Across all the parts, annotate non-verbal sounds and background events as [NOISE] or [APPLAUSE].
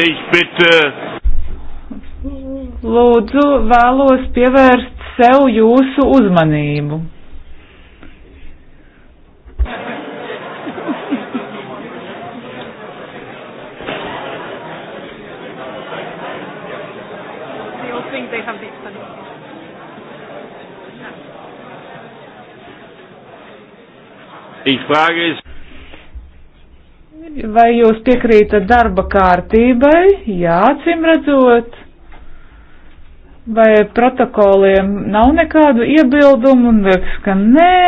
Ich bitte. Lūdzu, vēlos pievērst sev jūsu uzmanību. Ich frage es. Vai jūs piekrītat darba kārtībai? Jā, acīm redzot. Vai protokoliem nav nekādu iebildumu? Liekas, ka nē.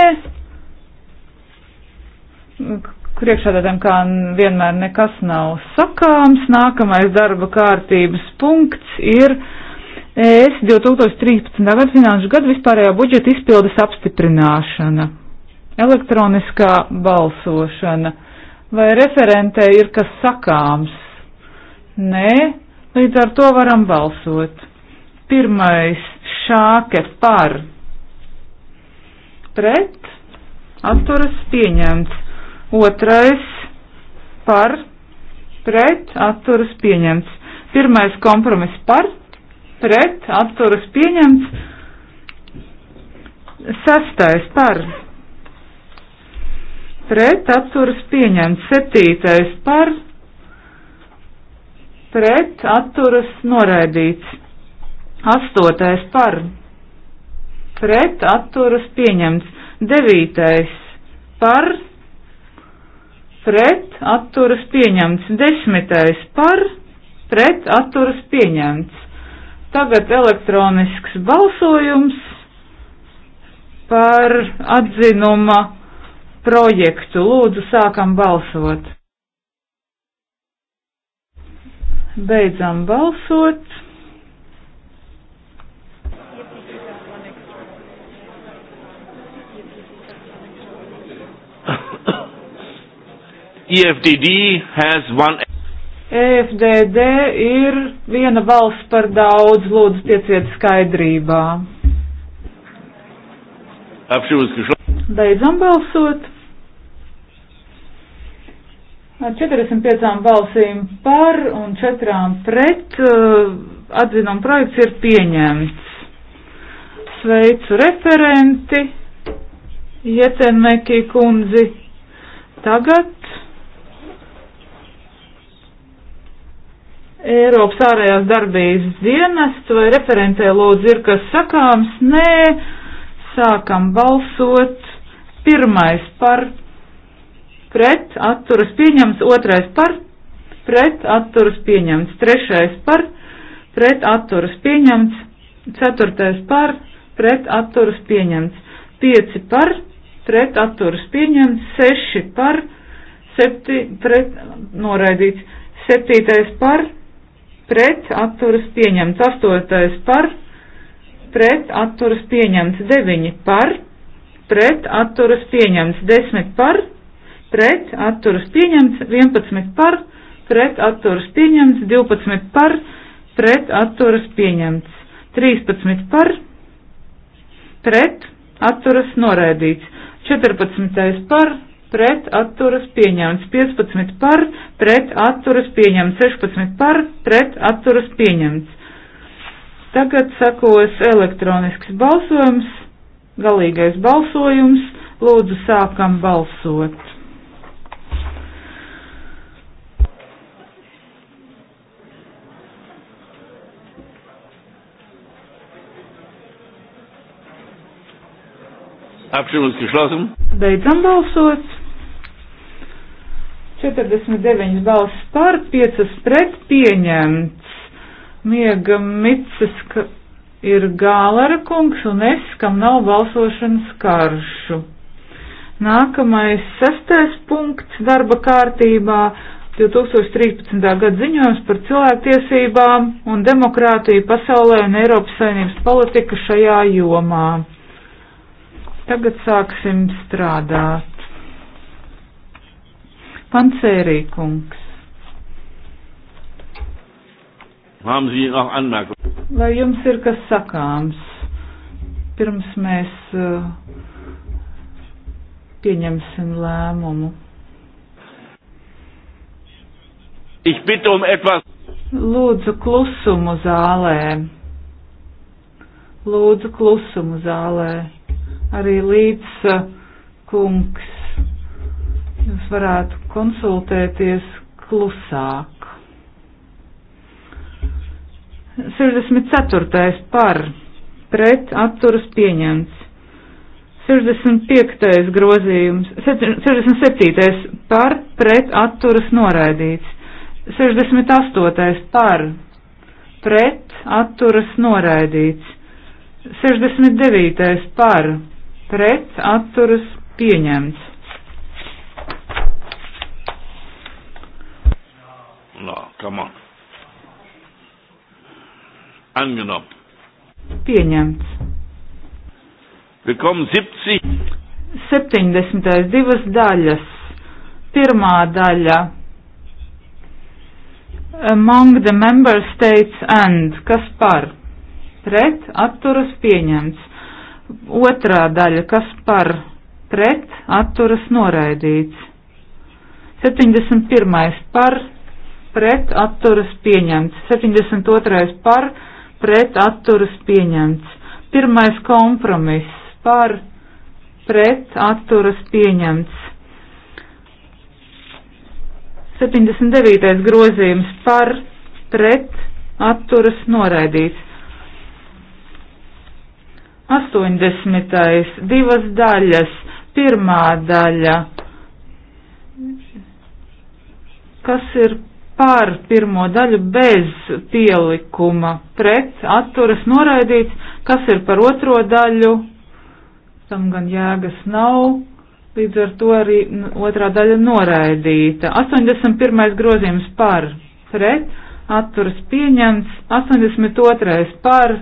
Priekšādātājiem kā vienmēr nekas nav sakāms. Nākamais darba kārtības punkts ir ES 2013. gada finanšu gada vispārējā budžeta izpildes apstiprināšana. Elektroniskā balsošana. Vai referentē ir kas sakāms? Nē, līdz ar to varam balsot. Pirmais šāke par. Pret. Atturas pieņemts. Otrais par. Pret. Atturas pieņemts. Pirmais kompromiss par. Pret. Atturas pieņemts. Sastais par pret atturas pieņemts. Septītais par pret atturas noraidīts. Astotais par pret atturas pieņemts. Devītais par pret atturas pieņemts. Desmitais par pret atturas pieņemts. Tagad elektronisks balsojums par atzinuma projektu. Lūdzu, sākam balsot. Beidzam balsot. EFDD has one. EFDD ir viena valsts par daudz, lūdzu, tieciet skaidrībā. Apšūs, ka šo. Beidzam balsot. 45 balsīm par un 4 pret eh, atzinuma projekts ir pieņemts. Sveicu referenti, Jetenmeki kundzi. Tagad Eiropas ārējās darbības dienests vai referentē lūdzu ir kas sakāms? Nē, sākam balsot. Pirmais par pret atturas pieņemts, otrais par pret atturas pieņemts, trešais par pret atturas pieņemts, ceturtais par pret atturas pieņemts, pieci par pret atturas pieņemts, seši par septi, pret noraidīts, septītais par pret atturas pieņemts, astotais par pret atturas pieņemts, deviņi par pret pret atturas pieņemts 10 par, pret atturas pieņemts 11 par, pret atturas pieņemts 12 par, pret atturas pieņemts 13 par, pret atturas noraidīts 14 par, pret atturas pieņemts 15 par, pret atturas pieņemts 16 par, pret atturas pieņemts. Tagad sakos elektronisks balsojums Galīgais balsojums. Lūdzu, sākam balsot. Abstimmung geschlossen. Beidzam balsot. 49 balss par, 5 pret pieņemts. Miega Micas ir Gālara kungs un es, kam nav balsošanas karšu. Nākamais sastais punkts darba kārtībā 2013. gada ziņojums par cilvēktiesībām un demokrātiju pasaulē un Eiropas saimnības politika šajā jomā. Tagad sāksim strādāt. Pancērī kungs. Haben Sie noch Anmerkungen? Vai jums ir kas sakāms? Pirms mēs uh, pieņemsim lēmumu. Ich bitte um etwas. Lūdzu klusumu zālē. Lūdzu klusumu zālē. Arī līdz uh, kungs. Jūs varētu konsultēties klusāk. 64. par pret atturas pieņemts. 65. grozījums, 67. par pret atturas noraidīts. 68. par pret atturas noraidīts. 69. par pret atturas pieņemts. No, come on. Angenommen. Pieņemts. Willkommen 70. 70. divas daļas. Pirmā daļa. Among the member states and. Kas par? Pret atturas pieņemts. Otrā daļa. Kas par? Pret atturas noraidīts. 71. par pret atturas pieņemts, 72. par pret atturas pieņemts. Pirmais kompromiss par pret atturas pieņemts. 79. grozījums par pret atturas noraidīts. 80. divas daļas. Pirmā daļa. Kas ir pār pirmo daļu bez pielikuma pret atturas noraidīts, kas ir par otro daļu, tam gan jēgas nav, līdz ar to arī otrā daļa noraidīta. 81. grozījums par pret atturas pieņemts, 82. par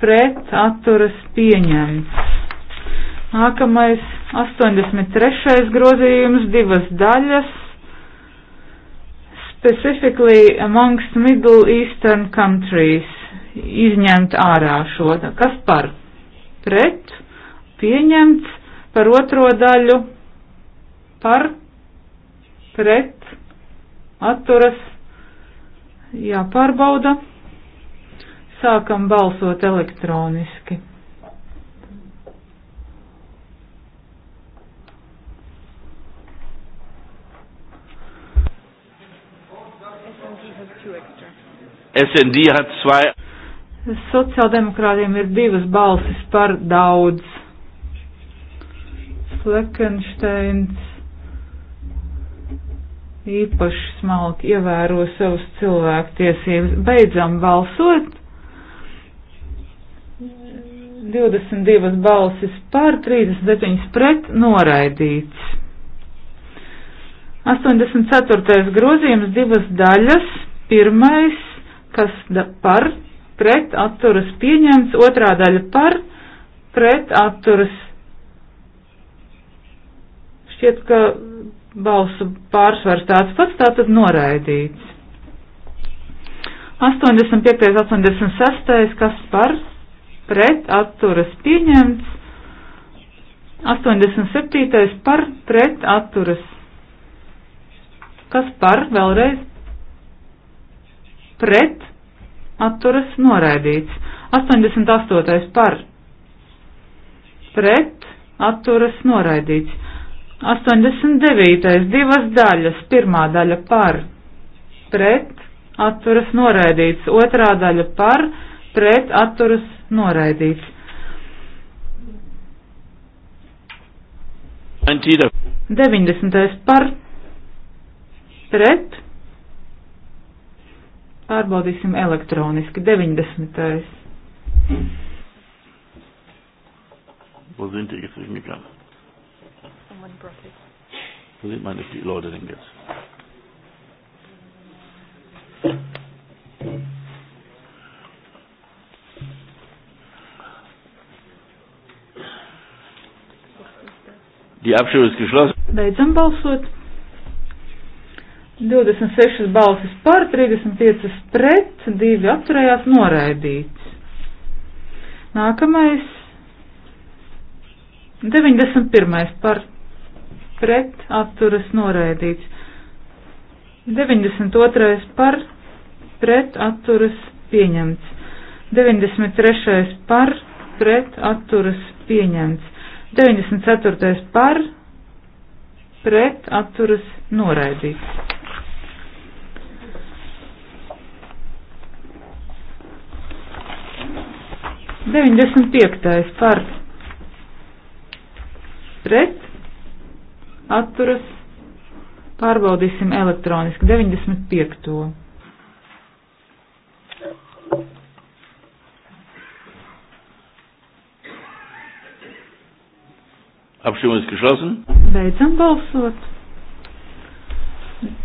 pret atturas pieņemts. Nākamais 83. grozījums, divas daļas specifically amongst Middle Eastern countries, izņemt ārā šo, kas par pret, pieņemts, par otro daļu, par pret, atturas, jāpārbauda, sākam balsot elektroniski. SND hat zwei. Sociāldemokrātiem ir divas balsis par daudz. Fleckensteins īpaši smalki ievēro savus cilvēktiesības. Beidzam balsot. 22 balsis par, 39 pret, noraidīts. 84. grozījums divas daļas. Pirmais kas par, pret atturas pieņemts, otrā daļa par, pret atturas. Šķiet, ka balsu pārsvars tāds pats, tātad noraidīts. 85. 86. kas par, pret atturas pieņemts, 87. par, pret atturas. Kas par, vēlreiz pret atturas noraidīts. 88. par pret atturas noraidīts. 89. divas daļas, pirmā daļa par pret atturas noraidīts, otrā daļa par pret atturas noraidīts. 90. par pret Pārbaudīsim elektroniski. 90. Wo sind die jetzt hingegangen? Wo sind meine die Leute denn jetzt? Die Abstimmung ist geschlossen. Beidzam balsot. 26 balsis par, 35 pret, 2 atturējās noraidīts. Nākamais 91 par, pret, atturas noraidīts. 92 par, pret, atturas pieņemts. 93 par, pret, atturas pieņemts. 94 par, pret, atturas noraidīts. 95. par pret atturas pārbaudīsim elektroniski 95. Abstimmung ist geschlossen. Beidzam balsot.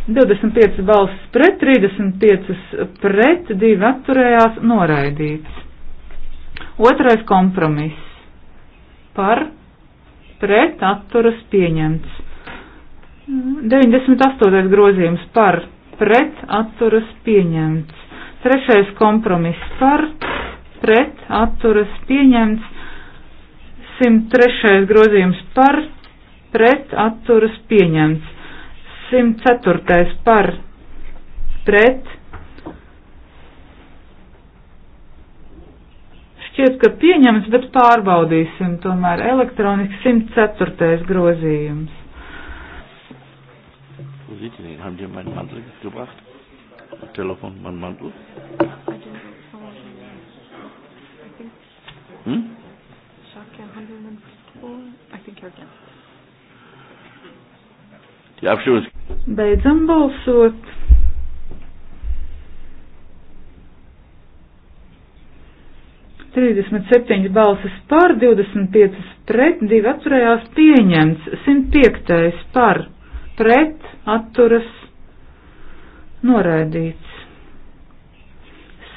25 balsis pret, 35 pret, 2 atturējās, noraidīts. Otrais kompromiss. Par, pret, atturas pieņemts. 98. grozījums par, pret, atturas pieņemts. Trešais kompromiss par, pret, atturas pieņemts. 103. grozījums par, pret, atturas pieņemts. 104. par, pret, Šķiet, ka pieņems, bet pārbaudīsim tomēr elektroniski 104. grozījums. Wo seht ihr den? Haben die meinen Mantel gebracht? Telefon, mein Mantel? Hm? Die Abstimmung ist. Beidzam balsot. 37 balsis par, 25 pret, 2 atturējās pieņemts, 105 par, pret, atturas, noraidīts.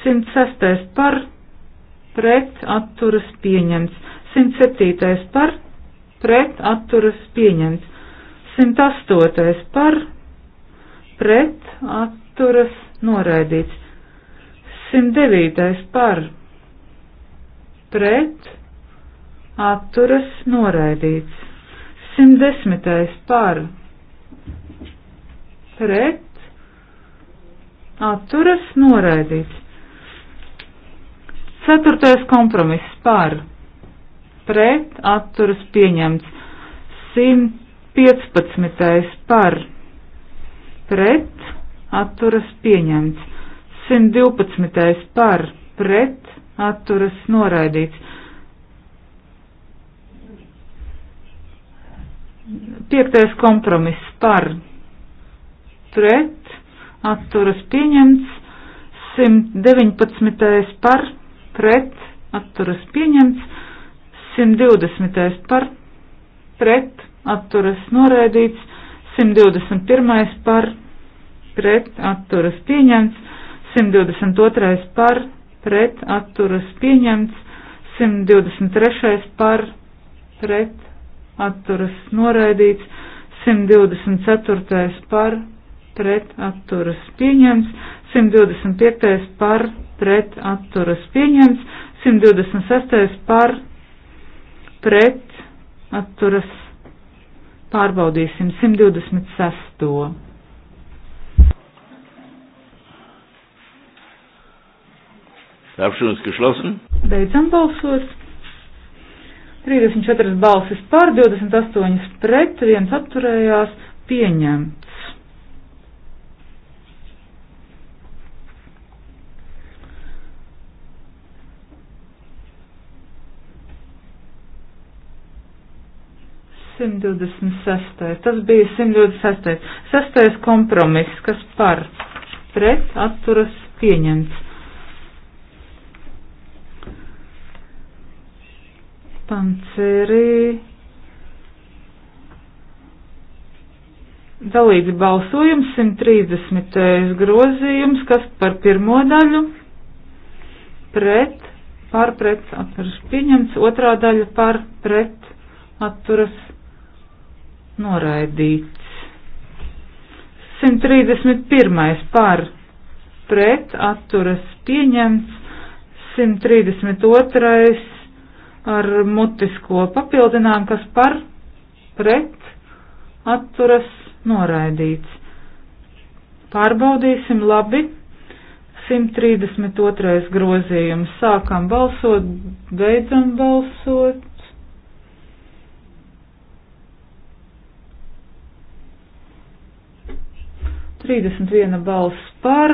106 par, pret, atturas, pieņemts. 107 par, pret, atturas, pieņemts. 108 par, pret, atturas, noraidīts. 109 par, pret, atturas, pieņemts pret, atturas noraidīts. 110. par, pret, atturas noraidīts. 4. kompromiss par, pret, atturas pieņemts. 115. par, pret, atturas pieņemts. 112. par, pret, atturas noraidīts. Piektais kompromiss par pret atturas pieņemts. 119. par pret atturas pieņemts. 120. par pret atturas noraidīts. 121. par pret atturas pieņemts. 122. par pret pret atturas pieņemts, 123. par pret atturas noraidīts, 124. par pret atturas pieņemts, 125. par pret atturas pieņemts, 126. par pret atturas pārbaudīsim 126. Apšanas geschlossen. Beidzam balsot. 34 balsis pār, 28 pret, viens atturējās, pieņemts. Tas bija 126. Sestais kompromiss, kas par pret atturas pieņemts. Pancerī. Dalīts balsojums 130. grozījums, kas par pirmo daļu pret, par pret atturas pieņemts, otrā daļa par pret atturas noraidīts. 131. par pret atturas pieņemts, 132 ar mutisko papildinājumu, kas par pret atturas noraidīts. Pārbaudīsim labi. 132. grozījums. Sākam balsot, beidzam balsot. Trīsdesmit viena balss par,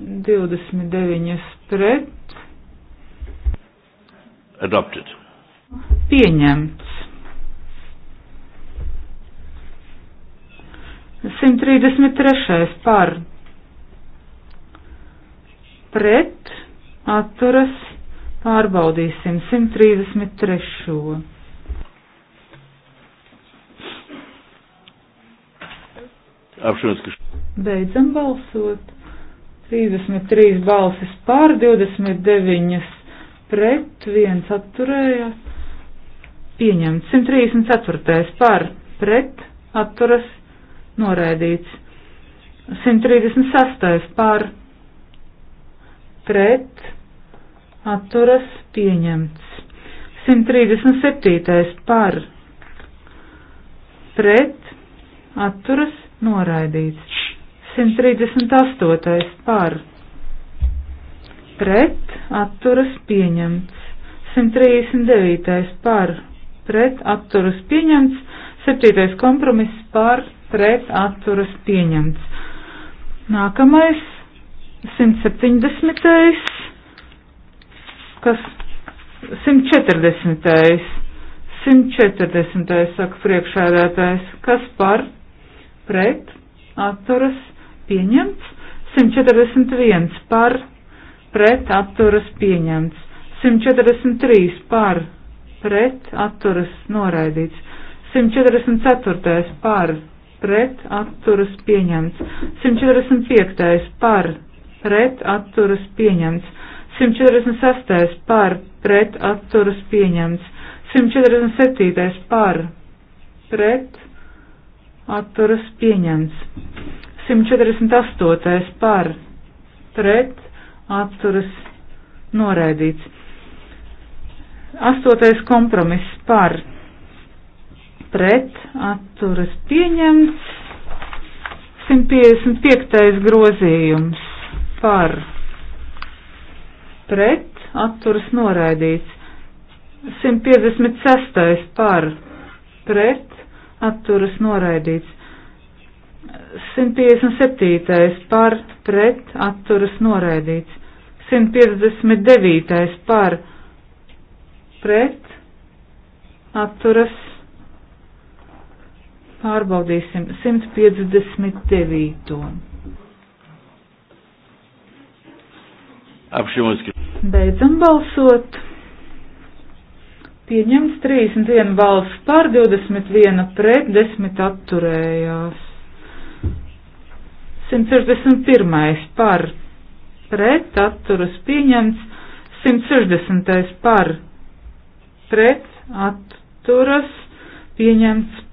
divdesmit deviņas pret, Adopted. Pieņemts. 133. par pret atturas pārbaudīsim 133. Apšanas, ka... Beidzam balsot. 33 balsis pār, 29 pret, viens atturējās. Pieņemts 134. par, pret, atturas, noraidīts. 136. par, pret, atturas, pieņemts. 137. par, pret, atturas, noraidīts. 138. par, pret pret atturas pieņemts. 139. par pret atturas pieņemts. 7. kompromiss par pret atturas pieņemts. Nākamais 170. kas 140. 140. saka priekšēdētājs, kas par pret atturas pieņemts. 141 par pret atturas pieņemts. 143 par pret atturas noraidīts. 144 par pret atturas pieņemts. 145 par pret atturas pieņemts. 146 par pret atturas pieņemts. 147 par pret atturas pieņemts. 148 par pret atturas noraidīts. Astotais kompromiss par pret atturas pieņemts. 155. grozījums par pret atturas noraidīts. 156. par pret atturas noraidīts. 157. par pret atturas noraidīts. 159. par pret atturas pārbaudīsim 159. Apšķirmoski. Beidzam balsot. Pieņemts 31 balss par 21 pret 10 atturējās. 161. par pret atturas pieņemts, 160. par pret atturas pieņemts,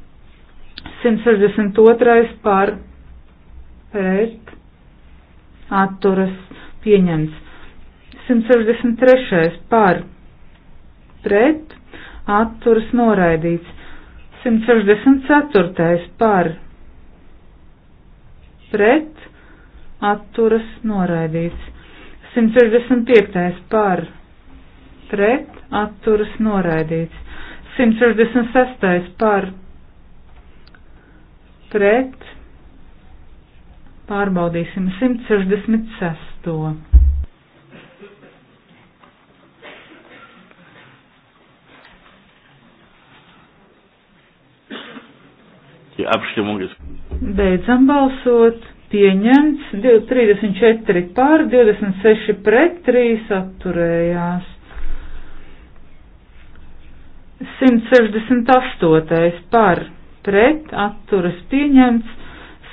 162. par pret atturas pieņemts, 163. par pret atturas noraidīts, 164. par pret pret, atturas noraidīts. 165. par, pret, atturas noraidīts. 166. par, pret, pārbaudīsim 166. Die Abstimmung ist Beidzam balsot. Pieņemts 34 pār, 26 pret, 3 atturējās. 168 par, pret, atturas pieņemts.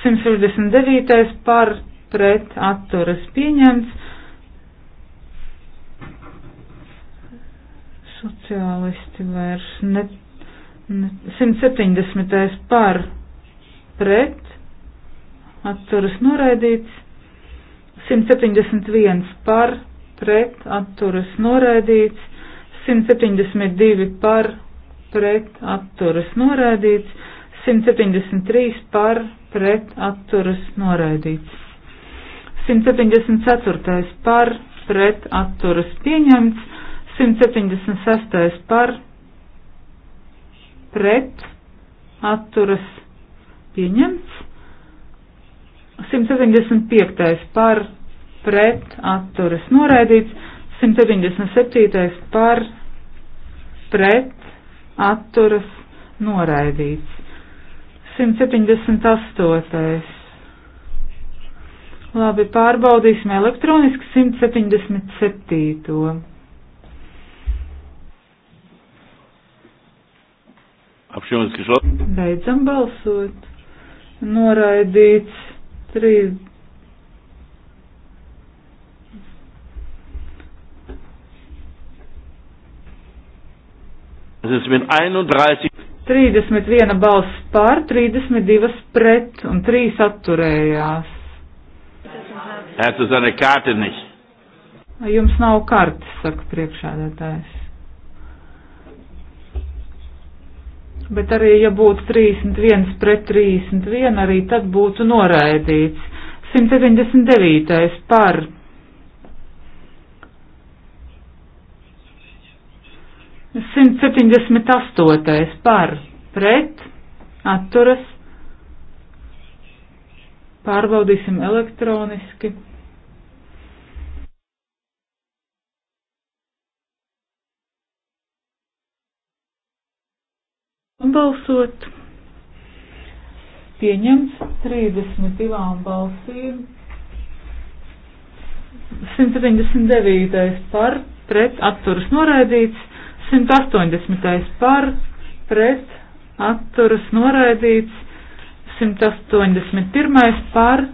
169 par, pret, atturas pieņemts. Sociālisti vairs ne, ne 170 par, pret, atturas noraidīts, 171 par, pret, atturas noraidīts, 172 par, pret, atturas noraidīts, 173 par, pret, atturas noraidīts. 174 par, pret, atturas pieņemts, 176 par, pret, atturas noraidīts pieņemts. 175. par pret atturas noraidīts, 177. par pret atturas noraidīts, 178. Labi, pārbaudīsim elektroniski 177. Apšķirums, ka šo. Beidzam balsot noraidīts 3. Es bin 31. 31 balss par, 32 pret un 3 atturējās. Jums nav kartes, saka priekšādātājs. bet arī, ja būtu 31 pret 31, arī tad būtu noraidīts. 179. par. Simt septiņdesmit astotais par pret atturas pārbaudīsim elektroniski. balsot. Pieņemts 32 balsīm. 179. par, pret, atturas noraidīts. 180. par, pret, atturas noraidīts. 181. par,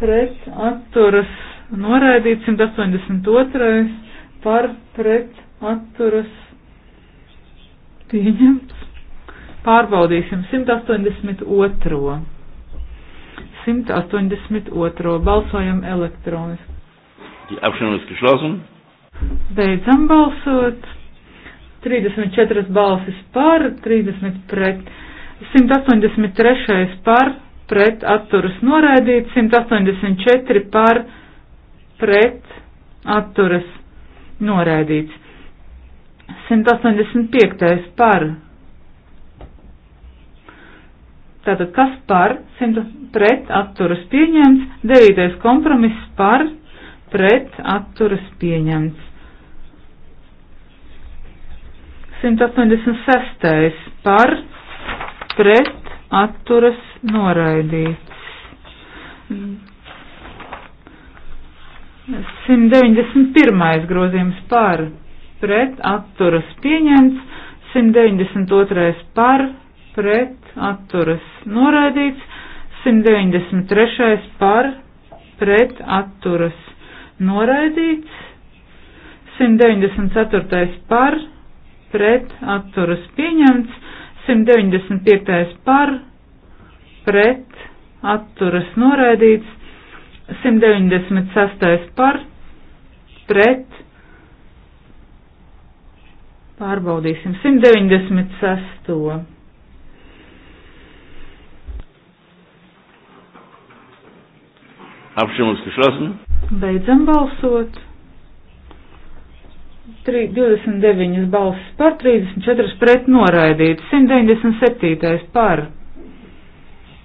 pret, atturas noraidīts. 182. par, pret, atturas pieņemts. Pārbaudīsim 182. 182. Balsojam elektroniski. Die Abstimmung ist geschlossen. Beidzam balsot. 34 balsis par, 30 pret. 183 par, pret atturas noraidīts, 184 par, pret atturas noraidīts. 185 par, Tātad kas par, 100 pret atturas pieņemts, 9. kompromiss par, pret atturas pieņemts. 186. par, pret atturas noraidīts. 191. grozījums par, pret atturas pieņemts, 192. par, pret atturas noraidīts, 193. par pret atturas noraidīts, 194. par pret atturas pieņemts, 195. par pret atturas noraidīts, 196. par pret pārbaudīsim 196. Abstimmung ist geschlossen. Beidzam balsot. 3, 29 balsis par, 34 pret noraidīts, 197 par,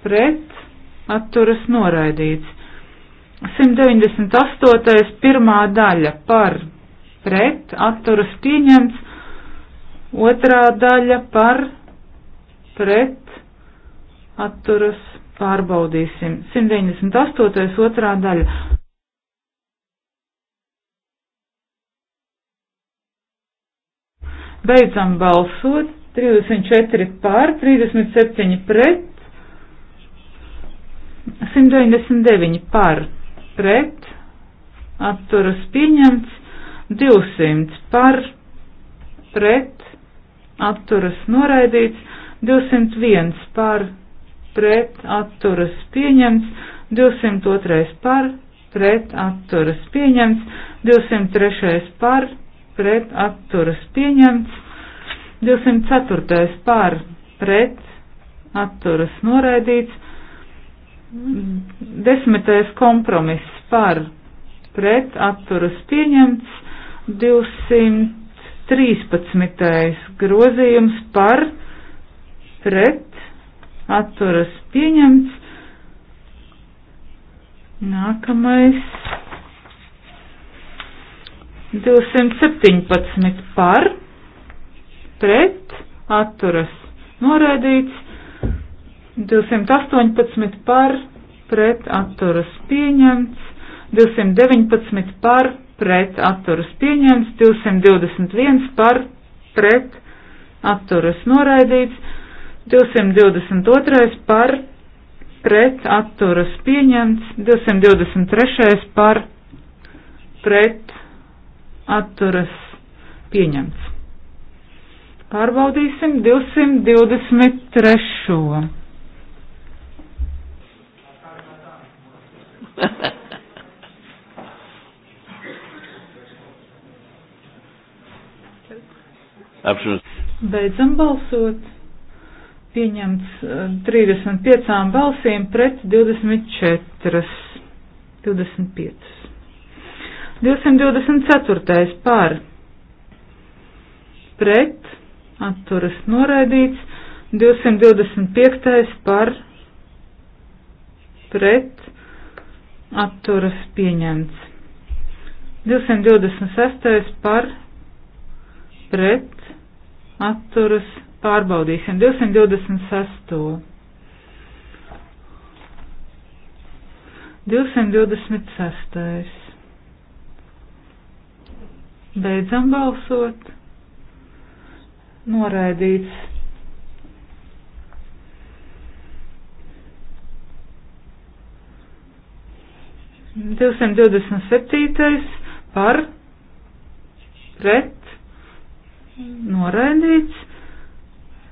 pret atturas noraidīts, 198 pirmā daļa par, pret atturas pieņemts, otrā daļa par, pret atturas Pārbaudīsim. 198. otrā daļa. Beidzam balsot. 34 pār, 37 pret, 199 par, pret, atturas pieņemts, 200 par, pret, atturas noraidīts, 201 par, pret atturas pieņemts, 202 par, pret atturas pieņemts, 203 par, pret atturas pieņemts, 204 par, pret atturas noraidīts, 10. kompromiss par, pret atturas pieņemts, 213. grozījums par, pret atturas pieņemts. Nākamais 217 par, pret, atturas noraidīts, 218 par, pret, atturas pieņemts, 219 par, pret, atturas pieņemts, 221 par, pret, atturas noraidīts, 222 par pret atturas pieņemts, 223 par pret atturas pieņemts. Pārbaudīsim 223. Apšanos. Beidzam balsot pieņemts 35 eh, balsīm pret 24, 25. 224. par pret atturas noraidīts, 225. par pret atturas pieņemts, 226. par pret atturas pieņemts pārbaudīsim 226. 226. Beidzam balsot. Noraidīts. Divsimt divdesmit septītais par, pret, noraidīts.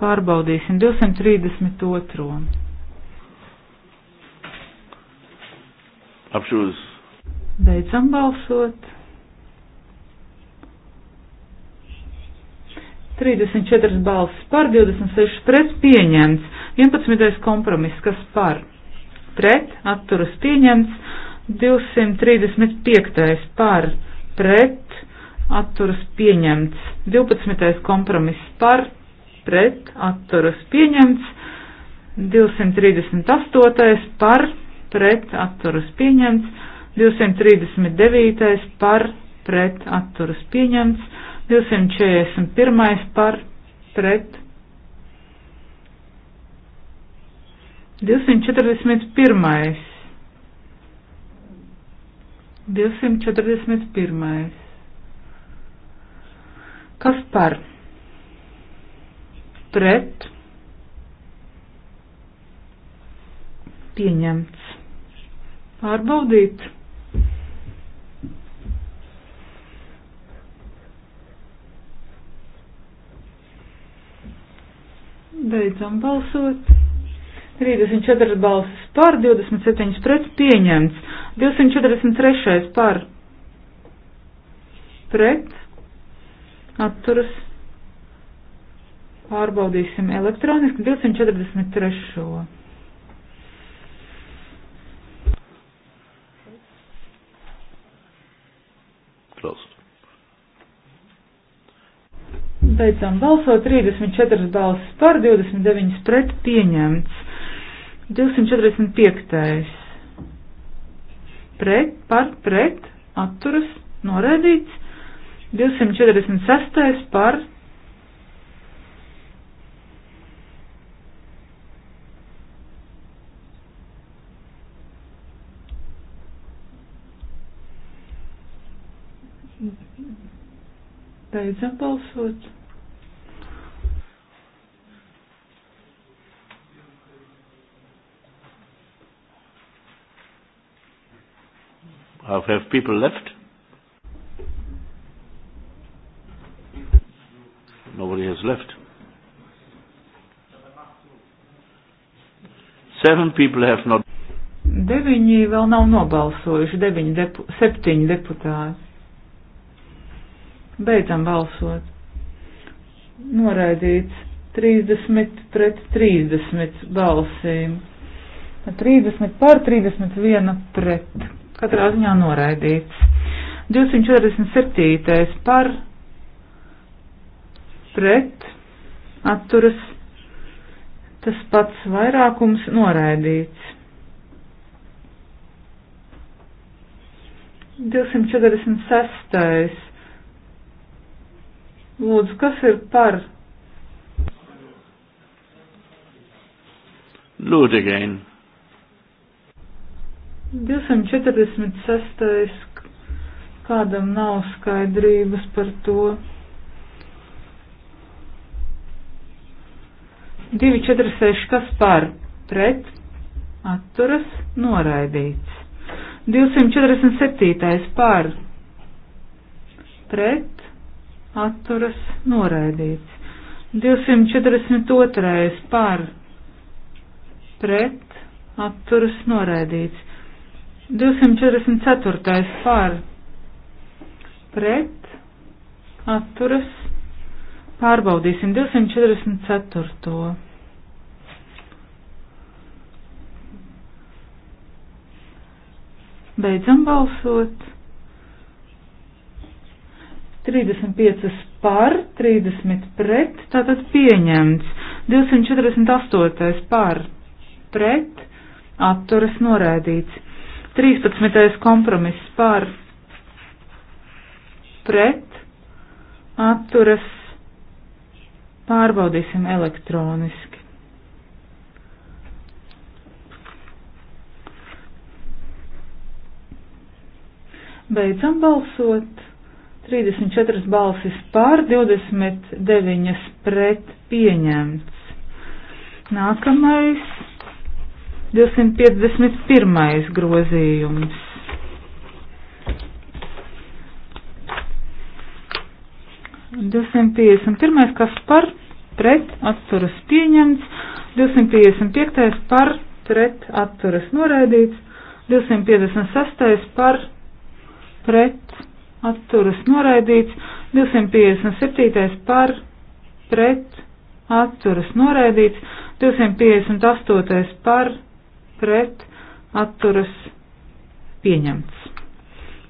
Pārbaudīsim 232. Apšūs. Beidzam balsot. 34 balsis par, 26 pret pieņemts, 11. kompromiss, kas par, pret, atturas pieņemts, 235. par, pret, atturas pieņemts, 12. kompromiss par, pret atturas pieņemts. 238. par pret atturas pieņemts. 239. par pret atturas pieņemts. 241. par pret. 241. 241. Kas par? pret pieņemts. Pārbaudīt. Beidzam balsot. 34 balsis par, 27 pret pieņemts. 243 par pret atturas Pārbaudīsim elektroniski 243. Closed. Beidzām balsot 34 balsis par, 29 pret pieņemts. 245. Pret, par, pret, atturas, noraidīts. 246. par, Beidzam balsot. Have, have people left? Nobody has left. Seven people have not. Deviņi vēl nav nobalsojuši, deviņi depu, septiņi deputāti. Beidzam balsot. Noraidīts 30 pret 30 balsīm. 30 pār 31 pret. Katrā ziņā noraidīts. 247. par pret atturas tas pats vairākums noraidīts. 246. Lūdzu, kas ir par? Lūdzu, again. 246. Kādam nav skaidrības par to. 246. Kas par? Pret? Atturas? Noraidīts. 247. Par? Pret? atturas noraidīts. 242. par pret atturas noraidīts. 244. par pret atturas pārbaudīsim 244. Beidzam balsot. 35 par, 30 pret, tātad pieņemts. 248 par, pret, atturas norēdīts. 13. kompromiss par, pret, atturas pārbaudīsim elektroniski. Beidzam balsot. 34 balsis pār, 29 pret pieņemts. Nākamais 251 grozījums. Un 251. kas par pret atturas pieņemts, 255. par pret atturas noraidīts, 256. par pret atturas noraidīts, 257. par, pret, atturas noraidīts, 258. par, pret, atturas pieņemts.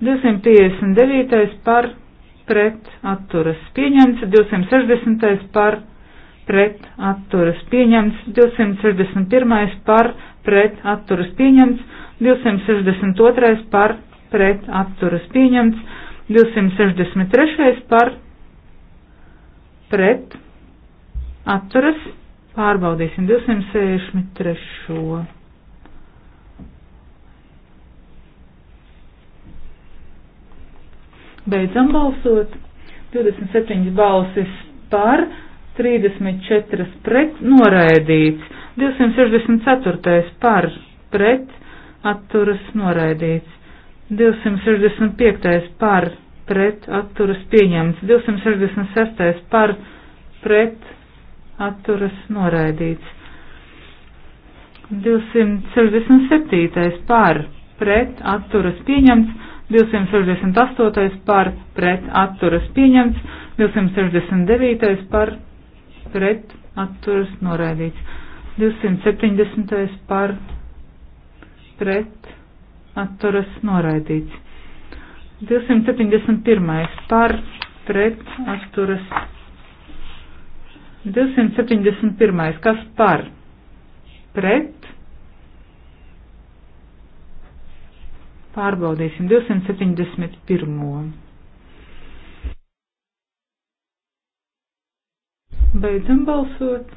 259. par, pret, atturas pieņemts, 260. par, pret, atturas pieņemts, 261. par, pret, atturas pieņemts, 262. par, pret, atturas pieņemts, 263. par pret atturas pārbaudīsim 263. Beidzam balsot. 27 balsis par, 34 pret, noraidīts. 264. par, pret, atturas noraidīts. 265. par pret atturas pieņemts, 266. par pret atturas noraidīts, 267. par pret atturas pieņemts, 268. par pret atturas pieņemts, 269. par pret atturas noraidīts, 270. par pret atturas noraidīts. 271. par pret atturas. 271. kas par pret. Pārbaudīsim 271. Beidzam balsot.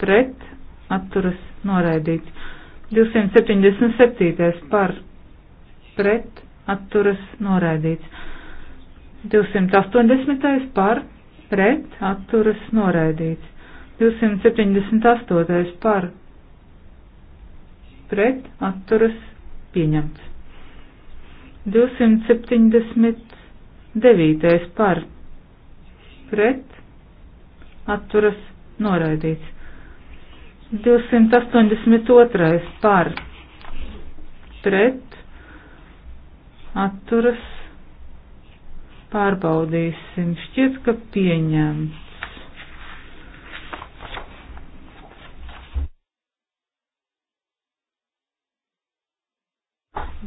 pret atturas noraidīts. 277. par pret atturas noraidīts. 280. par pret atturas noraidīts. 278. par pret atturas pieņemts. 279. par pret atturas noraidīts. 282. par pret atturas pārbaudīsim. Šķiet, ka pieņemts.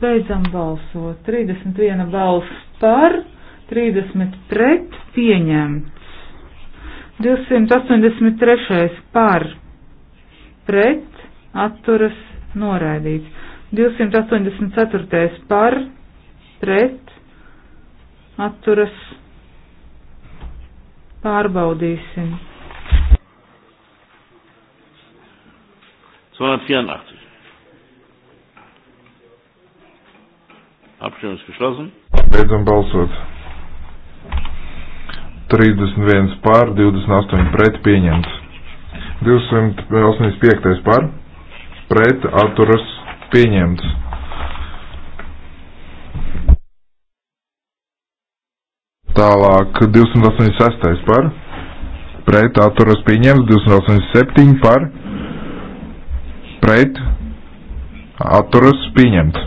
Beidzam balsot. 31 balss par, 30 pret pieņemts. 283 par pret atturas noraidīts. 284. par pret atturas pārbaudīsim. 284. Abstimmung ist geschlossen. Beidzam balsot. 31 pār, 28 pret pieņemts. 285. Eh, par pret atturas pieņemts. Tālāk 286 par pret atturas pieņemts, 287 par pret atturas pieņemts.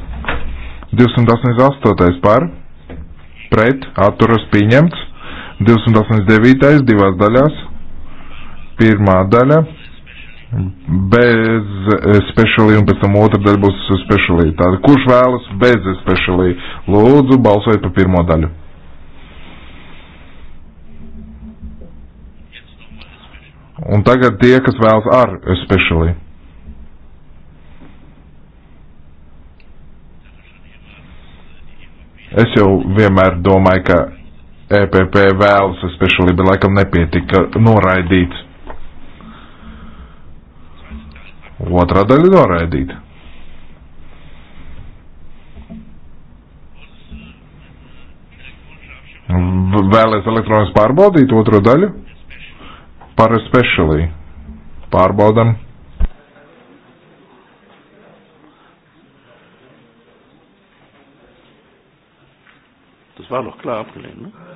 288 par pret atturas pieņemts, 289 divās daļās Pirmā daļa bez specialī un pēc tam otra daļa būs specialī. Tātad, kurš vēlas bez specialī? Lūdzu, balsojiet par pirmo daļu. Un tagad tie, kas vēlas ar specialī. Es jau vienmēr domāju, ka EPP vēlas specialī, bet laikam nepietika noraidīts. Otrā daļa noraidīta. Vēlēs elektronis pārbaudīt otro daļu? Par specialī. Pārbaudam. Das war doch klar abgelehnt, ne?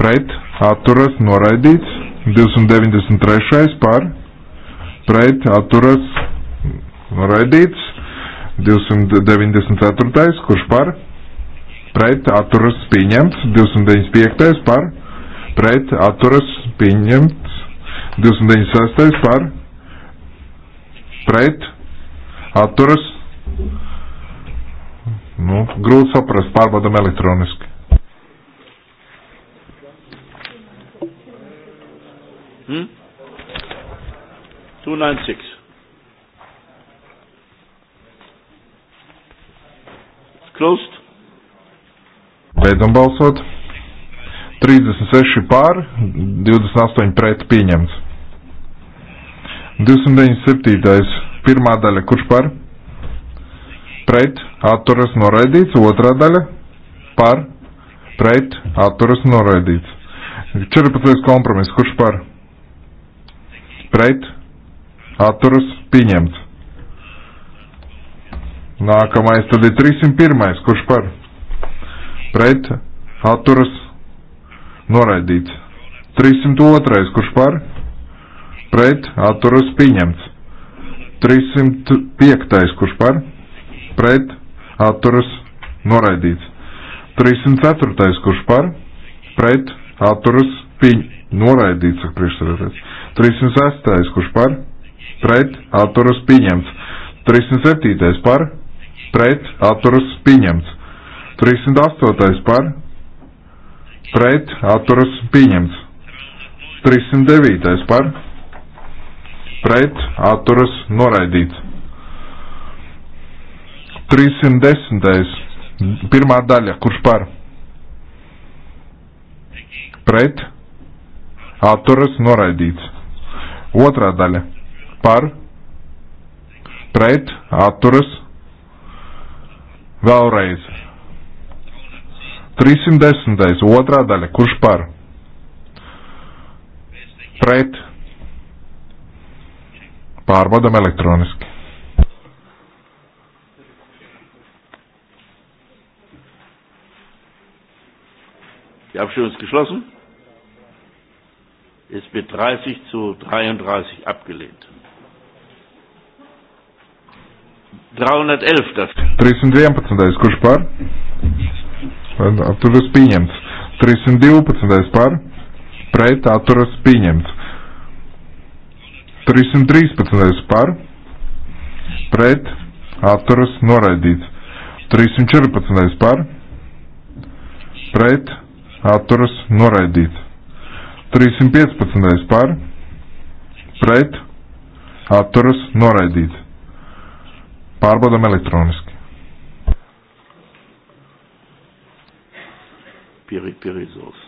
pret atturas noraidīts, 293. par pret atturas noraidīts, 294. kurš par pret atturas pieņemts, 295. par pret atturas pieņemts, 296. par pret atturas. Nu, grūti saprast, pārbaudam elektroniski. Hm? 296. Closed. Beidzam balsot. 36 pār, 28 pret pieņemts. 297. pirmā daļa, kurš par? Pret, atturas noraidīts, otrā daļa, par, pret, atturas noraidīts. 14. kompromiss, kurš par? pret, atturas, pieņemts. Nākamais tad ir 301. Kurš par? Pret, atturas, noraidīts. 302. Kurš par? Pret, atturas, pieņemts. 305. Kurš par? Pret, atturas, noraidīts. 304. Kurš par? Pret, atturas, pieņemts noraidīts, saka priekšsēdētājs. 306. kurš par, pret, atturas pieņemts. 307. par, pret, atturas pieņemts. 308. par, pret, atturas pieņemts. 309. par, pret, atturas noraidīts. 310. pirmā daļa, kurš par pret atturas noraidīts. Otrā daļa par, pret, atturas, vēlreiz. 310. otrā daļa, kurš par, pret, pārbaudam elektroniski. Die Abstimmung ist geschlossen ist mit 30 zu 33 abgelehnt. 311 dafür. 311. Kurš par? Atturas pieņemts. 312. par? Pret atturas pieņemts. 313. par? Pret atturas noraidīts. 314. par? Pret atturas noraidīts. 315. par, pret, atturas, noraidīts. Pārbaudam elektroniski. Pieri, pierizos.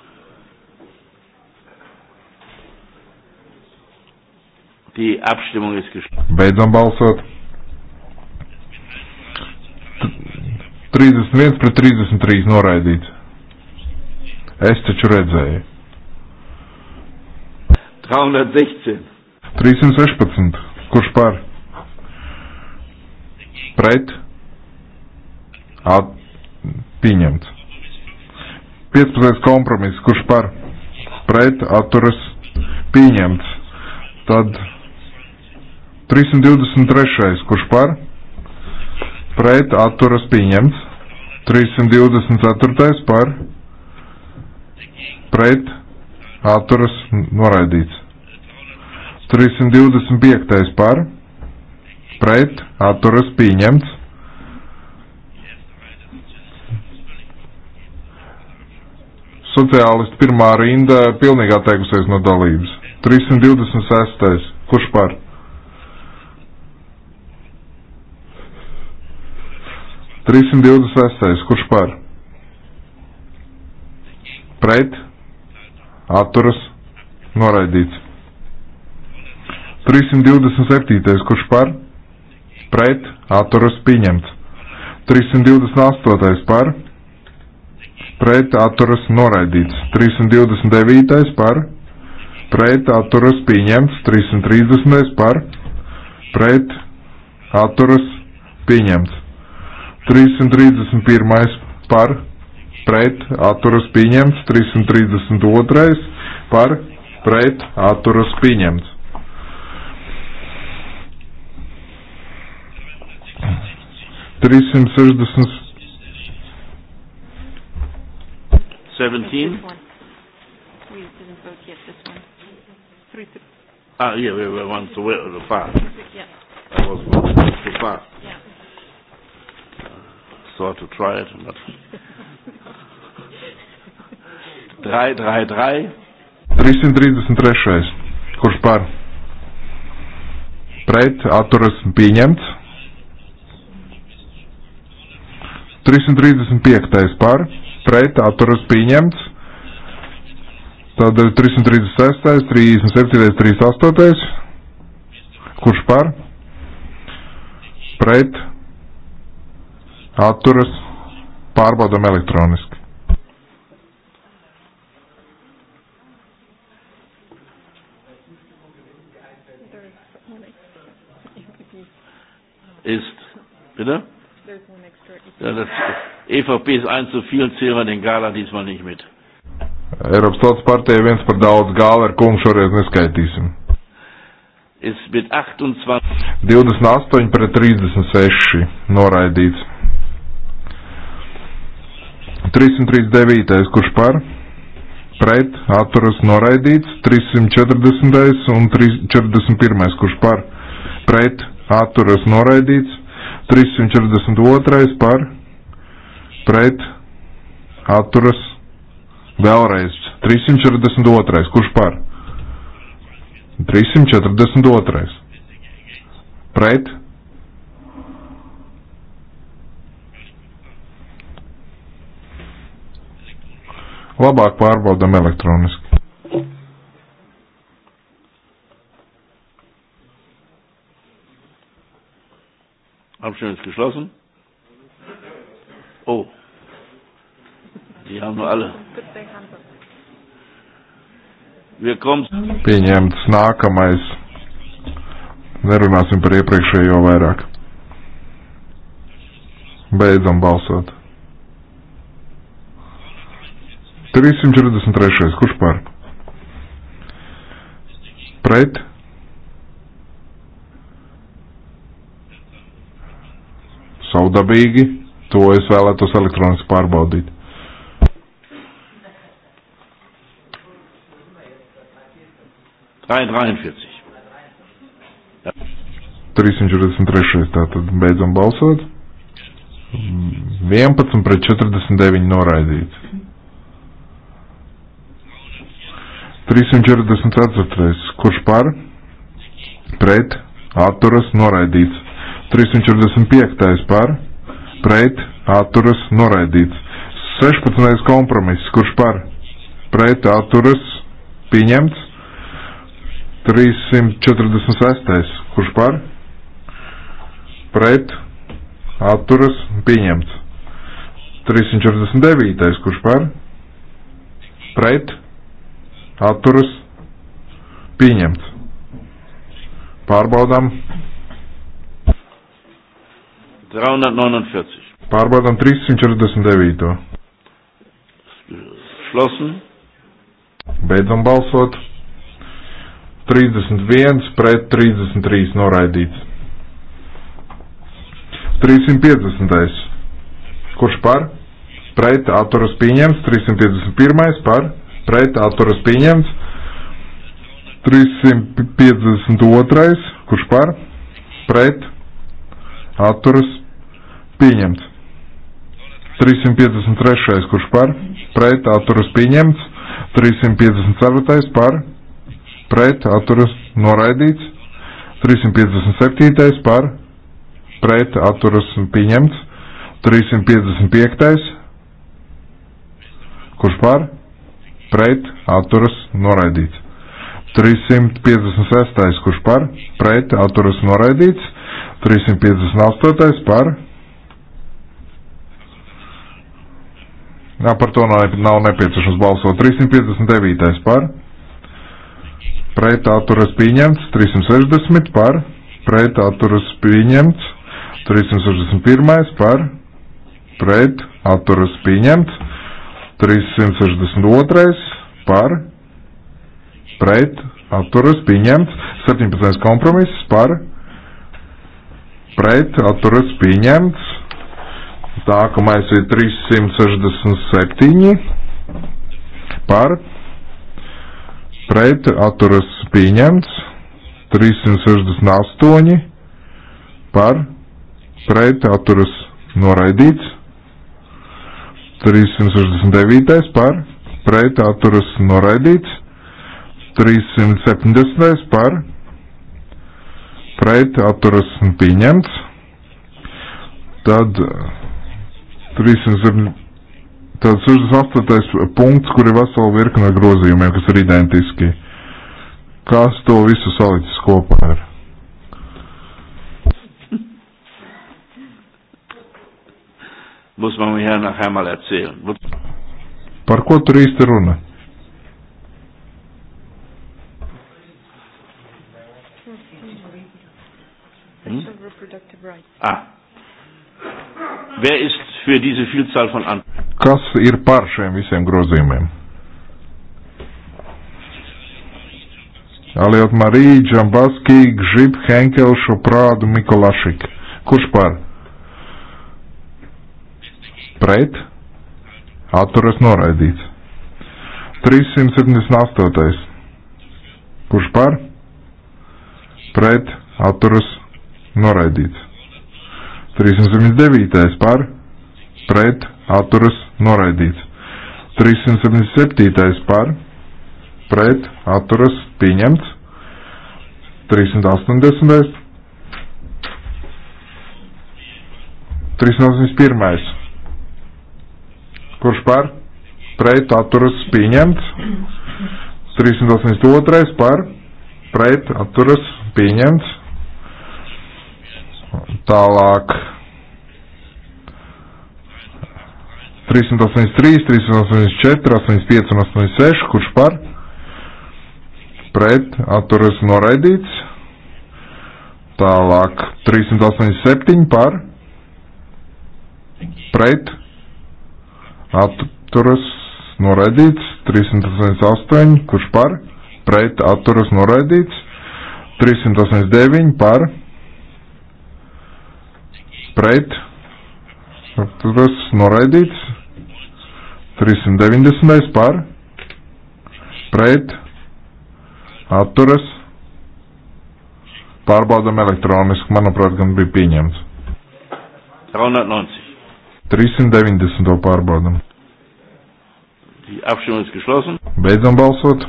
Die Abstimmung ist geschlossen. Beidzam balsot. 31 pret 33 noraidīts. Es taču redzēju. 316. 316. Kurš par? Pret? At, pieņemts. 15. kompromiss. Kurš par? Pret? Atturas? Pieņemts. Tad 323. Kurš par? Pret? Atturas? Pieņemts. 324. par? Pret? Atturas? Noraidīts. 325. par pret atturas pieņemts. Sociālisti pirmā rinda pilnīgi atteikusies no dalības. 326. Kurš par? Trīsim divdesmit sestais. Kurš par? Pret. Atturas. Noraidīts. 327. kurš par? Pret. Atturas pieņemts. 328. par? Pret. Atturas noraidīts. 329. par? Pret. Atturas pieņemts. 330. par? Pret. Atturas pieņemts. 331. par? Pret. Atturas pieņemts. 332. par? Pret. Atturas pieņemts. 360. 17. We didn't vote yet this one. Three to... Ah, yeah, we were one to wait on the far. Yeah. I was one to far. Yeah. Uh, so I had to try it. But... 3, 3, 3. 333. Kurš par? Pret atturas pieņemts. 335. par, pret, atturas pieņemts. Tad 336, 37, 38. Kurš par? Pret, atturas, pārbaudam elektroniski. Ist, bitte? Das EVP ist eins zu viel, zählen wir den Gala diesmal nicht mit. Eiropas Tautas partija viens par daudz gāla ar kungu šoreiz neskaitīsim. Es mit 28. 28 pret 36 noraidīts. 339. kurš par? Pret atturas noraidīts. 340. un 341. kurš par? Pret atturas noraidīts. 342 par pret atturas vēlreiz 342. Kurš par? 342. Pret? Labāk pārbaudam elektroniski. Abstimmung ist geschlossen. Oh, die haben nur alle. Wir kommen. Pieņemts nākamais. Nerunāsim par iepriekšējo vairāk. Beidzam balsot. 343. Kurš par? Pret? saudabīgi, to es vēlētos elektroniski pārbaudīt. Tātad beidzam balsot. 11 pret 49 noraidīts. 344. Kurš par? Pret? Atturas noraidīts. 345. par, pret, atturas, noraidīts. 16. kompromiss, kurš par, pret, atturas, pieņemts. 346. kurš par, pret, atturas, pieņemts. 349. kurš par pret atturas pieņemts. Pārbaudām 349. Pārbaudām 349. Schlossen. Beidzam balsot. 31 pret 33 noraidīts. 350. Kurš par? Pret atturas pieņemts. 351. par? Pret atturas pieņemts. 352. Kurš par? Pret atturas Pieņemts. 353. kurš par? Pret atturas pieņemts. 354. par? Pret atturas noraidīts. 357. par? Pret atturas pieņemts. 355. kurš par? Pret atturas noraidīts. 356. kurš par? Pret atturas noraidīts. 358. par? Jā, par to nav nepieciešams balsot. 359. par. Pret atturas pieņemts. 360 par. Pret atturas pieņemts. 361 par. Pret atturas pieņemts. 362 par. Pret atturas pieņemts. 17. kompromiss par. Pret atturas pieņemts. Nākamais ir 367 par pret atturas pieņemts, 368 par pret atturas noraidīts, 369 par pret atturas noraidīts, 370 par pret atturas pieņemts, tad 368. punkts, kur ir vesela virkne grozījumiem, kas ir identiski. Kas to visu salicis kopā ar? Būs man jānāk hamalē cīl. Par ko tur īsti runa? Hmm? Ah. Wer ist für diese Vielzahl von Anträgen? Kas ir par šiem visiem grozījumiem? Aliot Marija, Džambaskī, Gžib, Henkel, Šoprādu, Mikolašik. Kurš par? Pret? Atturas noraidīts. 378. Kurš par? Pret? Atturas noraidīts. 379. par pret atturas noraidīts. 377. par pret atturas pieņemts. 380. 381. Kurš par pret atturas pieņemts? 382. par pret atturas pieņemts. Tālāk 383, 384, 85 un 86, kurš par pret atturas noraidīts. Tālāk 387 par pret atturas noraidīts. 388, kurš par pret atturas noraidīts. 389 par pret pret, atturas noraidīts, 390 par, pret, atturas, pārbaudam elektroniski, manuprāt, gan bija pieņemts. 390. 390 pārbaudam. Beidzam balsot.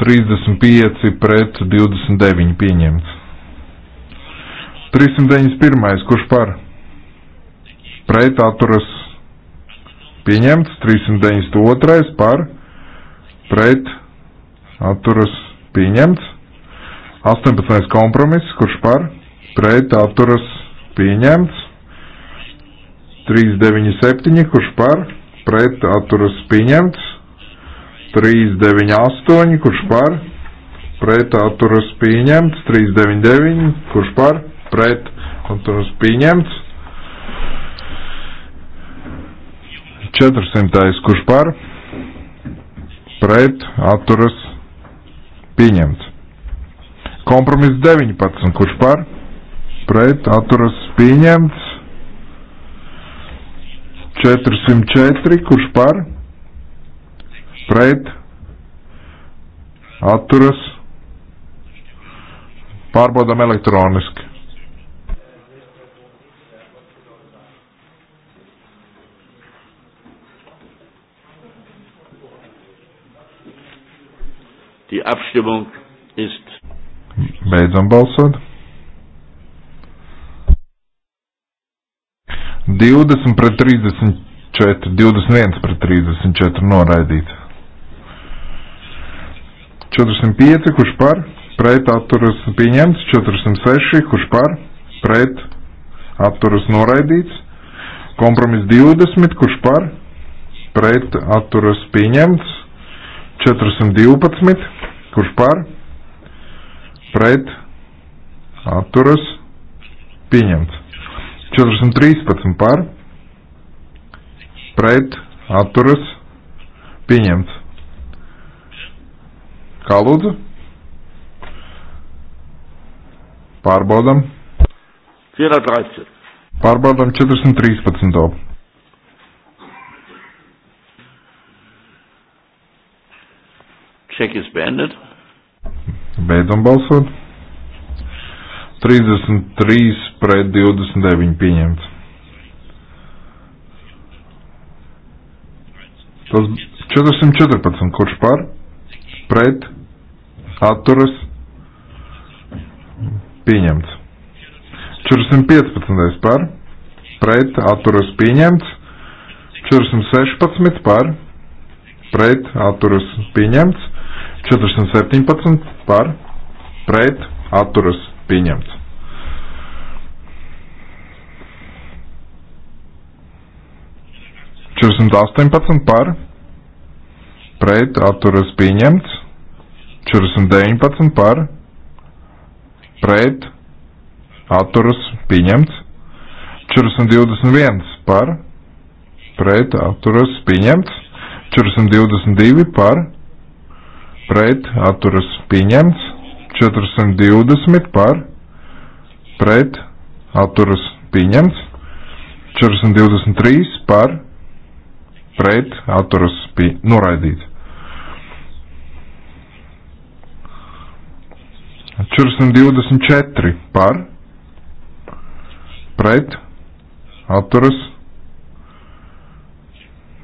35 pret 29 pieņemts. 391. Kurš par? Pret atturas pieņemts. 392. Par? Pret atturas pieņemts. 18. kompromiss. Kurš par? Pret atturas pieņemts. 397. Kurš par? Pret atturas pieņemts. 398. Kurš par? Pret atturas pieņemts. 399. Kurš par? pret atturas pieņemts. 400. kurš par pret atturas pieņemts. Kompromiss 19. kurš par pret atturas pieņemts. 404. kurš par pret atturas pārbaudām elektroniski. Die Abstimmung ist. Beidzam balsot. 20 pret 34, 21 pret 34 noraidīts. 405, kurš par, pret atturas pieņemts, 406, kurš par, pret atturas noraidīts, kompromiss 20, kurš par, pret atturas pieņemts, 412, kurš par, pret, atturas, pieņemts. 413 par, pret, atturas, pieņemts. Kā lūdzu? Pārbaudam. 413. Pārbaudam 413. Check is beendet. Beidzam balsot. 33 pret 29 pieņemts. Tas 414, kurš par, pret, atturas, pieņemts. 415 par, pret, atturas, pieņemts. 416 par, pret, atturas, pieņemts. 417 par pret atturas pieņemts. Četrdesmit astoņpadsmit par, pret atturas pieņemts, četrdesmit deviņpadsmit par, pret atturas pieņemts, četrdesmit divdesmit viens par, pret atturas pieņemts, četrdesmit divdesmit divi par, pret atturas pieņemts, 420 par pret atturas pieņemts, 423 par pret atturas pie, noraidīts. 424 par pret atturas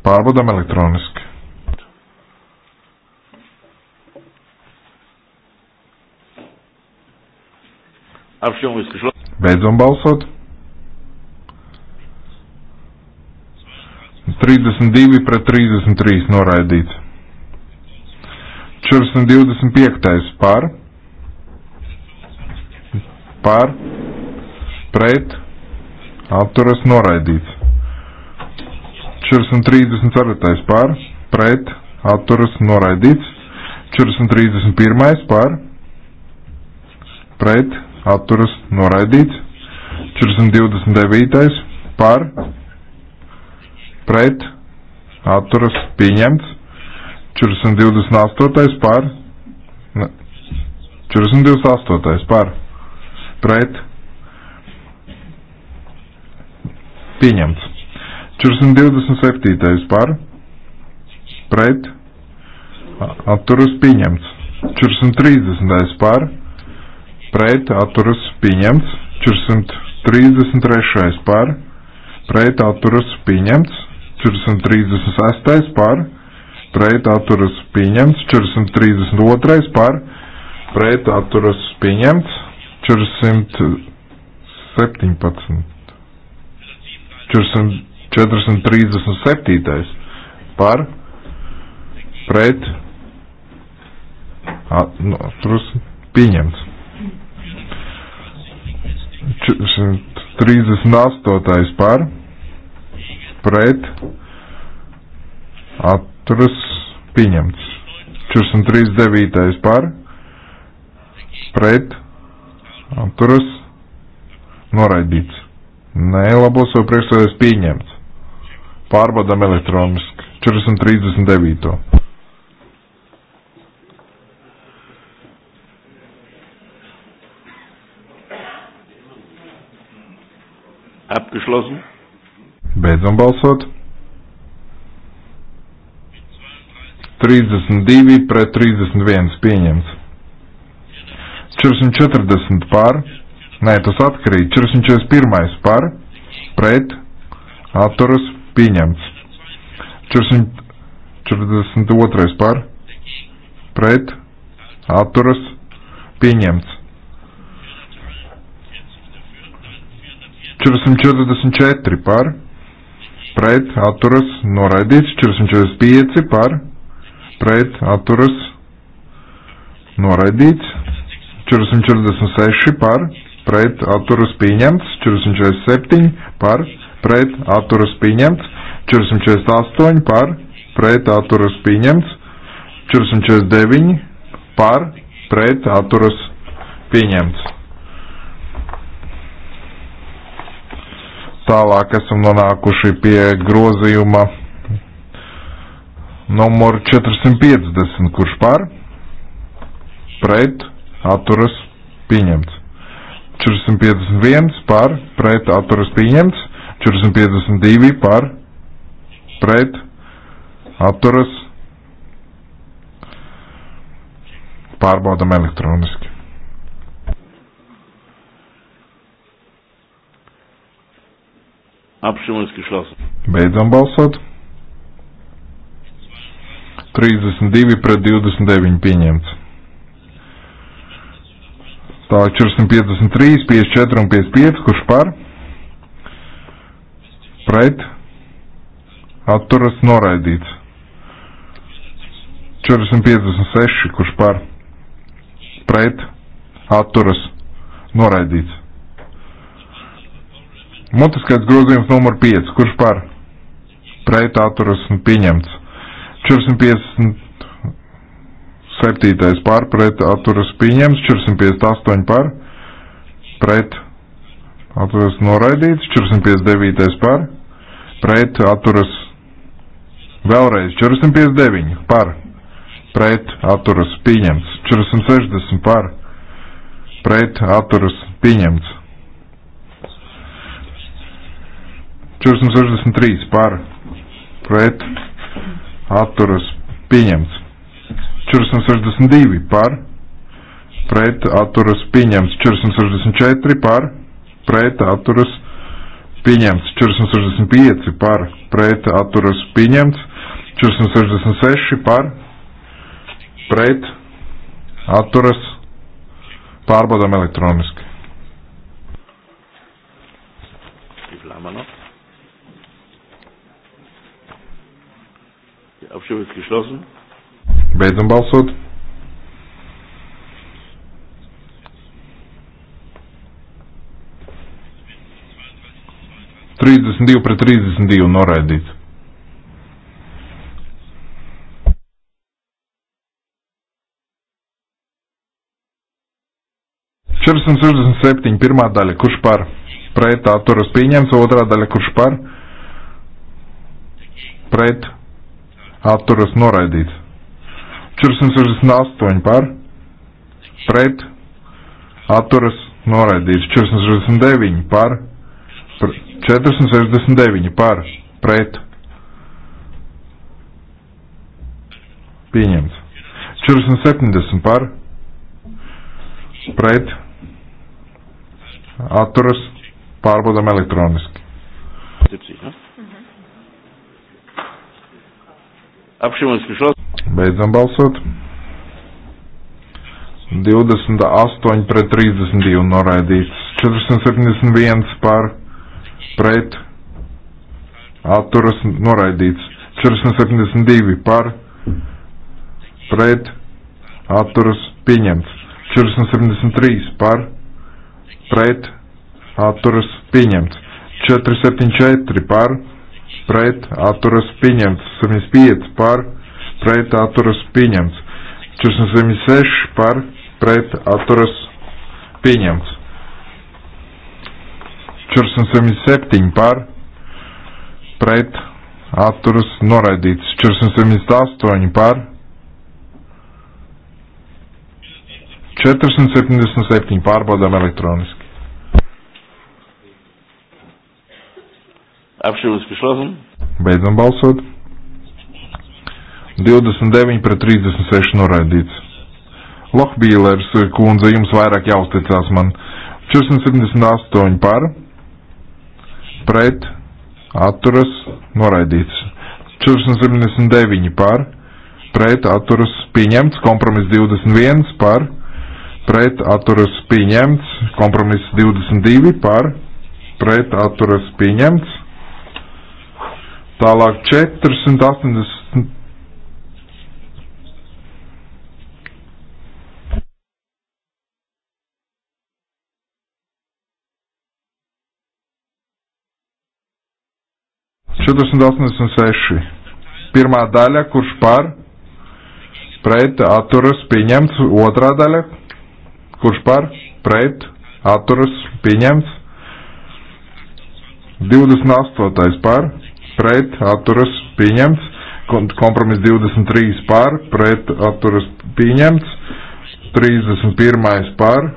pārbaudām elektroniski. Abstimmung ist geschlossen. Beidzam balsot. 32 pret 33 noraidīts. 425 par. Par. Pret. Atturas noraidīts. 434 par. Pret. Atturas noraidīts. 431 par. Pret atturas noraidīts. 429. par pret atturas pieņemts. 428. par 428. par pret pieņemts. 427. par pret atturas pieņemts. 430. par pret pret atturas pieņemts, 433 par, pret atturas pieņemts, 436 par, pret atturas pieņemts, 432 par, pret atturas pieņemts, 417, 437 par, pret nu, atturas pieņemts. 38. par pret atturas pieņemts. 439. par pret atturas noraidīts. Nē, labos vai priekšsēdēs pieņemts. Pārbaudam elektroniski. 439. Abgeschlossen. Beidzam balsot. 32 pret 31 pieņemts. 440 pār. Nē, tas atkarīgi. 441 pār. Pret. Atturas pieņemts. 442 pār. Pret. Atturas pieņemts. 444 par, pret atturas noraidīts, 445 par, pret atturas noraidīts, 446 par, pret atturas pieņemts, 447 par, pret atturas pieņemts, 448 par, pret atturas pieņemts, 449 par, pret atturas pieņemts. Tālāk esam nonākuši pie grozījuma numur 450, kurš par, pret, atturas, pieņemts. 451 par, pret, atturas, pieņemts. 452 par, pret, atturas, pārbaudam elektroniski. Abstimmung ist geschlossen. Beidzam balsot. 32 pret 29 pieņemts. Tālāk 453, 54 un 55, kurš par? Pret. Atturas noraidīts. 456, kurš par? Pret. Atturas noraidīts. Mutiskais grozījums numur 5. Kurš par? Pret atturas pieņemts. 457. par pret atturas pieņemts. 458 par pret atturas noraidīts. 459 par pret atturas vēlreiz. 459 par pret atturas pieņemts. 460 par pret atturas pieņemts. 463 par pret atturas pieņemts. 462 par pret atturas pieņemts. 464 par pret atturas pieņemts. 465 par pret atturas pieņemts. 466 par pret atturas pārbaudām elektroniski. Lama, no? Nu? Apšķirvis geschlossen. Beidzam balsot. Trīsdesmit divi pret trīsdesmit divi noraidīts. Četrsimt sešdesmit septiņi pirmā daļa, kurš par pret atturas pieņemts, otrā daļa, kurš par pret atturas noraidīts. 468 par, pret, atturas noraidīts. 469 par, pr 469 par, pret, pieņemts. 470 par, pret, atturas, pārbaudam elektroniski. 70, ne? Apšķirums geschlossen. Beidzam balsot. 28 pret 32 noraidīts. 471 par pret atturas noraidīts. 472 par pret atturas pieņemts. 473 par pret atturas pieņemts. 474 par pret pret atturas pieņemts, 75 par pret atturas pieņemts, 476 par pret atturas pieņemts, 477 par pret atturas noraidīts, 478 par 477 pārbaudām elektroniski. Apšķirums geschlossen. Beidzam balsot. 29 pret 36 noraidīts. Lohbīlers kundze, jums vairāk jāuzticās man. 478 par, pret, atturas, noraidīts. 479 par, pret, atturas, pieņemts. Kompromiss 21 par, pret, atturas, pieņemts. Kompromiss 22 par, pret, atturas, pieņemts. Tālāk 480. Četrdesmit astoņdesmit seši. Pirmā daļa, kurš par, pret, atturas, pieņemts. Otrā daļa, kurš par, pret, atturas, pieņemts. Divdesmit astotais par, pret atturas pieņemts, kompromiss 23 par, pret atturas pieņemts, 31 par,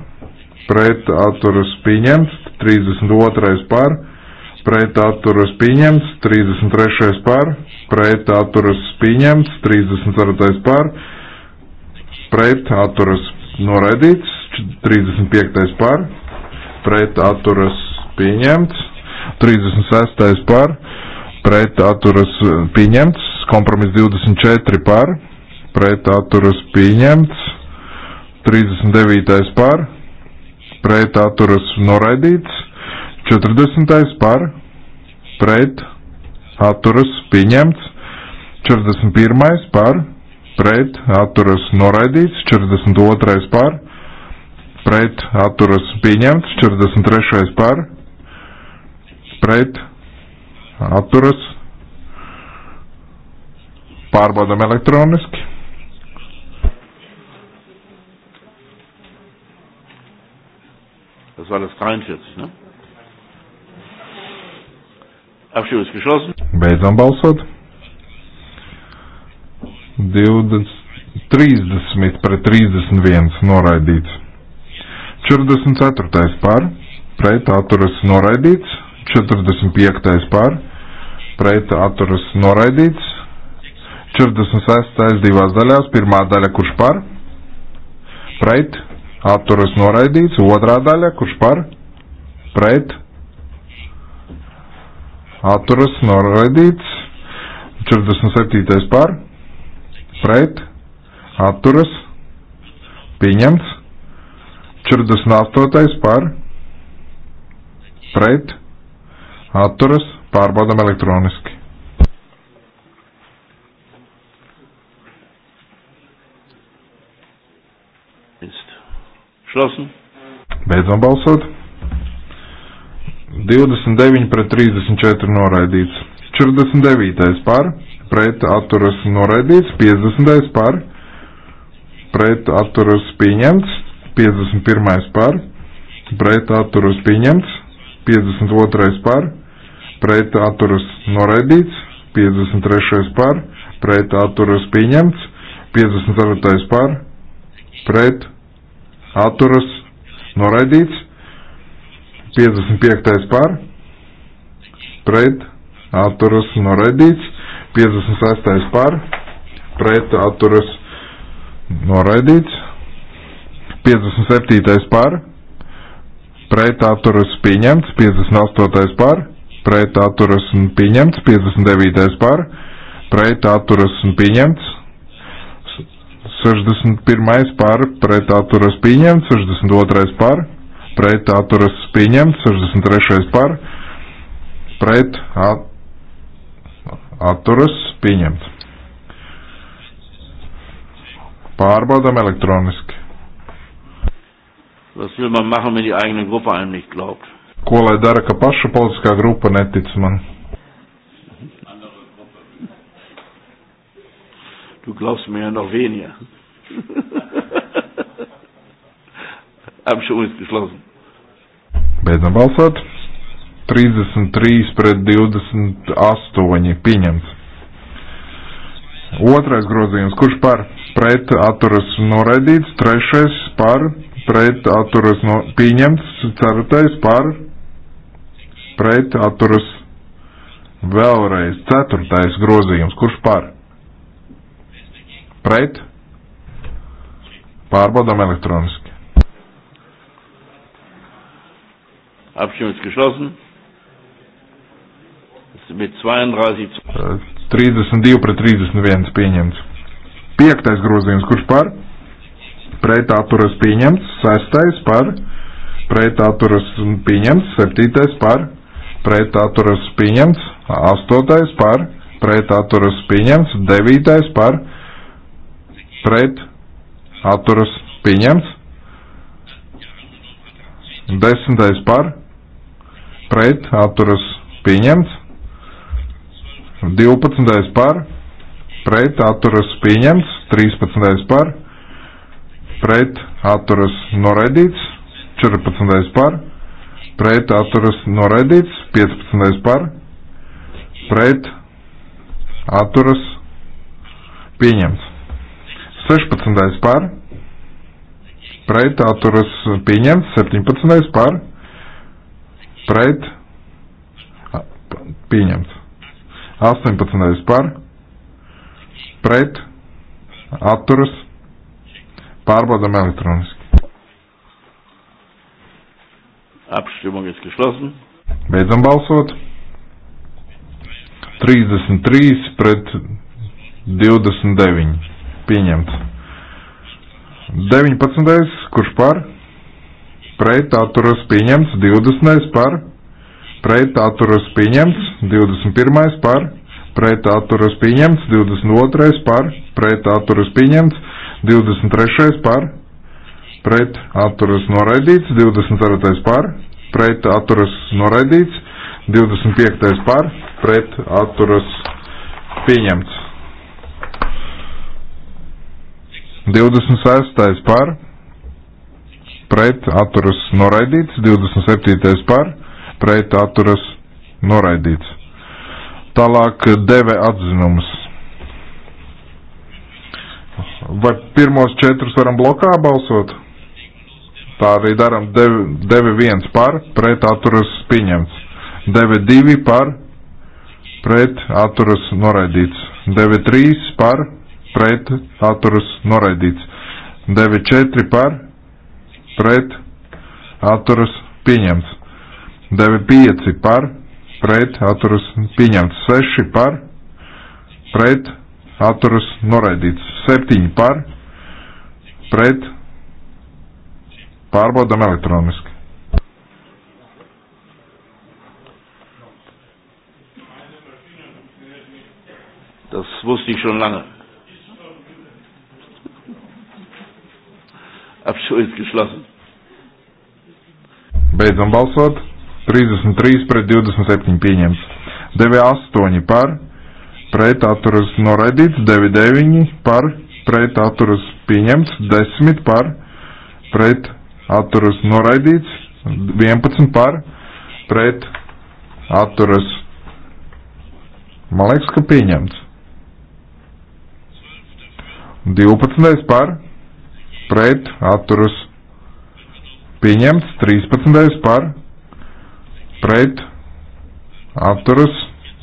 pret atturas pieņemts, 32 par, pret atturas pieņemts, 33 par, pret atturas pieņemts, 34 par, pret atturas noraidīts, 35 par, pret atturas pieņemts, 36 par, pret atturas eh, pieņemts, kompromiss 24 par, pret atturas pieņemts, 39 par, pret atturas noraidīts, 40 par, pret atturas pieņemts, 41 par, pret atturas noraidīts, 42 par, pret atturas pieņemts, 43 par, pret atturas. Pārbaudam elektroniski. Das war das 43, ne? Abstimmung ist geschlossen. Beidzam balsot. 20, 30 pret 31 noraidīts. 44. pār, pret atturas noraidīts. 45. pār, pret atturas noraidīts. 46. divās daļās, pirmā daļa kurš par, pret atturas noraidīts, otrā daļa kurš par, pret atturas noraidīts. 47. par, pret atturas pieņemts. 48. par, pret atturas Pārbaudam elektroniski. Schlossen. Beidzam balsot. 29 pret 34 noraidīts. 49. par, pret atturas noraidīts, 50. par, pret atturas pieņemts, 51. par, pret atturas pieņemts, 52. par, pret atturas noraidīts, 53. par, pret atturas pieņemts, 54. par, pret atturas noraidīts, 55. par, pret atturas noraidīts, 56. par, pret atturas noraidīts, 57. par, pret atturas pieņemts, 58. par, pret atturas un pieņemts, 59. par, pret atturas un pieņemts, 61. par, pret atturas pieņemts, 62. par, pret atturas pieņemts, 63. par, pret atturas pieņemts. Pārbaudam elektroniski. Was will man machen, wenn die eigene Gruppe einem nicht glaubt? ko lai dara, ka paša politiskā grupa netic man. Du glaubst mir ja noch weniger. Abstimmung ist geschlossen. Beidzam balsot. 33 pret 28 pieņemts. Otrais grozījums, kurš par pret atturas noraidīts, trešais par pret atturas no, pieņemts, ceturtais par pret atturas vēlreiz. Ceturtais grozījums, kurš par? Pret? Pārbaudām elektroniski. Abstimmung geschlossen. Mit 32. 32 äh, pret 31 pieņemts. Piektais grozījums, kurš par? Pret atturas pieņemts. Sestais par? Pret atturas pieņemts. Septītais par? pret atturas pieņemts, 8. par pret atturas pieņemts, 9. par pret atturas pieņemts, 10. par pret atturas pieņemts, 12. par pret atturas pieņemts, 13. par pret atturas noraidīts, 14. par pret atturas noraidīts, 15. par pret atturas pieņemts. 16. par pret atturas pieņemts, 17. par pret pieņemts. 18. par pret atturas pārbaudam elektroniski. Abstimmung ist geschlossen. Beidzam balsot. 33 pret 29. Pieņemts. 19. Kurš par? Pret atturas pieņemts. 20. par? Pret atturas pieņemts. 21. par? Pret atturas pieņemts. 22. par? Pret atturas pieņemts. 23. par? pret atturas noraidīts, 24. par, pret atturas noraidīts, 25. par, pret atturas pieņemts. 26. par, pret atturas noraidīts, 27. par, pret atturas noraidīts. Tālāk deve atzinums. Vai pirmos četrus varam blokā balsot? Tā arī daram 9-1 par, pret atturas pieņemts. 9-2 par, pret atturas noraidīts. 9-3 par, pret atturas noraidīts. 9-4 par, pret atturas pieņemts. 9-5 par, pret atturas pieņemts. 6 par, pret atturas noraidīts. 7 par, pret Pārbaudam elektroniski. Das wusste ich schon lange. Abschuld geschlossen. Beidzam balsot. 33 pret 27 pieņemts. 98 par, pret atturas noraidīts, 99 par, pret atturas pieņemts, 10 par, pret atturas noraidīts, 11 par, pret, atturas, man liekas, ka pieņemts. 12 par, pret, atturas, pieņemts, 13 par, pret, atturas,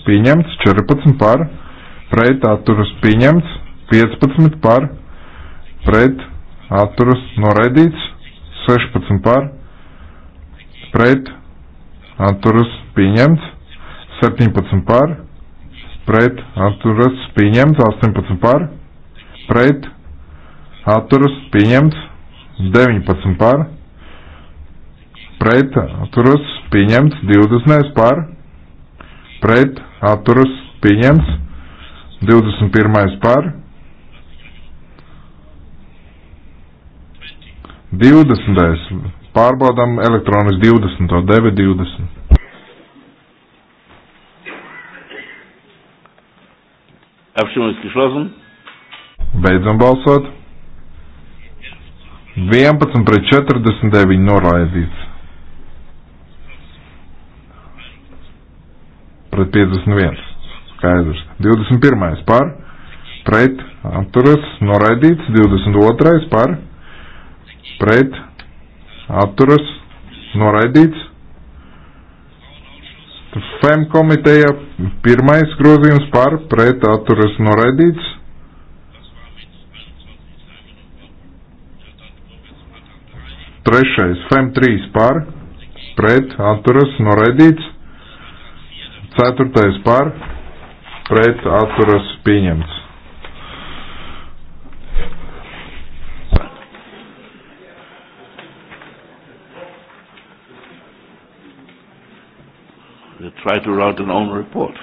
pieņemts, 14 par, pret, atturas, pieņemts, 15 par, pret, atturas, noraidīts, 16 par, pret, atturas pieņemts, 17 par, pret, atturas pieņemts, 18 par, pret, atturas pieņemts, 19 par, pret, atturas pieņemts, 20 par, pret, atturas pieņemts, 21 par, 20. Pārbaudām elektronis 20. 9, 20. Apšķirums geschlossen. Beidzam balsot. 11 pret 49 noraidīts. Pret 51. Skaidrs. 21. par. Pret. Atturas. Noraidīts. 22. par pret, atturas, noraidīts. FEM komiteja pirmais grozījums par, pret, atturas, noraidīts. Trešais, FEM 3 par, pret, atturas, noraidīts. Ceturtais par, pret, atturas, pieņemts. We try to write an own report.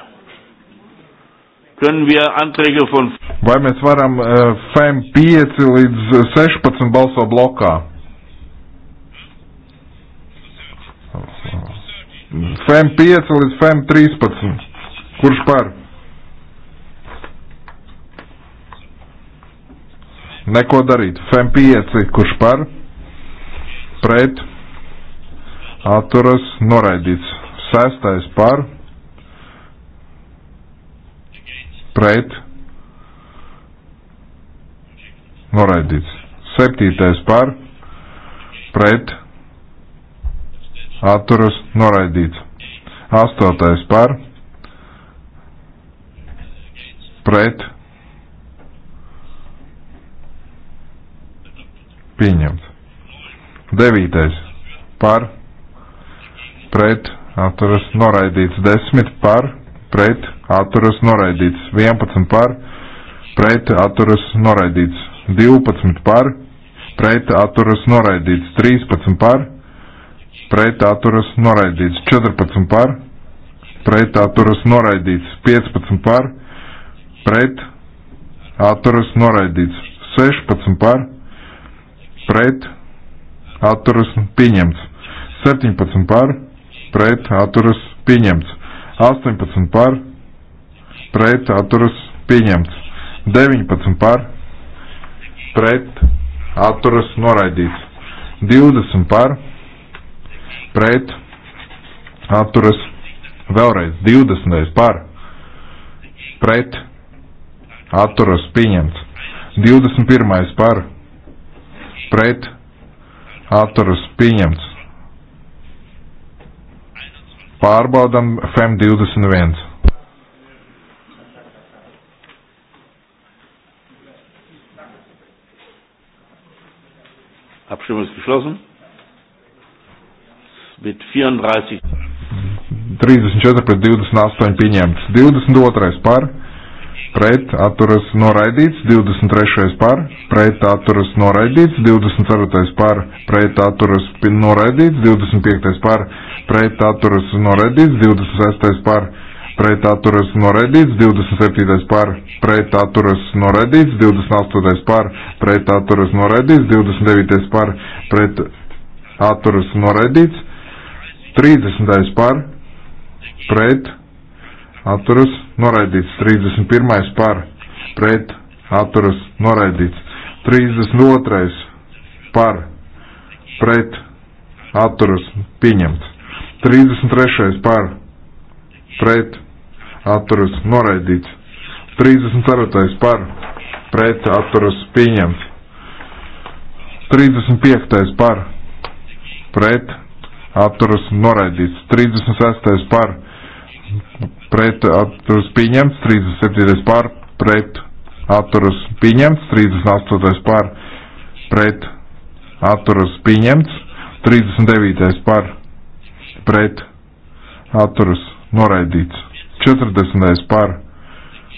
Können wir Anträge von Vai mēs varam uh, eh, FEM 5 līdz 16 balso blokā? FEM 5 līdz FEM 13. Kurš par? Neko darīt. FEM 5. Kurš par? Pret. Atturas noraidīts. Sestais par pret noraidīts. Septītais par pret atturas noraidīts. Astotais par pret pieņemts. Devītais par pret atturas noraidīts 10 par, pret atturas noraidīts 11 par, pret atturas noraidīts 12 par, pret atturas noraidīts 13 par, pret atturas noraidīts 14 par, pret atturas noraidīts 15 par, pret atturas noraidīts 16 par, pret atturas pieņemts 17 par, pret pret atturas pieņemts. 18 par pret atturas pieņemts. 19 par pret atturas noraidīts. 20 par pret atturas vēlreiz 20 par pret atturas pieņemts. 21 par pret atturas pieņemts. Pārbaudam FEM 21. Abstimmung ist geschlossen. Mit 34. 34 pret 28 pieņemts. 22 par pret atturas noraidīts, 23. par, pret atturas noraidīts, 24. par, pret atturas noraidīts, 25. par, pret atturas noraidīts, 26. par, pret atturas noraidīts, 27. par, pret atturas noraidīts, 28. par, pret atturas noraidīts, 29. par, pret atturas noraidīts, 30. par, pret atturas noraidīts, 31. par pret atturas noraidīts, 32. par pret atturas pieņemts, 33. par pret atturas noraidīts, 34. par pret atturas pieņemts, 35. par pret atturas noraidīts, 36. par pret atturas pieņemts, 37. pār pret atturas pieņemts, 38. pār pret atturas pieņemts, 39. pār pret atturas noraidīts, 40. pār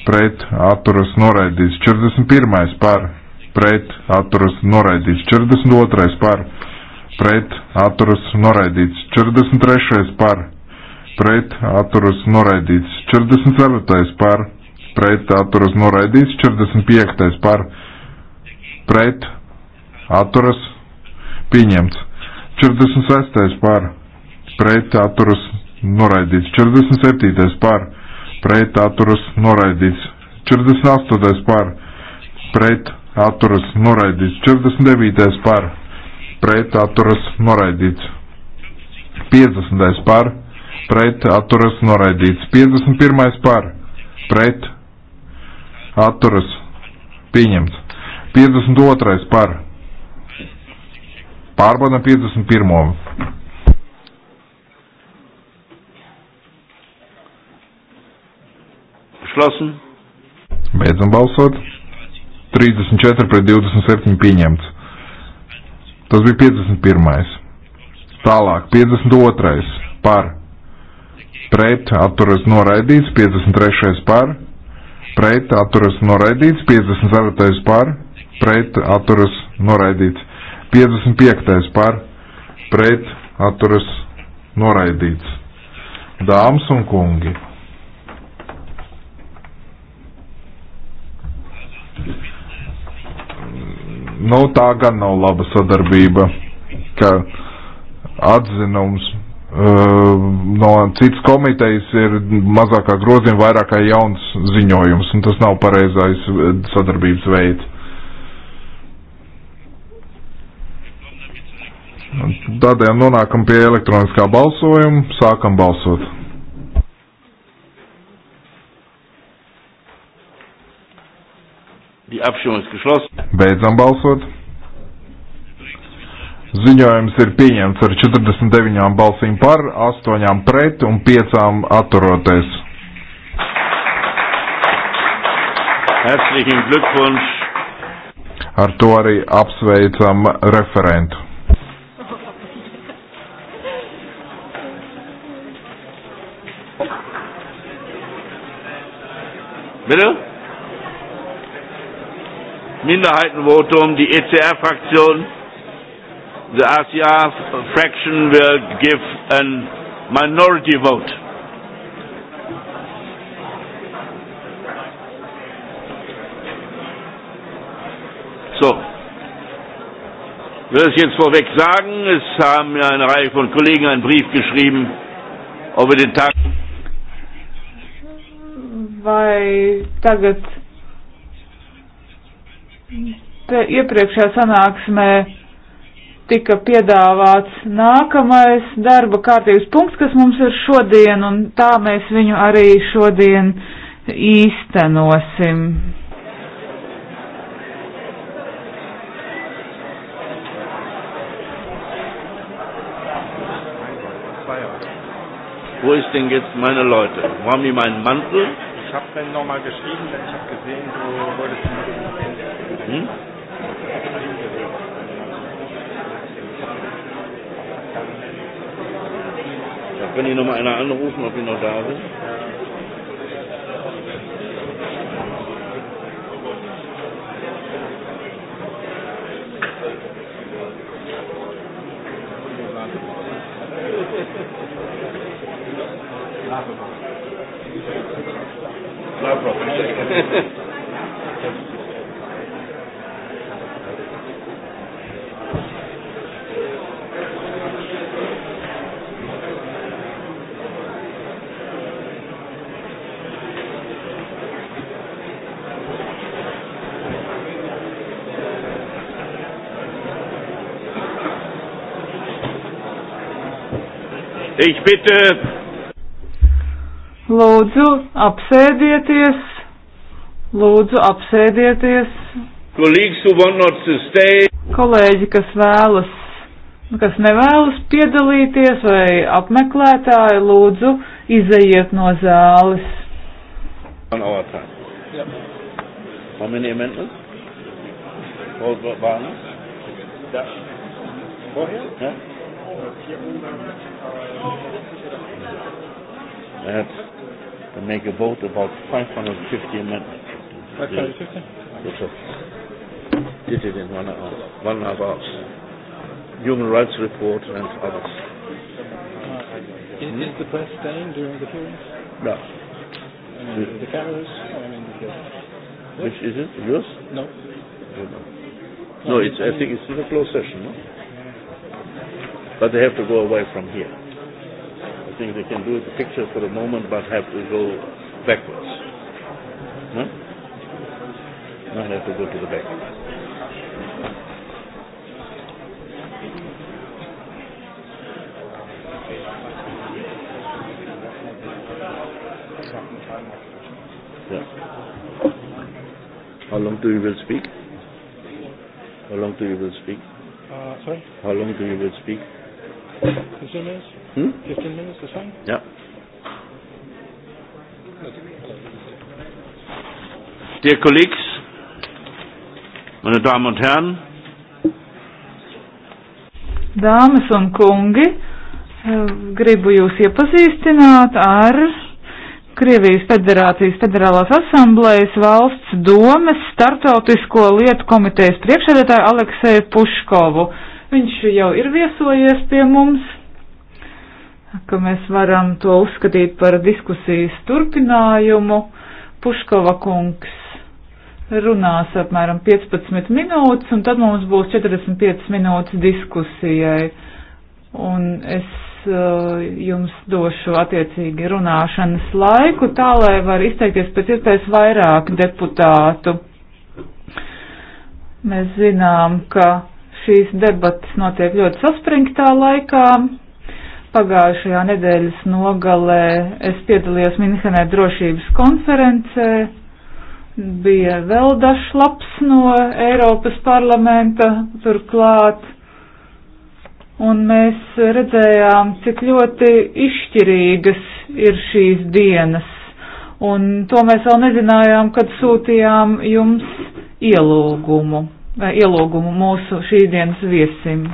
pret atturas noraidīts, 41. pār pret atturas noraidīts, 42. pār pret atturas noraidīts, 43. pār pret atturas noraidīts. 44. par pret atturas noraidīts. 45. par pret atturas pieņemts. 46. par pret atturas noraidīts. 47. par pret atturas noraidīts. 48. par pret atturas noraidīts. 49. par pret atturas noraidīts. 50. par pret atturas noraidīts. 51. par pret atturas pieņemts. 52. par pārbauda 51. Schlossen. Beidzam balsot. 34 pret 27 pieņemts. Tas bija 51. Tālāk, 52. par pret atturas noraidīts, 53. par, pret atturas noraidīts, 54. par, pret atturas noraidīts, 55. par, pret atturas noraidīts. Dāmas un kungi! Nu, tā gan nav laba sadarbība, ka atzinums Ehm, no citas komitejas ir mazākā grozījuma, vairākā jauns ziņojums, un tas nav pareizais eh, sadarbības veids. Tādēļ nonākam pie elektroniskā balsojuma, sākam balsot. Beidzam balsot. Ziņojums ir pieņemts ar 49 balsīm par, 8 pret un 5 atturoties. Herzlichen Glückwunsch! Ar to arī apsveicam referentu. Bitte? Minderheitenvotum, die ECR-Fraktion the RCR fraction will give a minority vote. So, ich will es jetzt vorweg sagen, es haben ja eine Reihe von Kollegen einen Brief geschrieben, ob wir den Tag... Vai tagad iepriekšējā sanāksmē tika piedāvāts nākamais darba kārtības punkts, kas mums ir šodien, un tā mēs viņu arī šodien īstenosim. Wo ist denn jetzt meine Leute? Wo haben die meinen Mantel? Ich habe dann nochmal geschrieben, denn ich habe gesehen, du wolltest. Hm? Da kann ich nochmal einer anrufen, ob die noch da sind. No problem. [LAUGHS] Ich bitte. Lūdzu, apsēdieties. Lūdzu, apsēdieties. Kolēģi, kas vēlas, kas nevēlas piedalīties vai apmeklētāji, lūdzu, izejiet no zāles. How many amendments? Vorher? Ja? that to make a vote about 550 amendments. 550? Yes, sir. Did it in one hour. One and a half hours. Human rights report and others. Uh, is, hmm? is the press staying during the hearings? No. I mean, the, the cameras? I mean, the, what? Which is it? Yours? No. I don't know. No, no it's, I, mean, I think it's in a closed session, no? Yeah. But they have to go away from here think they can do the picture for a moment, but have to go backwards. No? Not have to go to the back. Yeah. How long do you will speak? How long do you will speak? Uh, sorry? How long do you will speak? 15 minutes? Hmm? 15 minutes is fine? Yeah. Dear colleagues, meine Damen und Herren, Dāmas un kungi, gribu jūs iepazīstināt ar Krievijas Federācijas Federālās asamblējas valsts domes startautisko lietu komitejas priekšsēdētāju Alekseju Puškovu. Viņš jau ir viesojies pie mums, ka mēs varam to uzskatīt par diskusijas turpinājumu. Puškova kungs runās apmēram 15 minūtes, un tad mums būs 45 minūtes diskusijai. Un es uh, jums došu attiecīgi runāšanas laiku, tā lai var izteikties pēc iespējas vairāk deputātu. Mēs zinām, ka Šīs debatas notiek ļoti saspringtā laikā. Pagājušajā nedēļas nogalē es piedalījos Minhenē drošības konferencē. Bija vēl dažs labs no Eiropas parlamenta turklāt. Un mēs redzējām, cik ļoti izšķirīgas ir šīs dienas. Un to mēs vēl nezinājām, kad sūtījām jums ielūgumu vai ielūgumu mūsu šīdienas viesim.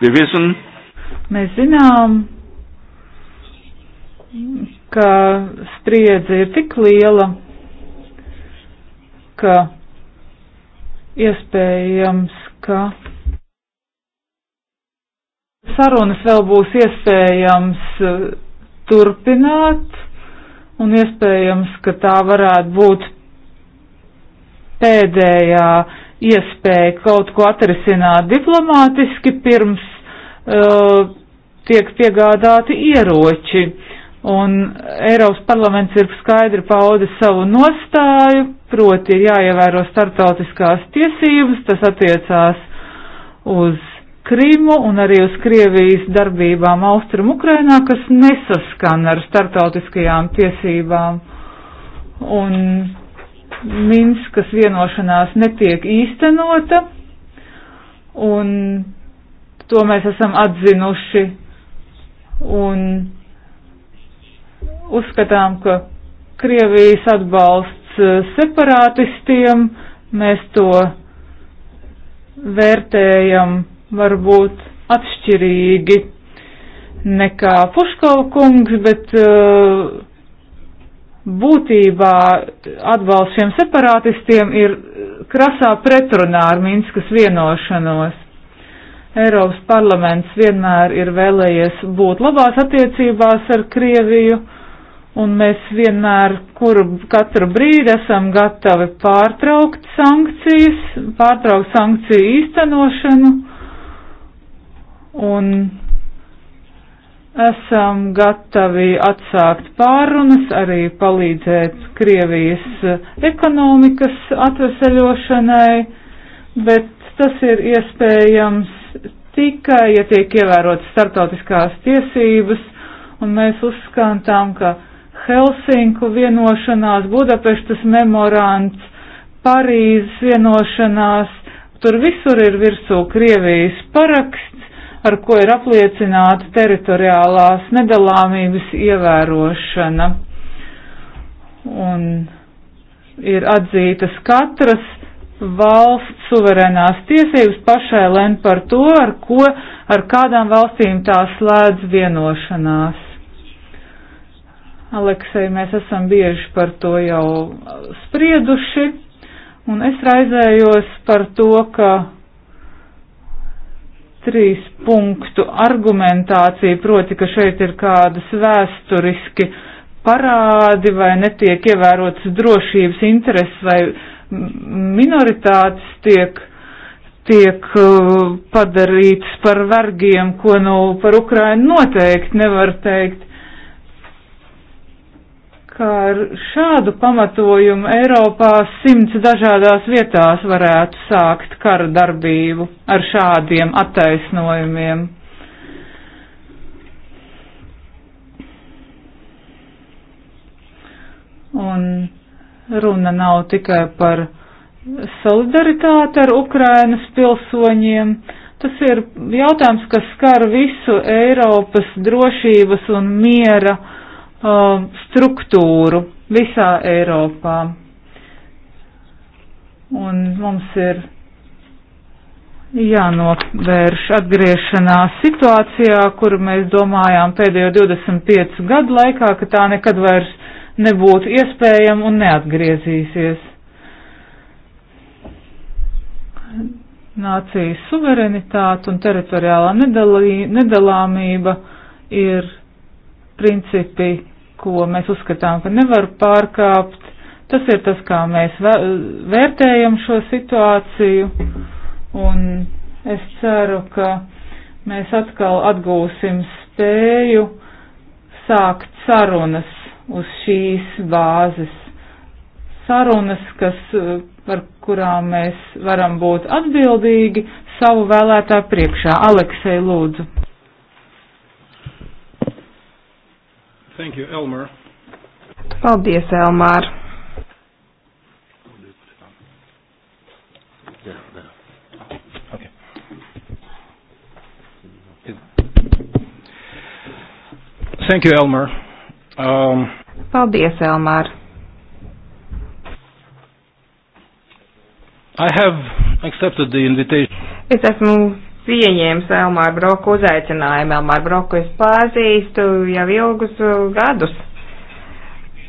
Wir wissen, Mēs zinām, ka spriedze ir tik liela, ka iespējams, ka Sarunas vēl būs iespējams eh, turpināt, un iespējams, ka tā varētu būt pēdējā iespēja kaut ko atrisināt diplomātiski pirms uh, tiek piegādāti ieroči. Un Eiropas parlaments ir skaidri paudis savu nostāju, proti ir jāievēro startautiskās tiesības, tas attiecās uz Krimu un arī uz Krievijas darbībām Austrum Ukrainā, kas nesaskan ar startautiskajām tiesībām. Un Minskas vienošanās netiek īstenota, un to mēs esam atzinuši un uzskatām, ka Krievijas atbalsts eh, separātistiem mēs to vērtējam varbūt atšķirīgi nekā Puškala kungs, bet uh, būtībā atbalsts šiem separātistiem ir krasā pretrunā ar Minskas vienošanos. Eiropas parlaments vienmēr ir vēlējies būt labās attiecībās ar Krieviju, un mēs vienmēr, kuru katru brīdi esam gatavi pārtraukt sankcijas, pārtraukt sankciju īstenošanu un esam gatavi atsākt pārunas, arī palīdzēt Krievijas ekonomikas atveseļošanai, bet tas ir iespējams tikai, ja tiek ievērotas startautiskās tiesības, un mēs uzskatām, ka Helsinku vienošanās, Budapeštas memorants, Parīzes vienošanās, tur visur ir virsū Krievijas paraksts ar ko ir apliecināta teritoriālās nedalāmības ievērošana. Un ir atzītas katras valsts suverēnās tiesības pašai lēmt par to, ar ko, ar kādām valstīm tā slēdz vienošanās. Aleksei, mēs esam bieži par to jau sprieduši, un es raizējos par to, ka trīs punktu argumentācija, proti, ka šeit ir kādas vēsturiski parādi vai netiek ievērotas drošības intereses vai minoritātes tiek, tiek uh, padarītas par vergiem, ko nu par Ukrainu noteikti nevar teikt ka ar šādu pamatojumu Eiropā simts dažādās vietās varētu sākt kara darbību ar šādiem attaisnojumiem. Un runa nav tikai par solidaritāti ar Ukrainas pilsoņiem. Tas ir jautājums, kas skar visu Eiropas drošības un miera um, struktūru visā Eiropā. Un mums ir jānovērš atgriešanās situācijā, kuru mēs domājām pēdējo 25 gadu laikā, ka tā nekad vairs nebūtu iespējama un neatgriezīsies. Nācijas suverenitāte un teritoriālā nedalī, nedalāmība ir principi, ko mēs uzskatām, ka nevar pārkāpt. Tas ir tas, kā mēs vērtējam šo situāciju, un es ceru, ka mēs atkal atgūsim spēju sākt sarunas uz šīs bāzes. Sarunas, kas, par kurām mēs varam būt atbildīgi savu vēlētāju priekšā. Aleksei, lūdzu. Thank you, Elmar. Paldies, Elmār. Yeah, yeah. Thank you, Elmar. Um, Paldies, Elmar. I have accepted the invitation. Es esmu pieņēmis Elmāru Broku uzaicinājumu. Elmāru Broku es pazīstu jau ilgus uh, gadus,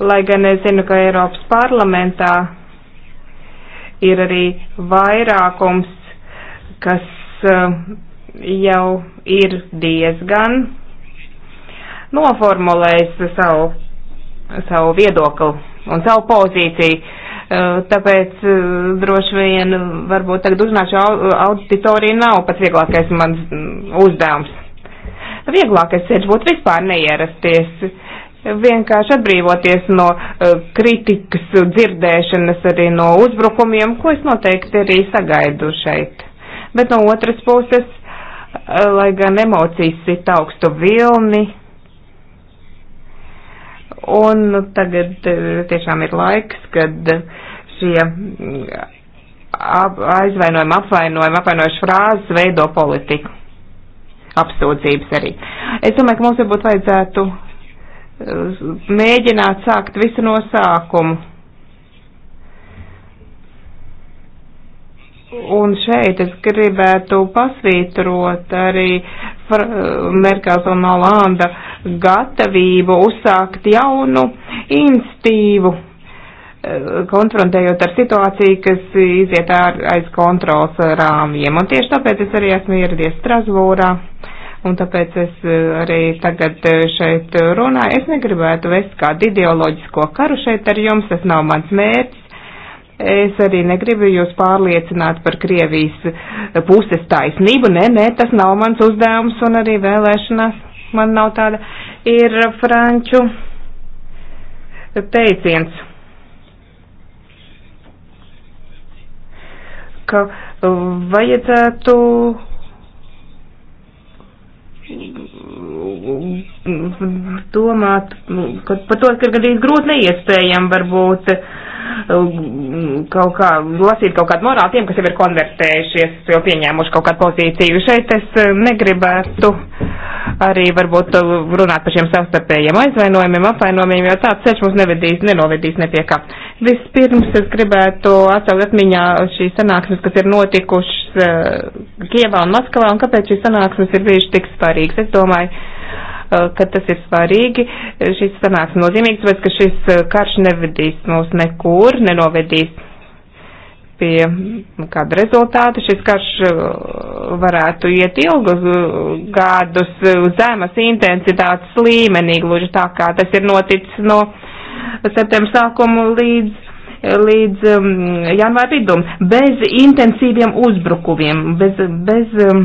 lai gan es zinu, ka Eiropas parlamentā ir arī vairākums, kas uh, jau ir diezgan noformulējis savu, savu viedokli un savu pozīciju. Eh, tāpēc eh, droši vien varbūt tagad uzzināšu eh, auditoriju nav pats vieglākais mans mm, uzdevums. Vieglākais ceļš būtu vispār neierasties, vienkārši atbrīvoties no kritikas dzirdēšanas, arī no uzbrukumiem, ko es noteikti arī sagaidu šeit. Bet no otras puses, lai gan emocijas sit augstu vilni, Un tagad eh, tiešām ir laiks, kad eh, šie mm, aizvainojumi, apvainojumi, apvainojuši frāzes veido politiku. Apsūdzības arī. Es domāju, ka mums varbūt vajadzētu eh, mēģināt sākt visu no sākumu. Un šeit es gribētu pasvītrot arī Merkels un Olanda uh, gatavību uzsākt jaunu instīvu, eh, konfrontējot ar situāciju, kas iziet ār, aiz kontrols rāmjiem. Un tieši tāpēc es arī esmu ieradies Strasbūrā, un tāpēc es eh, arī tagad eh, šeit runāju. Es negribētu vest kādu ideoloģisko karu šeit ar jums, tas nav mans mērķis. Es arī negribu jūs pārliecināt par Krievijas puses taisnību. Nē, nē, tas nav mans uzdevums un arī vēlēšanās man nav tāda, ir franču teiciens, ka vajadzētu domāt, ka par to, ka gandrīz grūti neiespējami varbūt uh, Um, kaut kā, lasīt kaut kādu morālu tiem, kas jau ir konvertējušies, jau pieņēmuši kaut kādu pozīciju. Šeit es um, negribētu arī varbūt um, runāt par šiem savstarpējiem aizvainojumiem, apvainojumiem, jo tāds ceļš mums nevedīs, nenovedīs ne pie kā. Vispirms es gribētu atsaukt atmiņā šīs sanāksmes, kas ir notikušas uh, Kievā un Maskavā, un kāpēc šīs sanāksmes ir bijušas tik svarīgas. Es domāju, Eh, ka tas ir svarīgi. Eh, šis sanāks nozīmīgs, bet ka šis eh, karš nevedīs mūs nekur, nenovedīs pie kāda rezultāta. Šis karš varētu iet ilgus gadus zemes intensitātes līmenī, gluži tā kā tas ir noticis no septembra sākuma līdz līdz um, janvāra vidum, bez intensīviem uzbrukumiem, bez, bez um,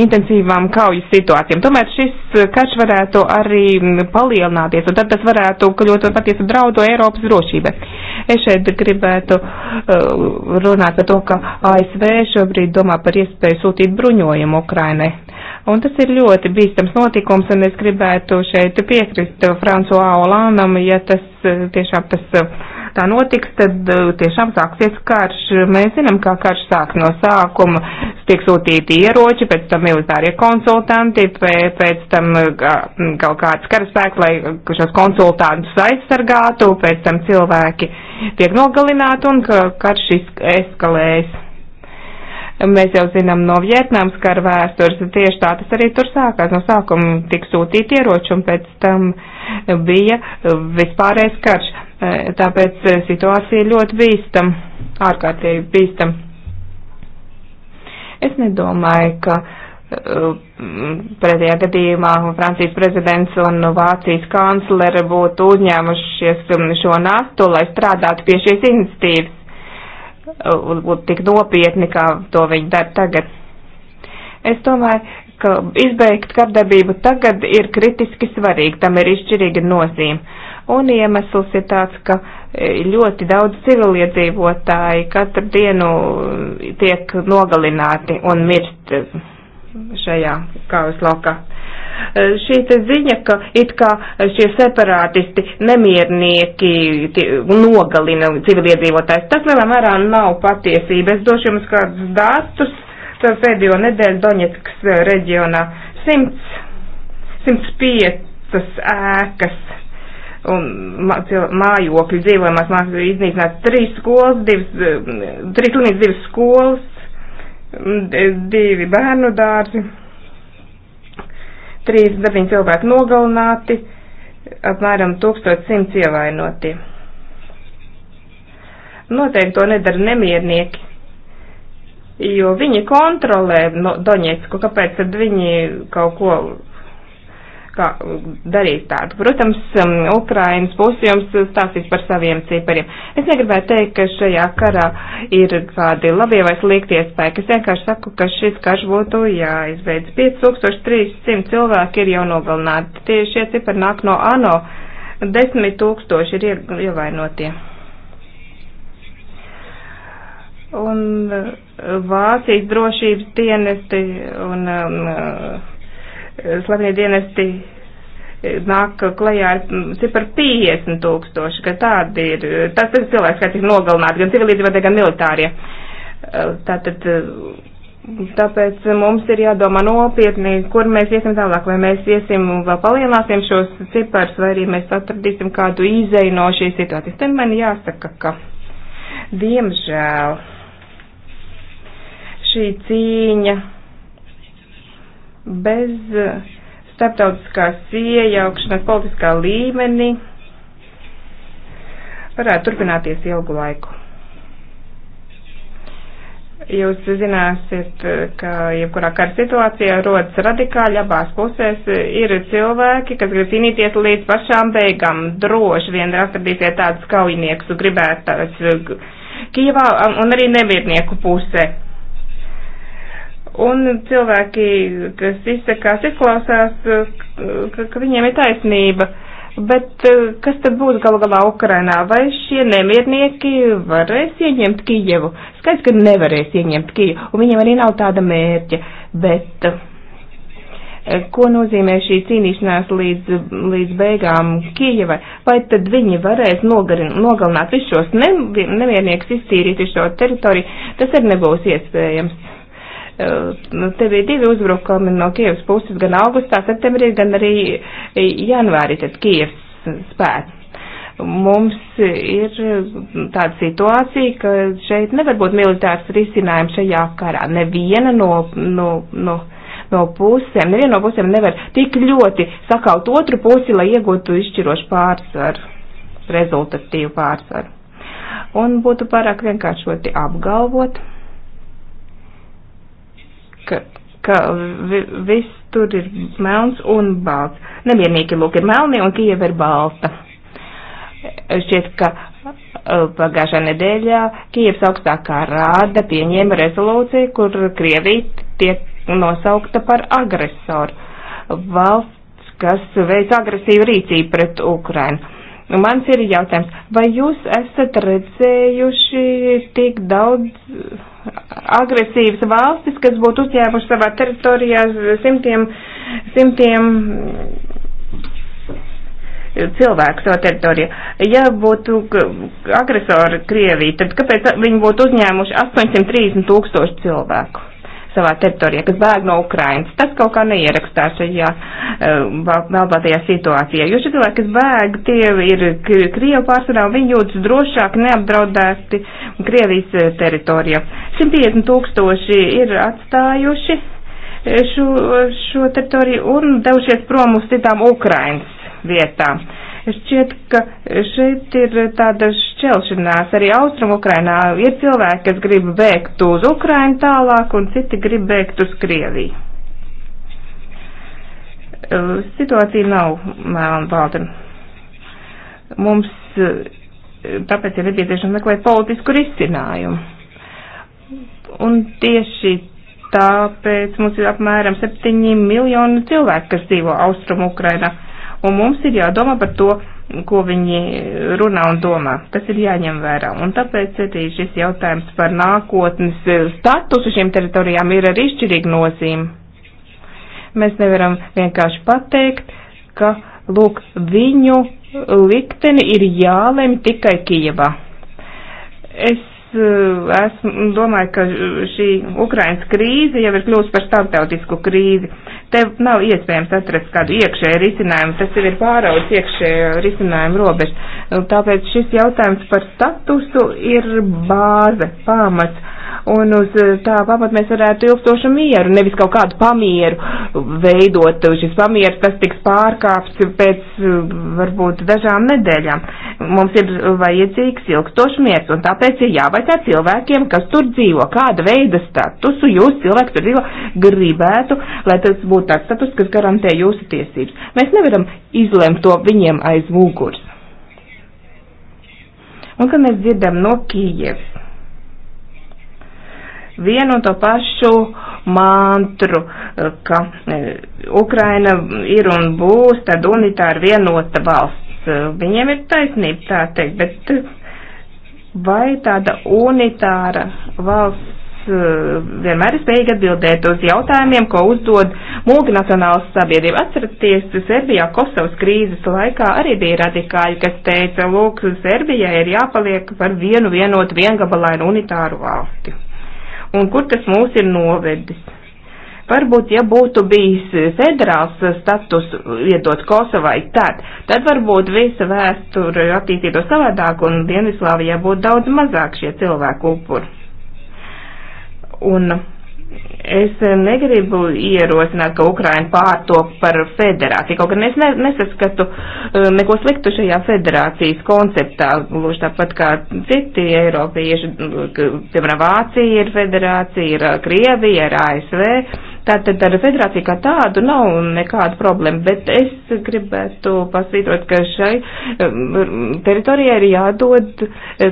intensīvām kaujas situācijām. Tomēr šis karš varētu arī palielināties, un tad tas varētu kļūt par patiesu draudu Eiropas drošībai. Es šeit gribētu uh, runāt par to, ka ASV šobrīd domā par iespēju sūtīt bruņojumu Ukrainai. Un tas ir ļoti bīstams notikums, un es gribētu šeit piekrist Francoā Olanam, ja tas uh, tiešām tas uh, tā notiks, tad uh, tiešām sāksies karš. Mēs zinām, kā karš sāk no sākuma. Tiek sūtīti ieroči, pēc tam militārie konsultanti, pēc tam uh, kaut kāds karaspēks, lai uh, šos konsultantus aizsargātu, pēc tam cilvēki tiek nogalināti un ka karš eskalējas. Mēs jau zinām no Vietnams kara vēstures, tieši tā tas arī tur sākās. No sākuma tika sūtīti ieroči un pēc tam bija vispārējais karš Eh, tāpēc eh, situācija ir ļoti bīstama, ārkārtīgi bīstama. Es nedomāju, ka eh, pretējā gadījumā Francijas prezidents un Vācijas kanclere būtu uzņēmušies um, šo nastu, lai strādātu pie šīs iniciatīvas, būtu tik nopietni, kā to viņi dara tagad. Es domāju, ka izbeigt kardarbību tagad ir kritiski svarīgi, tam ir izšķirīga nozīme Un iemesls ir tāds, ka e, ļoti daudz civiliedzīvotāji katru dienu e, tiek nogalināti un mirst e, šajā kaujas laukā. Šī te ziņa, ka it kā šie separātisti, nemiernieki nogalina civiliedzīvotājs, tas lielā mērā nav patiesība. Es došu jums kādus datus. Pēdējo nedēļu Doņetskas reģionā 100, 105 ēkas un mājokļu, dzīvojamās mājas iznīcināt trīs skolas, divas, trīs slimnīcas, divas skolas, divi bērnu dārzi, trīs deviņi cilvēki nogalināti, apmēram 1100 ievainoti. Noteikti to nedara nemiernieki, jo viņi kontrolē no Doņetsku, kāpēc tad viņi kaut ko kā darīt tādu. Protams, um, Ukrainas pusi jums stāstīs par saviem cipariem. Es negribēju teikt, ka šajā karā ir kādi labie vai slikti iespēki. Es vienkārši saku, ka šis karš būtu jāizbeidz. 5300 cilvēki ir jau nogalināti. Tieši šie cipari nāk no ANO. 10 tūkstoši ir ievainotie. Un uh, Vācijas drošības dienesti un. un um, slavenie dienesti eh, nāk klajā ar mm, ciparu 50 tūkstoši, ka tādi ir, eh, tas, tas cilvēks, kā tik nogalināti, gan civilizētie, gan militārie. Eh, tātad, tāpēc mums ir jādomā nopietni, kur mēs iesim tālāk, vai mēs iesim un vēl palielināsim šos ciparus, vai arī mēs atradīsim kādu izeju no šīs situācijas. Te man jāsaka, ka diemžēl šī cīņa bez eh, starptautiskās iejaukšanās politiskā līmenī varētu turpināties ilgu laiku. Jūs zināsiet, eh, ka jebkurā kara situācijā rodas radikāļi abās pusēs. Ir cilvēki, kas grib cīnīties līdz pašām beigām. Droši vien atradīsiet tādus kaujiniekus, gribētājus eh, Kīvā un arī nemiernieku pusē Un cilvēki, kas izsakās, izklausās, ka, ka viņiem ir taisnība. Bet eh, kas tad būs galu galā Ukrainā? Vai šie nemiernieki varēs ieņemt Kijevu? Skaidrs, ka nevarēs ieņemt Kijevu, un viņiem arī nav tāda mērķa. Bet eh, ko nozīmē šī cīnīšanās līdz, līdz beigām Kijevai? Vai tad viņi varēs nogarin, nogalināt visus šos nemierniekus, izcīrīt visu šo teritoriju? Tas arī nebūs iespējams Eh, nu, te bija divi uzbrukumi no Kievas puses, gan augustā, septembrī, gan arī eh, janvārī, tad Kievas spēks. Mums ir eh, tāda situācija, ka šeit nevar būt militārs risinājums šajā karā. Neviena no, no, no, no pusēm, neviena no pusēm nevar tik ļoti sakaut otru pusi, lai iegūtu izšķirošu pārsvaru, rezultatīvu pārsvaru. Un būtu pārāk vienkāršoti apgalvot ka, ka vi, viss tur ir melns un balts. Nemiernīgi lūk ir melni un Kieva ir balta. Šķiet, ka uh, pagājušā nedēļā Kievas augstākā rāda pieņēma rezolūciju, kur Krievija tiek nosaukta par agresoru. Valsts, kas veic agresīvu rīcību pret Ukrainu. Nu, mans ir jautājums, vai jūs esat redzējuši tik daudz agresīvas valstis, kas būtu uzņēmuši savā teritorijā simtiem, simtiem cilvēku savā teritorijā. Ja būtu agresori Krievija, tad kāpēc viņi būtu uzņēmuši 830 tūkstoši cilvēku? savā teritorijā, kas bēg no Ukrainas. Tas kaut kā neierakstās šajā eh, vēlbātajā situācijā, jo šie cilvēki, kas bēg, tie ir Krievu pārsvarā, un viņi jūtas drošāk, neapdraudēti Krievijas eh, teritorijā. 150 tūkstoši ir atstājuši eh, šo, šo teritoriju un devušies prom uz citām Ukrainas vietām. Šķiet, ka šeit ir tāda šķelšanās arī Austrum Ukrainā. Ir cilvēki, kas grib bēgt uz Ukrainu tālāk, un citi grib bēgt uz Krieviju. Situācija nav melna balta. Mums tāpēc ir nepieciešams meklēt politisku risinājumu. Un tieši tāpēc mums ir apmēram 7 miljoni cilvēku, kas dzīvo Austrum Ukrainā un mums ir jādomā par to, ko viņi runā un domā. Tas ir jāņem vērā. Un tāpēc arī šis jautājums par nākotnes statusu šīm teritorijām ir ar izšķirīgu nozīmi. Mēs nevaram vienkārši pateikt, ka, lūk, viņu likteni ir jālem tikai Kijavā. Es Eh, esmu, domāju, ka šī Ukrainas krīze jau ir kļūst par starptautisku krīzi. Te nav iespējams atrast kādu iekšēju risinājumu, tas jau ir pāraudzis iekšējo risinājumu robežu. Tāpēc šis jautājums par statusu ir bāze, pamats un uz eh, tā pamat mēs varētu ilgstošu mieru, nevis kaut kādu pamieru veidot. Šis pamieris, tas tiks pārkāpts pēc eh, varbūt dažām nedēļām. Mums ir vajadzīgs ilgstošs miers, un tāpēc ir jāvaicā cilvēkiem, kas tur dzīvo, kāda veida statusu jūs cilvēki tur dzīvo, gribētu, lai tas būtu tāds status, kas garantē jūsu tiesības. Mēs nevaram izlemt to viņiem aiz muguras. Un, kad mēs dzirdam no Kijevas, vienu un to pašu mantru, eh, ka eh, Ukraina ir un būs tāda unitāra vienota valsts. Eh, viņiem ir taisnība tā teikt, bet vai tāda unitāra valsts vienmēr ir spējīga atbildēt uz jautājumiem, ko uzdod multinacionālas sabiedrība. Atceraties, Serbijā Kosovas krīzes laikā arī bija radikāļi, kas teica, lūk, Serbijai ir jāpaliek par vienu vienotu viengabalainu unitāru valsti un kur tas mūs ir novedis. Varbūt, ja būtu bijis federāls status iedot Kosovai tad, tad varbūt visa vēsture attīstītos savādāk un Dienvidslāvijā būtu daudz mazāk šie cilvēku upuri. Un Es eh, negribu ierosināt, ka Ukraina pārtop par federāciju. Kaut gan es ne, nesaskatu eh, neko sliktu šajā federācijas konceptā, gluži tāpat kā citi eiropieši, piemēram, Vācija ir federācija, ir eh, Krievija, ir ASV. Tātad ar federāciju kā tādu nav nekāda problēma, bet es gribētu pasvītrot, ka šai teritorijai ir jādod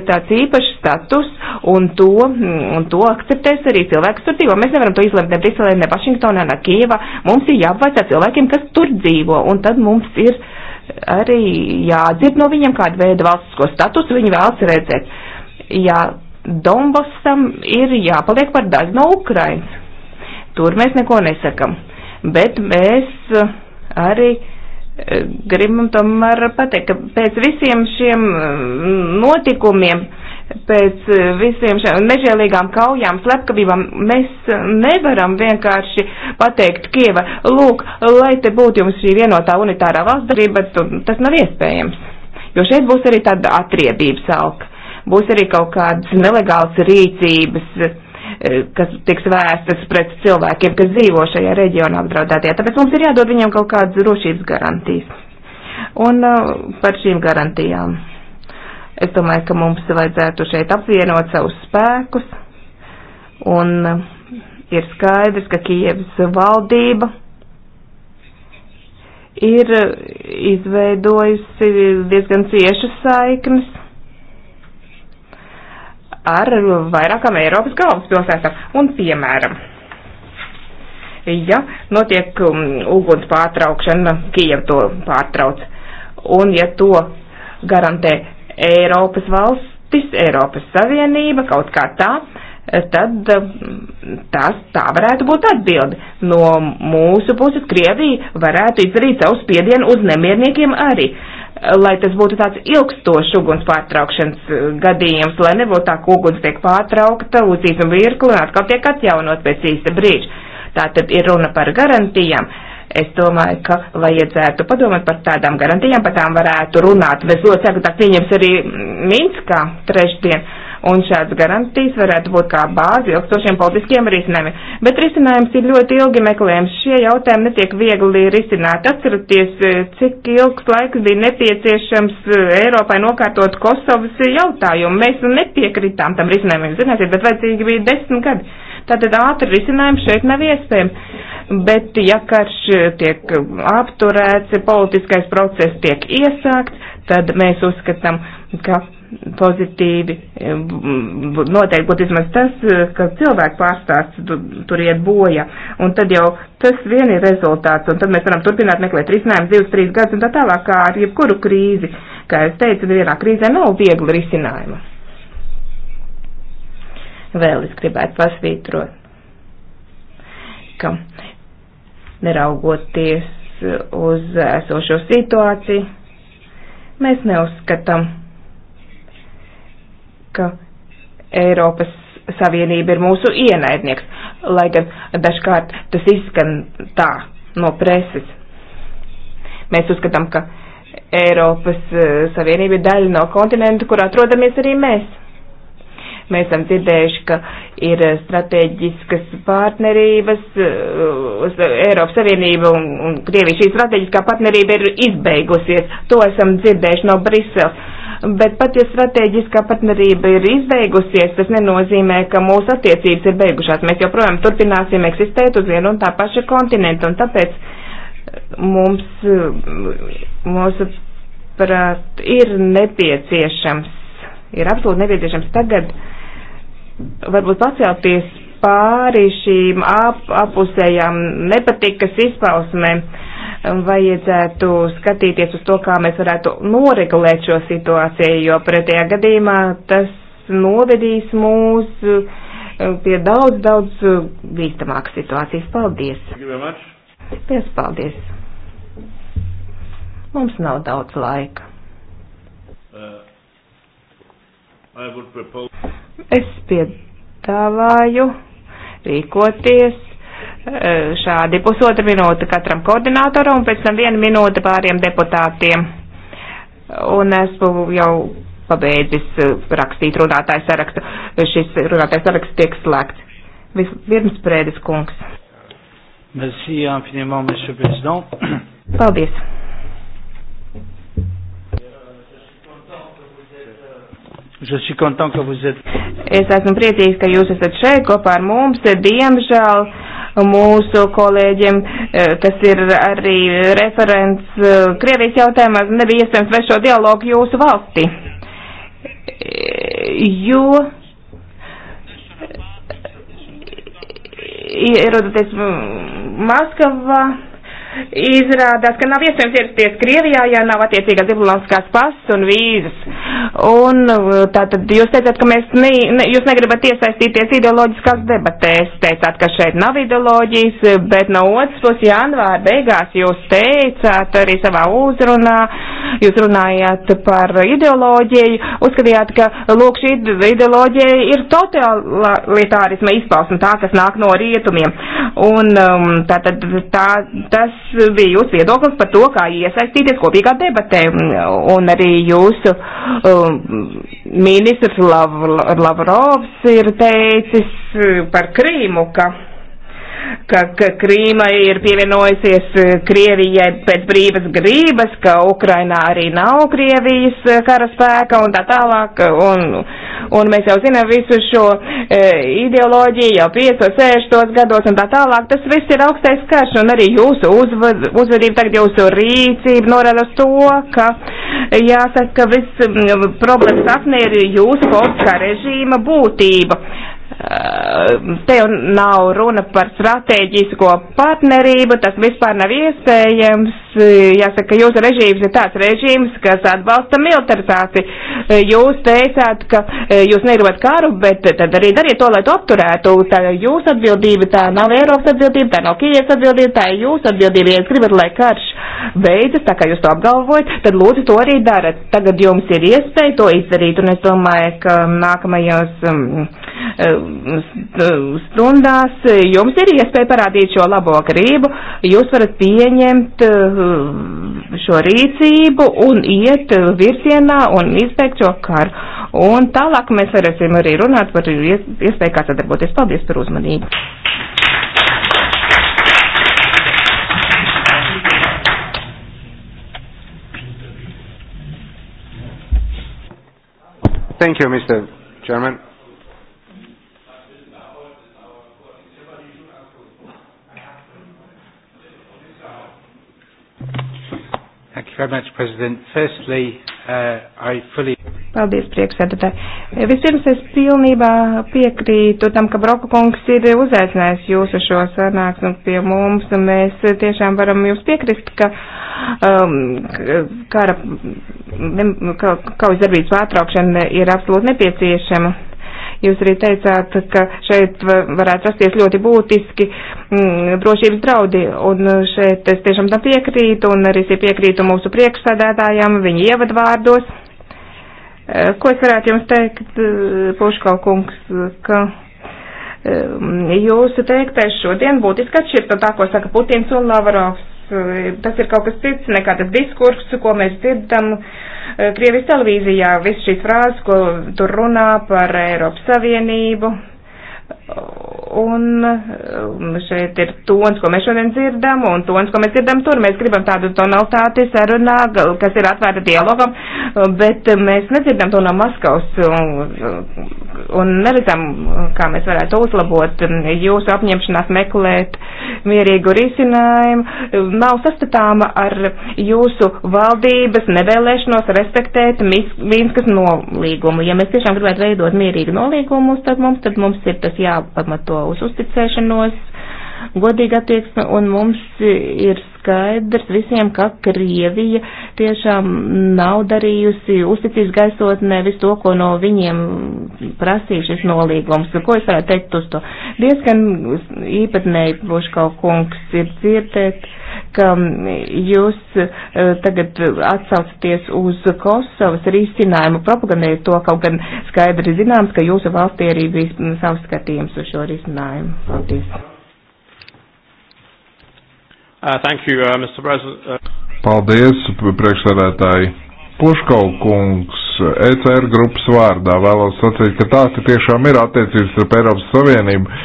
tāds īpašs status, un to, mm, un to akceptēs arī cilvēku starpībā. Mēs nevaram to izlemt ne Briselē, ne Vašingtonā, ne Kievā. Mums ir jāapvaicā cilvēkiem, kas tur dzīvo, un tad mums ir arī jādzird no viņiem, kādu veidu valstisko statusu viņi vēlas redzēt. Jā, Donbasam ir jāpaliek par daļu no Ukrainas. Tur mēs neko nesakam. Bet mēs eh, arī eh, gribam tomēr pateikt, ka pēc visiem šiem eh, notikumiem pēc eh, visiem šiem nežēlīgām kaujām, slepkavībām mēs eh, nevaram vienkārši pateikt Kieva, lūk, lai te būtu jums šī vienotā unitārā valstdarība, tas nav iespējams. Jo šeit būs arī tāda atriebības auga, būs arī kaut kādas nelegālas rīcības, eh, kas tiks vēstas pret cilvēkiem, kas dzīvo šajā reģionā apdraudētajā. Tāpēc mums ir jādod viņiem kaut kādas drošības garantijas. Un par šīm garantijām Es domāju, ka mums vajadzētu šeit apvienot savus spēkus, un eh, ir skaidrs, ka Kievas valdība ir eh, izveidojusi diezgan ciešas saiknes ar vairākām Eiropas galvaspilsētām. Un, piemēram, ja notiek um, uguns pārtraukšana, Kieva to pārtrauc, un ja to garantē Eiropas valstis, Eiropas Savienība, kaut kā tā, tad mm, tas tā varētu būt atbildi. No mūsu puses Krievija varētu izdarīt savu spiedienu uz nemierniekiem arī. Lai tas būtu tāds ilgstošs uguns pārtraukšanas eh, gadījums, lai nebūtu tā, ka uguns tiek pārtraukta uz īsu virkli un atkal tiek atjaunot pēc īsta brīža. Tā tad ir runa par garantijām. Es domāju, ka vajadzētu padomāt par tādām garantijām, par tām varētu runāt. Vezot saka, tā pieņems arī Minskā trešdien. Un šāds garantijas varētu būt kā bāzi ilgstošiem politiskiem risinājumiem. Bet risinājums ir ļoti ilgi meklējams. Šie jautājumi netiek viegli risināt. Atceraties, cik ilgs laiks bija nepieciešams eh, Eiropai nokārtot Kosovas jautājumu. Mēs nu nepiekritām tam risinājumiem, zināsiet, bet vajadzīgi bija desmit gadi. Tātad ātri risinājumi šeit nav iespējami. Bet, ja karš tiek apturēts, politiskais process tiek iesākts, tad mēs uzskatām, ka pozitīvi noteikti būtu vismaz tas, ka cilvēku pārstāsts tu, tur iet boja, un tad jau tas vien ir rezultāts, un tad mēs varam turpināt meklēt risinājumu 23 gadus un tā tālāk kā ar jebkuru krīzi. Kā es teicu, vienā krīzē nav viegli risinājuma. Vēl es gribētu pasvītrot, ka neraugoties uz esošo situāciju, mēs neuzskatām, ka Eiropas Savienība ir mūsu ienaidnieks, lai gan dažkārt tas izskan tā no preses. Mēs uzskatām, ka Eiropas eh, Savienība ir daļa no kontinentu, kur atrodamies arī mēs. Mēs esam dzirdējuši, ka ir strateģiskas partnerības, uh, Eiropas Savienība un, un Krievija šī strateģiskā partnerība ir izbeigusies. To esam dzirdējuši no Briseles. Bet pat ja strateģiskā partnerība ir izbeigusies, tas nenozīmē, ka mūsu attiecības ir beigušās. Mēs joprojām turpināsim eksistēt uz vienu un tā paša kontinentu, un tāpēc uh, mums, uh, mūsu prāt, ir nepieciešams, ir absolūti nepieciešams tagad varbūt pacelties pāri šīm ap, apusējām nepatikas izpausmēm. Um, vajadzētu skatīties uz to, kā mēs varētu noregulēt šo situāciju, jo pretējā gadījumā tas novedīs mūs um, pie daudz, daudz bīstamākas situācijas. Paldies! Pies, paldies! Mums nav daudz laika. Uh, Es piedāvāju rīkoties e, šādi pusotra minūte katram koordinātoram un pēc tam viena minūte pāriem deputātiem. Un esmu jau pabeidzis e, rakstīt runātāju sarakstu. Šis runātājs saraksts tiek slēgts. Vispirms prēdes kungs. Merci infiniment, monsieur président. Paldies. Es esmu priecīgs, ka jūs esat šeit kopā ar mums. Diemžēl mūsu kolēģiem, eh, kas ir arī referents eh, Krievijas jautājumā, nebija iespējams vest šo dialogu jūsu valstī. Eh, jo ierodoties Maskavā izrādās, ka nav iespējams ierasties Krievijā, ja nav attiecīgās diplomātiskās pasas un vīzas. Un uh, tātad jūs teicāt, ka mēs ne, ne, jūs negribat iesaistīties ideoloģiskās debatēs. Teicāt, ka šeit nav ideoloģijas, bet no otras puses janvāra beigās jūs teicāt arī savā uzrunā, jūs runājāt par ideoloģiju, uzskatījāt, ka lūk šī ideoloģija ir totalitārisma izpausme, tā, kas nāk no rietumiem. Un um, tātad tā, tas bija jūsu viedoklis par to, kā iesaistīties kopīgā debatē, mm, un arī jūsu um, ministrs Lav Lavrovs ir teicis mm, par Krīmu, ka ka, ka Krīma ir pievienojusies eh, Krievijai pēc brīvas grības, ka Ukrainā arī nav Krievijas eh, kara spēka un tā tālāk. Un, un mēs jau zinām visu šo e, ideoloģiju jau 5, 6 gados un tā tālāk. Tas viss ir augstais karš un arī jūsu uzvad, uzvedība, tagad jūsu rīcība norāda uz to, ka jāsaka, ka viss mm, problēmas sapnē ir jūsu politiskā režīma būtība. Te jau nav runa par strateģisko partnerību, tas vispār nav iespējams Eh, jāsaka, ka jūsu režīms ir tāds režīms, kas atbalsta militarizāciju. Eh, jūs teicāt, ka eh, jūs negribat karu, bet tad arī dariet to, lai to apturētu. Tā ir jūsu atbildība, tā nav Eiropas atbildība, tā nav Kīvijas atbildība, tā ir jūsu atbildība. Ja jūs gribat, lai karš beidzas, tā kā jūs to apgalvojat, tad lūdzu to arī darat. Tagad jums ir iespēja to izdarīt, un es domāju, ka nākamajos mm, stundās jums ir iespēja parādīt šo labo grību. Jūs varat pieņemt šo rīcību un iet virsienā un izbeigt šo karu. Un tālāk mēs varēsim arī runāt par iespēju kā sadarboties. Paldies par uzmanību! Thank you, Mr. Chairman. much, Firstly, uh, fully... Paldies, priekšsēdētāji. Vispirms es pilnībā piekrītu tam, ka Broka kungs ir uzaicinājis jūsu šo sanāksmi pie mums, un mēs tiešām varam jums piekrist, ka um, kara ka, kaujas darbības pārtraukšana ir absolūti nepieciešama Jūs arī teicāt, ka šeit varētu rasties ļoti būtiski mm, drošības draudi, un šeit es tiešām tam piekrītu, un arī piekrītu mūsu priekšsēdētājiem, viņu ievadvārdos. Eh, ko es varētu jums teikt, eh, Puškalkungs, ka eh, jūsu teiktais šodien būtiski atšķirt no tā, ko saka Putins un Lavrovs Eh, tas ir kaut kas cits nekā tas diskurss, ko mēs dzirdam eh, Krievijas televīzijā. Viss šīs frāzes, ko tur runā par Eiropas Savienību, Un um, šeit ir tons, ko mēs šodien dzirdam, un tons, ko mēs dzirdam tur. Mēs gribam tādu tonalitāti sarunā, kas ir atvērta dialogam, bet mēs nedzirdam to no Maskavas un, un neredzam, kā mēs varētu uzlabot jūsu apņemšanās meklēt mierīgu risinājumu. Nav sastatāma ar jūsu valdības nevēlēšanos respektēt Minskas nolīgumu. Ja mēs tiešām gribētu veidot mierīgu nolīgumus, tad mums, tad mums ir tas jā jāpamato uz uzticēšanos godīga attieksme, un mums ir skaidrs visiem, ka Krievija tiešām nav darījusi uzticības gaisotnē visu to, ko no viņiem prasīja šis nolīgums. Ko es varētu teikt uz to? Diezgan īpatnēji Buškau kungs ir dzirdēt, ka jūs eh, tagad atsaucaties uz Kosovas risinājumu propagandēju to, kaut gan skaidri zināms, ka jūsu valstī arī bija savs skatījums uz šo risinājumu. Paldies. Uh, thank you, uh, Mr. President. Uh... Paldies, priekšsēdētāji. Puškau kungs, ECR grupas vārdā vēlos sacīt, ka tās tiešām ir attiecības starp Eiropas Savienību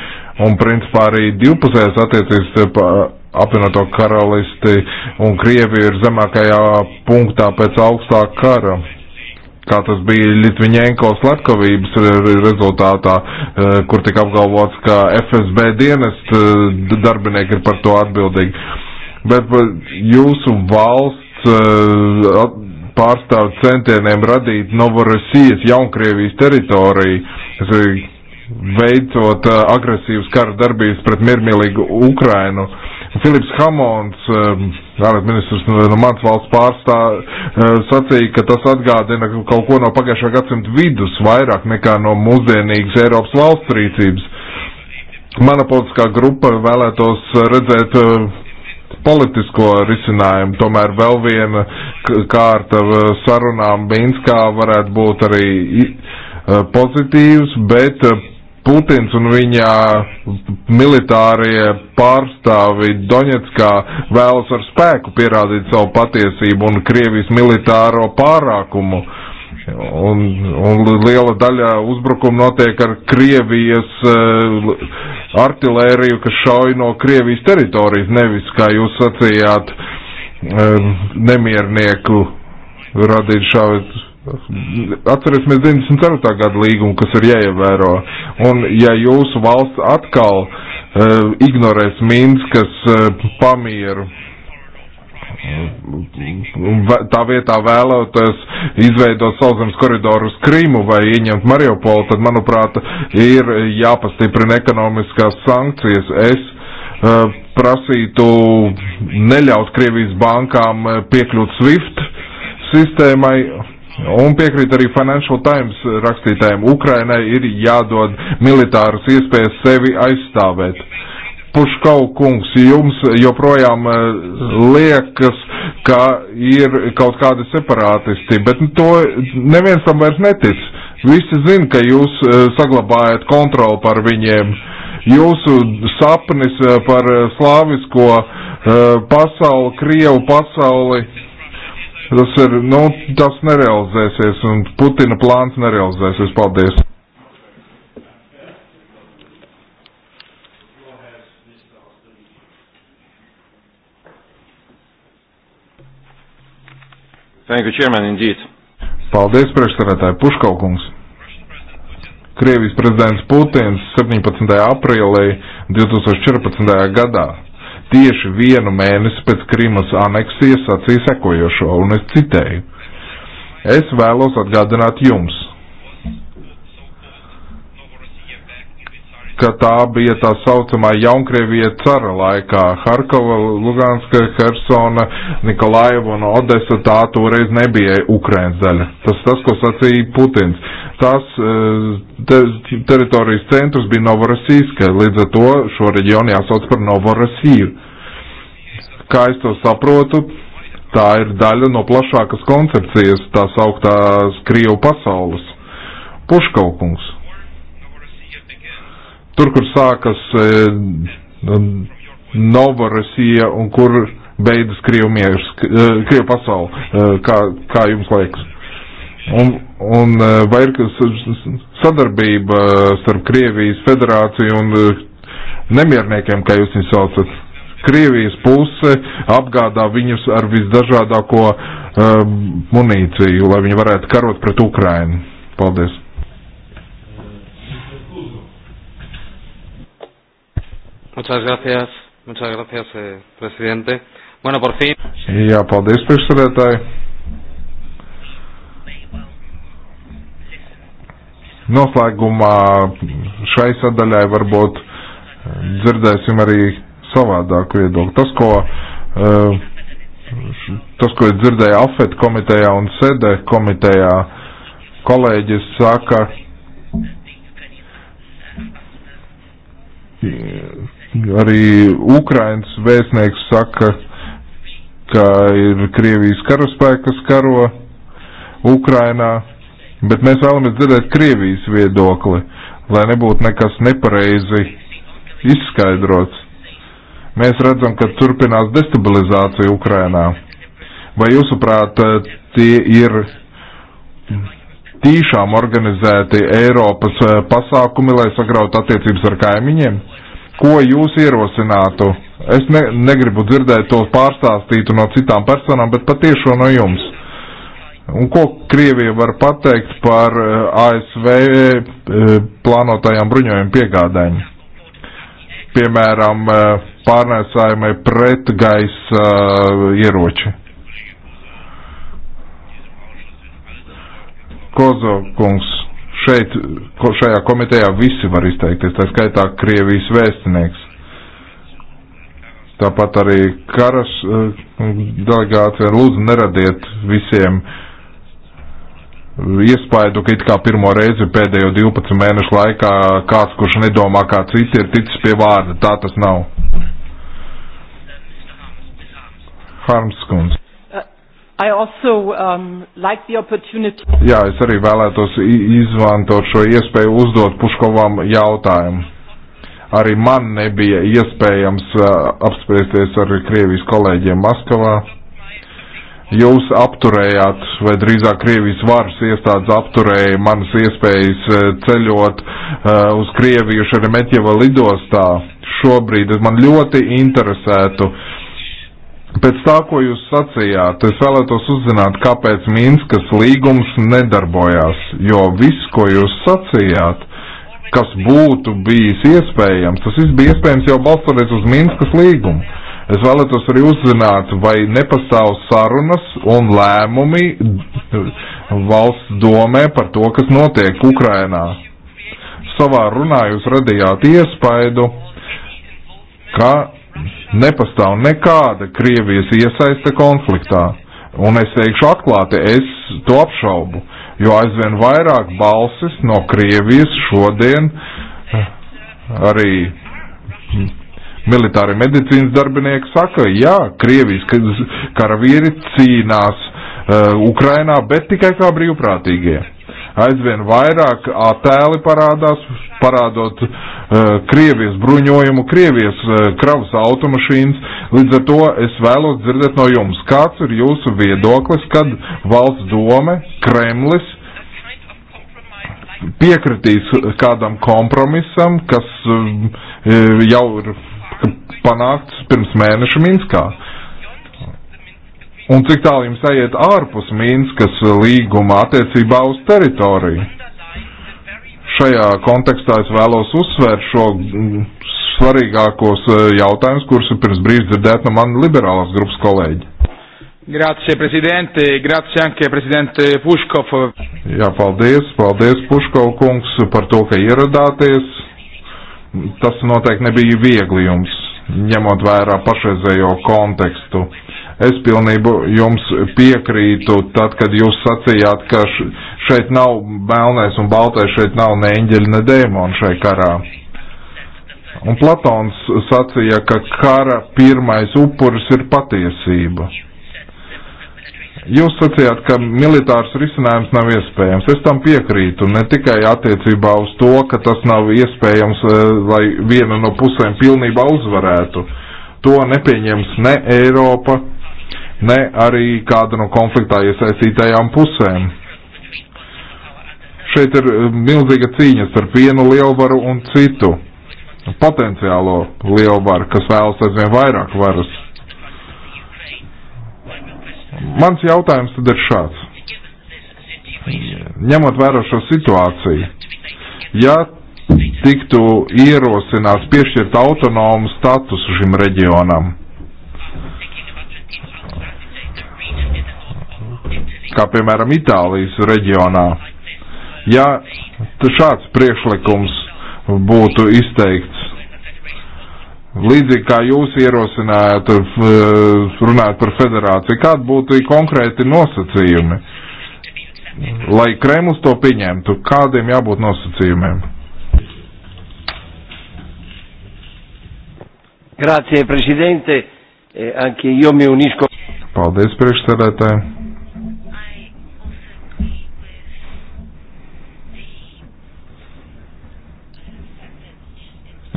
un principā arī divpusējās attiecības starp uh, apvienoto karalisti un Krieviju ir zemākajā punktā pēc augstā kara kā tas bija Litviņenko slepkavības rezultātā, uh, kur tika apgalvots, ka FSB dienestu uh, darbinieki ir par to atbildīgi bet jūsu valsts eh, pārstāv centieniem radīt Novorosijas Jaunkrievijas teritoriju, veicot eh, agresīvas kara darbības pret miermīlīgu Ukrainu. Filips Hamons, eh, ārlietu ministrs no mans valsts pārstāv, sacīja, ka tas atgādina kaut ko no pagājušā gadsimta vidus vairāk nekā no mūsdienīgas Eiropas valsts rīcības. Mana politiskā grupa vēlētos redzēt uh, politisko risinājumu. Tomēr vēl viena kārta sarunām Minskā varētu būt arī e, pozitīvs, bet e, Putins un viņa militārie pārstāvi Doņetskā vēlas ar spēku pierādīt savu patiesību un Krievijas militāro pārākumu. Un, un liela daļa uzbrukuma notiek ar Krievijas uh, artilēriju, kas šauj no Krievijas teritorijas, nevis, kā jūs sacījāt, um, nemiernieku radīt šādu. Atcerēsimies 94. gada līgumu, kas ir jāievēro. Un ja jūsu valsts atkal uh, ignorēs Minskas uh, pamieru tā vietā vēloties izveidot sauszemes koridoru uz Krīmu vai ieņemt Mariupolu, tad, manuprāt, ir jāpastiprina ekonomiskās sankcijas. Es uh, prasītu neļaut Krievijas bankām eh, piekļūt SWIFT sistēmai. Un piekrīt arī Financial Times rakstītājiem, Ukrainai ir jādod militāras iespējas sevi aizstāvēt. Uh, Puškau kungs, jums joprojām eh, liekas, ka ir kaut kādi separātisti, bet to neviens tam vairs netic. Visi zin, ka jūs eh, saglabājat kontroli par viņiem. Jūsu sapnis eh, par slāvisko pasauli, Krievu pasauli, tas ir, nu, tas nerealizēsies, un Putina plāns nerealizēsies. Paldies! Thank you, Chairman, indeed. Paldies, priekšsarētāji Puškaukungs. Krievijas prezidents Putins 17. aprīlī 2014. gadā tieši vienu mēnesi pēc Krimas aneksijas sacīja sekojošo, un es citēju. Es vēlos atgādināt jums, ka tā bija tā saucamā Jaunkrievija cara laikā. Harkova, Luganska, Hersona, Nikolaiva un Odesa tā toreiz nebija Ukrainas daļa. Tas tas, ko sacīja Putins. Tās eh, te, teritorijas centrs bija Novorosīska, līdz ar to šo reģionu jāsauc par Novorosīru. Kā es to saprotu, tā ir daļa no plašākas koncepcijas, tā sauktās Krievu pasaules. Puškaukungs tur, kur sākas e, nu, Novorosija un kur beidzas Krievu e, pasauli, e, kā, kā jums liekas. Un, un vai ir sadarbība starp Krievijas federāciju un nemierniekiem, kā jūs viņus saucat? Krievijas puse apgādā viņus ar visdažādāko uh, munīciju, lai viņi varētu karot pret Ukrainu. Paldies! Muchas gracias, muchas gracias, eh, presidente. Bueno, por fin. Jā, paldies, priekšsēdētāji. Noslēgumā šai sadaļai varbūt eh, dzirdēsim arī savādāku viedokli. Tas, ko uh, tas, ko es dzirdēju AFET komitejā un SEDE komitejā, kolēģis saka, Arī Ukrainas vēstnieks saka, ka ir Krievijas karaspēki, kas karo Ukrainā, bet mēs vēlamies dzirdēt Krievijas viedokli, lai nebūtu nekas nepareizi izskaidrots. Mēs redzam, ka turpinās destabilizācija Ukrainā. Vai jūsuprāt, tie ir tīšām organizēti Eiropas eh, pasākumi, lai sagrautu attiecības ar kaimiņiem? Uh, Ko jūs ierosinātu? Es ne, negribu dzirdēt to pārstāstītu no citām personām, bet patiešo no jums. Un ko Krievija var pateikt par eh, ASV eh, plānotajām bruņojumu piegādēm? Piemēram, eh, pārnēsājumai pretgaisa ieroči. Kozo kungs, šeit, šajā komitejā visi var izteikties, tā skaitā Krievijas vēstinieks. Tāpat arī karas eh, delegācija lūdzu neradiet visiem iespaidu, ka it kā pirmo reizi pēdējo 12 mēnešu laikā kāds, kurš nedomā kā citi, ir ticis pie vārda. Tā tas nav. Harmskundze. Also, um, like Jā, es arī vēlētos izmantot šo iespēju uzdot Puškovam jautājumu. Arī man nebija iespējams uh, apspriesties ar Krievijas kolēģiem Maskavā. Jūs apturējāt, vai drīzāk Krievijas varas iestādes apturēja manas iespējas uh, ceļot uh, uz Krieviju Šeremetjeva lidostā. Šobrīd man ļoti interesētu uh, Pēc tā, ko jūs sacījāt, es vēlētos uzzināt, kāpēc Minskas līgums nedarbojās, jo viss, ko jūs sacījāt, kas būtu bijis iespējams, tas viss bija iespējams jau balstoties uz Minskas līgumu. Es vēlētos arī uzzināt, vai nepastāv sarunas un lēmumi valsts domē par to, kas notiek Ukrainā. Savā runā jūs radījāt iespaidu, ka Nepastāv nekāda Krievijas iesaista konfliktā. Un es teikšu atklāti, es to apšaubu, jo aizvien vairāk balsis no Krievijas šodien eh, arī militāri medicīnas darbinieki saka, jā, Krievijas karavīri cīnās uh, Ukrainā, bet tikai kā brīvprātīgie aizvien vairāk attēli parādās, parādot uh, Krievijas bruņojumu, Krievijas uh, kravas automašīnas. Līdz ar to es vēlos dzirdēt no jums, kāds ir jūsu viedoklis, kad valsts dome, Kremlis piekritīs kādam kompromisam, kas uh, jau ir panākts pirms mēneša Minskā. Uh, Un cik tālu jums aiziet ārpus Mīnskas līguma attiecībā uz teritoriju? Šajā kontekstā es vēlos uzsvērt šo svarīgākos eh, jautājumus, kurus pirms brīža dzirdēt no manas liberālās grupas kolēģi. Grazie, prezidente, grazie anche, prezidente Puškov. Jā, paldies, paldies, Puškov kungs, par to, ka ieradāties. Tas noteikti nebija viegli jums, ņemot vērā pašreizējo kontekstu Es pilnību jums piekrītu, tad, kad jūs sacījāt, ka šeit nav melnais un baltais, šeit nav ne eņģeļa, ne dēmona šai karā. Un Platons sacīja, ka kara pirmais upuris ir patiesība. Jūs sacījāt, ka militārs risinājums nav iespējams. Es tam piekrītu, ne tikai attiecībā uz to, ka tas nav iespējams, eh, lai viena no pusēm pilnībā uzvarētu. To nepieņems ne Eiropa, ne arī kāda no konfliktā iesaistītajām pusēm. Šeit ir eh, milzīga cīņa starp vienu lielvaru un citu potenciālo lielvaru, kas vēlas aizvien vairāk varas. Mans jautājums tad ir šāds. Ņemot vērā šo situāciju, ja tiktu ierosināts piešķirt autonomu statusu šim reģionam, kā piemēram Itālijas reģionā. Ja šāds priekšlikums būtu izteikts, līdzīgi kā jūs ierosinājāt, eh, runājot par federāciju, kādi būtu konkrēti nosacījumi, lai Kremlis to pieņemtu, kādiem jābūt nosacījumiem? Grazie Presidente, eh, anche io mi unisco. Paldies priekšsēdētāji.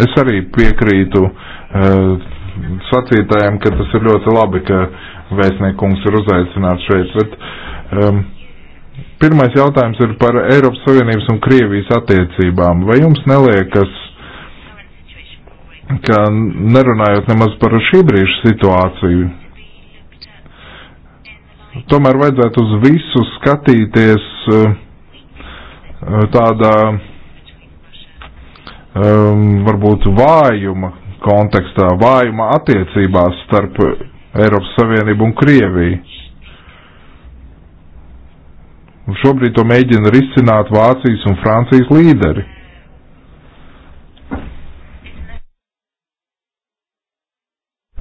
Es arī piekrītu uh, sacītājiem, ka tas ir ļoti labi, ka vēstniekums ir uzaicināts šeit. Bet, um, pirmais jautājums ir par Eiropas Savienības un Krievijas attiecībām. Vai jums neliekas, ka nerunājot nemaz par šī brīža situāciju, tomēr vajadzētu uz visu skatīties uh, tādā um, varbūt vājuma kontekstā, vājuma attiecībās starp Eiropas Savienību un Krieviju. Un šobrīd to mēģina risināt Vācijas un Francijas līderi.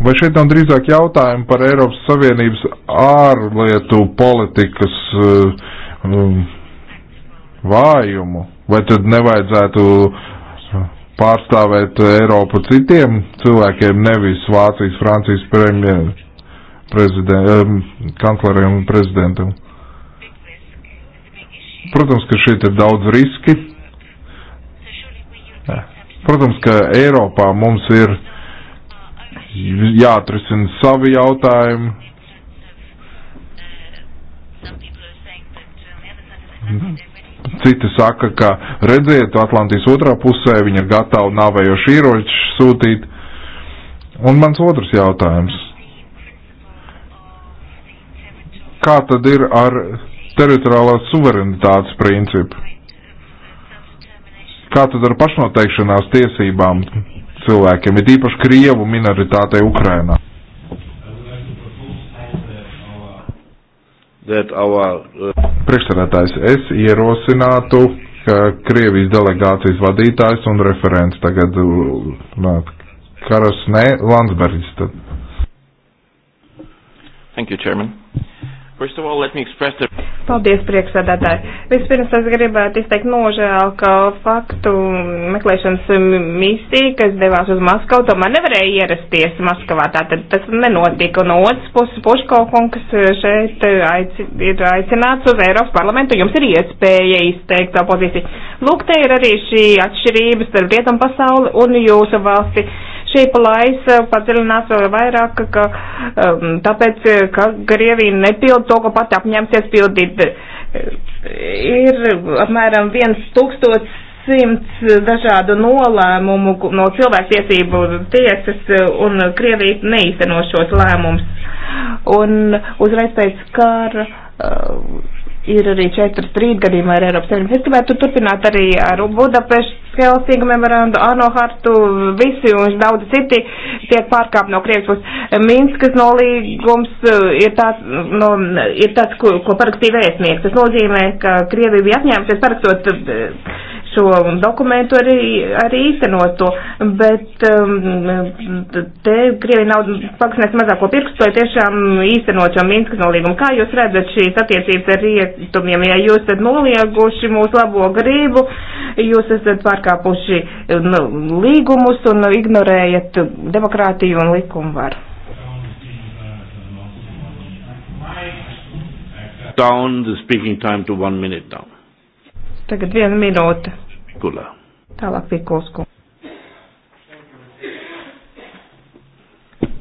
Vai šeit nav drīzāk jautājumi par Eiropas Savienības ārlietu politikas um, vājumu? Vai tad nevajadzētu uh, pārstāvēt Eiropu citiem cilvēkiem, nevis Vācijas, Francijas premjeru, kancleriem un prezidentam. Protams, ka šeit ir daudz riski. Protams, ka Eiropā mums ir jāatrisina savi jautājumi. Mm -hmm. Citi saka, ka redziet, Atlantijas otrā pusē viņi ir gatavi nāvējoši ieroči sūtīt. Un mans otrs jautājums. Kā tad ir ar teritoriālās suverenitātes principu? Kā tad ar pašnoteikšanās tiesībām cilvēkiem, ir īpaši Krievu minoritātei Ukrainā? that our... Uh... Priekšsēdētājs, es ierosinātu, ka Krievijas delegācijas vadītājs un referents tagad uh, Karas, ne, Landsbergis tad. Thank you, Chairman. Paldies, priekšsēdētāji. Vispirms es gribētu izteikt nožēlu, ka faktu meklēšanas misija, kas devās uz Maskavu, tomēr nevarēja ierasties Maskavā. Tātad tas nenotika. No otras puses, Puškaukungs, kas šeit aici, ir aicināts uz Eiropas parlamentu, jums ir iespēja izteikt opozīciju. Lūk, te ir arī šī atšķirības starp rietumu pasauli un jūsu valsti šī plaisa padziļinās vēl vairāk, ka, um, tāpēc, ka Krievija nepild to, ko pati apņemsies pildīt. Ir apmēram 1100 dažādu nolēmumu no cilvēktiesību tiesas, un Krievija neīsteno šos lēmumus. Un uzreiz pēc kara. Uh, ir arī četri strīdgadījumi ar Eiropas Savienību. Es gribētu turpināt arī ar Budapeštas Helsinga memorandu, ANO hartu, visi un daudz citi tiek pārkāpt no Krievijas puses. Minskas nolīgums uh, ir tāds, no, ir tāds ko, ko parakstīja vēstnieks. Tas nozīmē, ka Krievija bija atņēmusies parakstot uh, šo dokumentu arī, arī īstenot to, bet um, te Krievija nav paksnēs mazāko pirkstu, lai tiešām īstenot šo Minskas nolīgumu. Kā jūs redzat šīs attiecības ar rietumiem, ja jūs esat nolieguši mūsu labo gribu, jūs esat pārkāpuši nu, līgumus un ignorējat demokrātiju un likumu varu? Down the speaking time to one minute now. Tagad viena minūte. Gulā. Tālāk pie Kosku.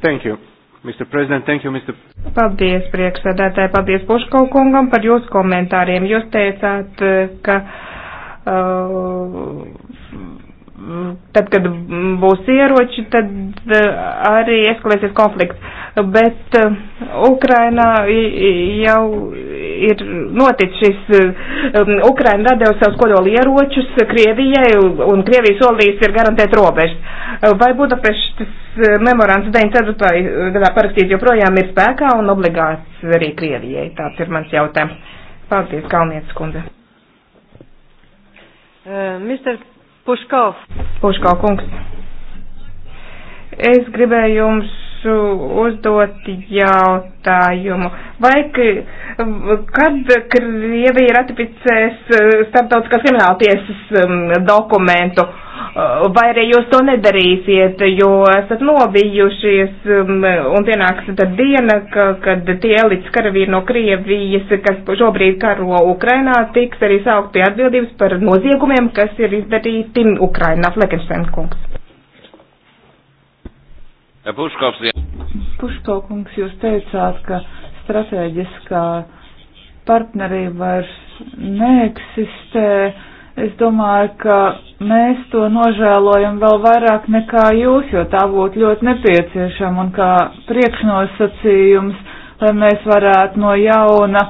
Thank you. Mr. President, thank you, Mr. Paldies, priekšsēdētāji, paldies Puškau kungam par jūsu komentāriem. Jūs teicāt, ka uh, tad, kad būs ieroči, tad eh, arī eskalēsies konflikts. Bet eh, Ukrainā jau ir noticis šis, eh, um, Ukraina radēja savus kodoli ieročus Krievijai, un Krievijas solījis ir garantēt robežas. Vai Budapeštas memorands 94. gadā parakstīts joprojām ir spēkā un obligāts arī Krievijai? Tāds ir mans jautājums. Paldies, Kalnietes kundze. Uh, Mr. Puškov. Puškov kungs. Es gribēju jums gribēšu uzdot jautājumu. Vai kad Krievija ratificēs eh, starptautiskās krimināla tiesas um, dokumentu, uh, vai arī jūs to nedarīsiet, jo esat nobijušies um, un pienāks tad diena, ka, kad tie elites karavīri no Krievijas, kas šobrīd karo Ukrainā, tiks arī saukt pie atbildības par noziegumiem, kas ir izdarīti Ukrainā. Flekenštenkungs. Ja Puškovs, ja. Puškovkungs, jūs teicāt, ka strateģiskā partnerība vairs neeksistē. Es domāju, ka mēs to nožēlojam vēl vairāk nekā jūs, jo tā būtu ļoti nepieciešama un kā priekšnosacījums, lai mēs varētu no jauna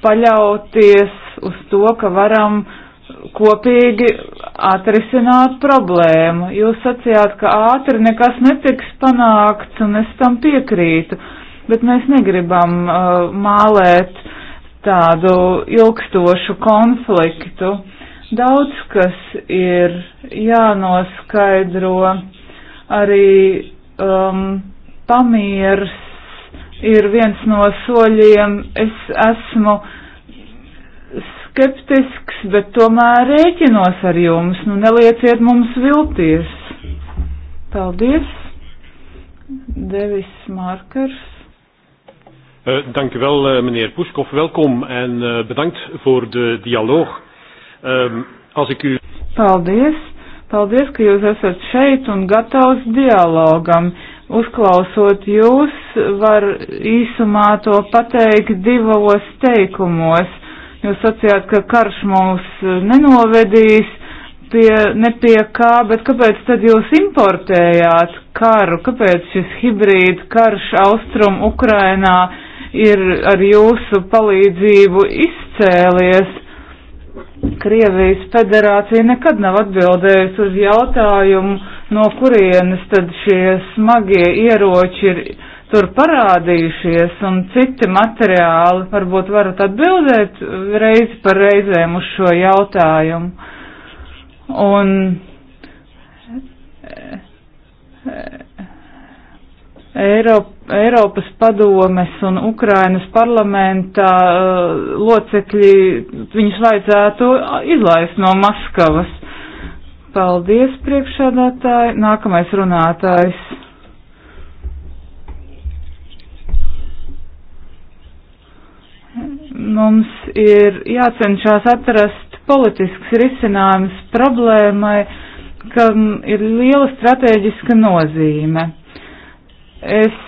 paļauties uz to, ka varam uh, kopīgi atrisināt problēmu. Jūs sacījāt, ka ātri nekas netiks panākts, un es tam piekrītu, bet mēs negribam uh, mālēt tādu ilgstošu konfliktu. Daudz kas ir jānoskaidro, arī um, pamieris ir viens no soļiem. Es esmu uh, skeptisks, bet tomēr rēķinos ar jums. Nu, nelieciet mums vilties. Paldies. Devis Markers. Uh, dank u wel, uh, meneer Pushkov. Welkom en uh, bedankt voor de dialoog. Um, als ik u... Paldies. Paldies, ka jūs esat šeit un gatavs dialogam. Uzklausot jūs, var īsumā to pateikt divos teikumos Jūs sacījāt, ka karš mūs e, nenovedīs pie, ne pie kā, bet kāpēc tad jūs importējāt karu? Kāpēc šis hibrīd karš austrum Ukrainā ir ar jūsu palīdzību izcēlies? Krievijas federācija nekad nav atbildējusi uz jautājumu, no kurienes tad šie smagie ieroči ir tur parādījušies un citi materiāli. Varbūt varat atbildēt reizi par reizēm uz šo jautājumu. Un eh, Eiropa, Eiropas padomes un Ukrainas parlamentā eh, locekļi, viņus vajadzētu izlaist no Maskavas. Paldies, priekšādātāji. Nākamais runātājs. mums ir jācenšas atrast politisks risinājums problēmai, kam ir liela strateģiska nozīme. Es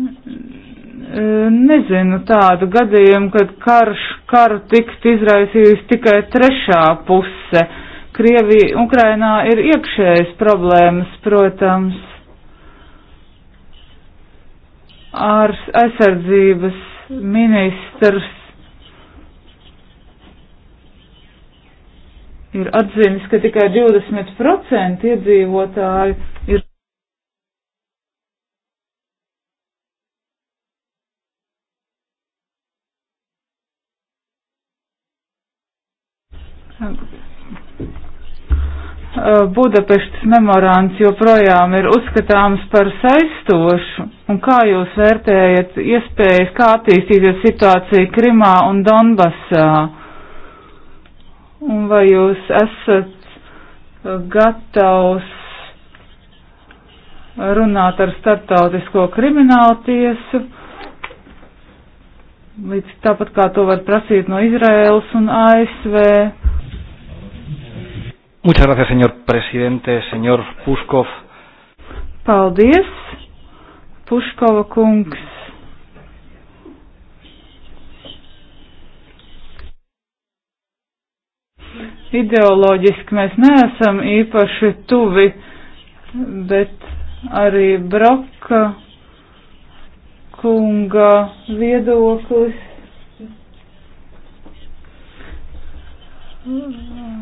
mm, nezinu tādu gadījumu, kad karš karu tikt izraisījusi tikai trešā puse. Krievija, Ukrainā ir iekšējas problēmas, protams, ar aizsardzības ministrs ir atzinis, ka tikai 20% iedzīvotāju ir. Uh, Budapeštas memorands joprojām ir uzskatāms par saistošu, un kā jūs vērtējat iespējas, kā attīstīsies situācija Krimā un Donbasā? Un vai jūs esat uh, gatavs runāt ar starptautisko kriminālu tiesu, līdz tāpat kā to var prasīt no Izraēlas un ASV? Muchas gracias, señor presidente, señor Puškov. Paldies, Puškova kungs. Ideoloģiski mēs neesam īpaši tuvi, bet arī Broka kunga viedoklis. Mm.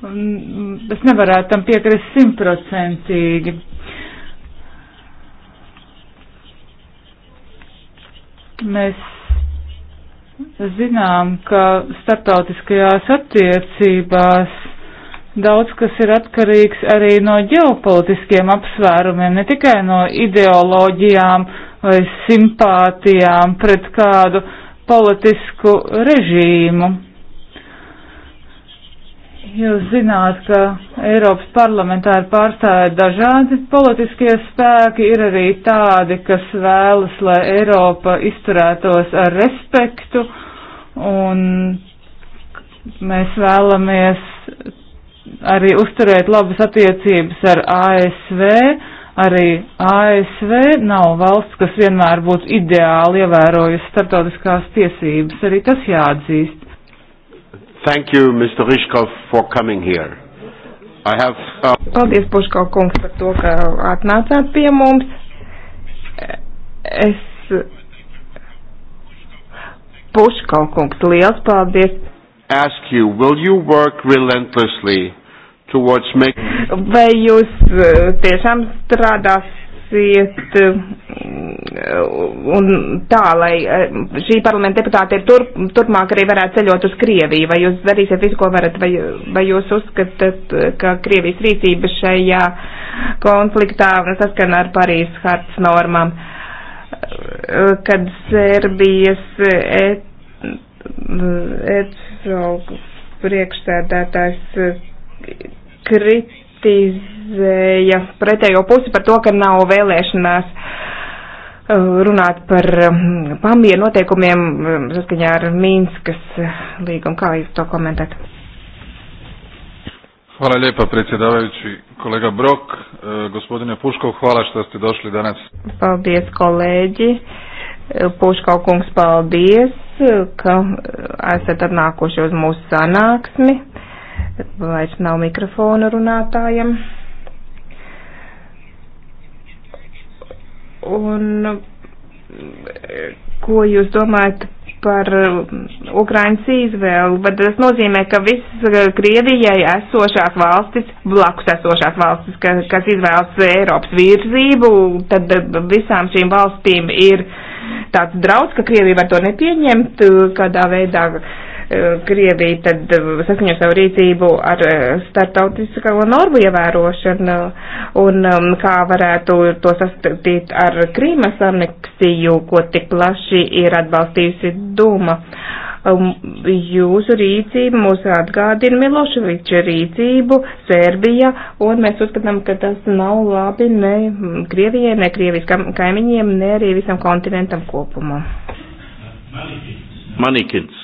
Mm, es nevarētu tam piekrist simtprocentīgi. Mēs zinām, ka starptautiskajās attiecībās daudz kas ir atkarīgs arī no ģeopolitiskiem apsvērumiem, ne tikai no ideoloģijām vai simpātijām pret kādu politisku režīmu. Jūs zināt, ka Eiropas parlamentā ir pārstāvi dažādi politiskie spēki, ir arī tādi, kas vēlas, lai Eiropa izturētos ar respektu, un mēs vēlamies arī uzturēt labas attiecības ar ASV. Arī ASV nav valsts, kas vienmēr būtu ideāli ievērojusi starptautiskās tiesības, arī tas jāatzīst. Thank you, Mr. Rishkov, for coming here. I have, uh... Paldies, Puškov kungs, par to, ka atnācāt pie mums. Es... Puškov kungs, liels paldies. Ask you, will you work relentlessly towards making... Vai jūs uh, tiešām strādās iet mm, un tā, lai eh, šī parlamenta deputāte ir tur, turpmāk arī varētu ceļot uz Krieviju? Vai jūs darīsiet visu, ko varat, vai, vai jūs uzskatāt, ka Krievijas rīcība šajā konfliktā saskana ar Parīzes hartas normām, kad Serbijas et, et, priekšstādātājs krit kritizēja pretējo pusi par to, ka nav vēlēšanās eh, runāt par eh, pamieru noteikumiem eh, saskaņā ar Minskas līgumu. Kā jūs to komentēt? Hvala lijepa predsjedavajući. Kolega Brok, gospodine Puškov, hvala što ste došli danas. Paldies kolēģi. Puškov kungs, paldies, ka esat atnākuši uz mūsu sanāksmi. Vairs nav mikrofona runātājiem. Un ko jūs domājat par um, Ukrainas izvēlu, bet tas nozīmē, ka visas uh, Krievijai esošās valstis, blakus esošās valstis, ka, kas izvēlas Eiropas virzību, tad uh, visām šīm valstīm ir tāds draudz, ka Krievija var to nepieņemt, uh, kādā veidā uh, Eh, Krievija tad eh, saskaņo savu rīcību ar eh, startautiskā normu ievērošanu un um, kā varētu to sastatīt ar Krīmas aneksiju, ko tik plaši ir atbalstījusi Duma. Um, jūsu rīcība mūs atgādina Miloševiča rīcību Serbija, un mēs uzskatām, ka tas nav labi ne Krievijai, ne Krievijas kaimiņiem, ne arī visam kontinentam kopumā. Manikins.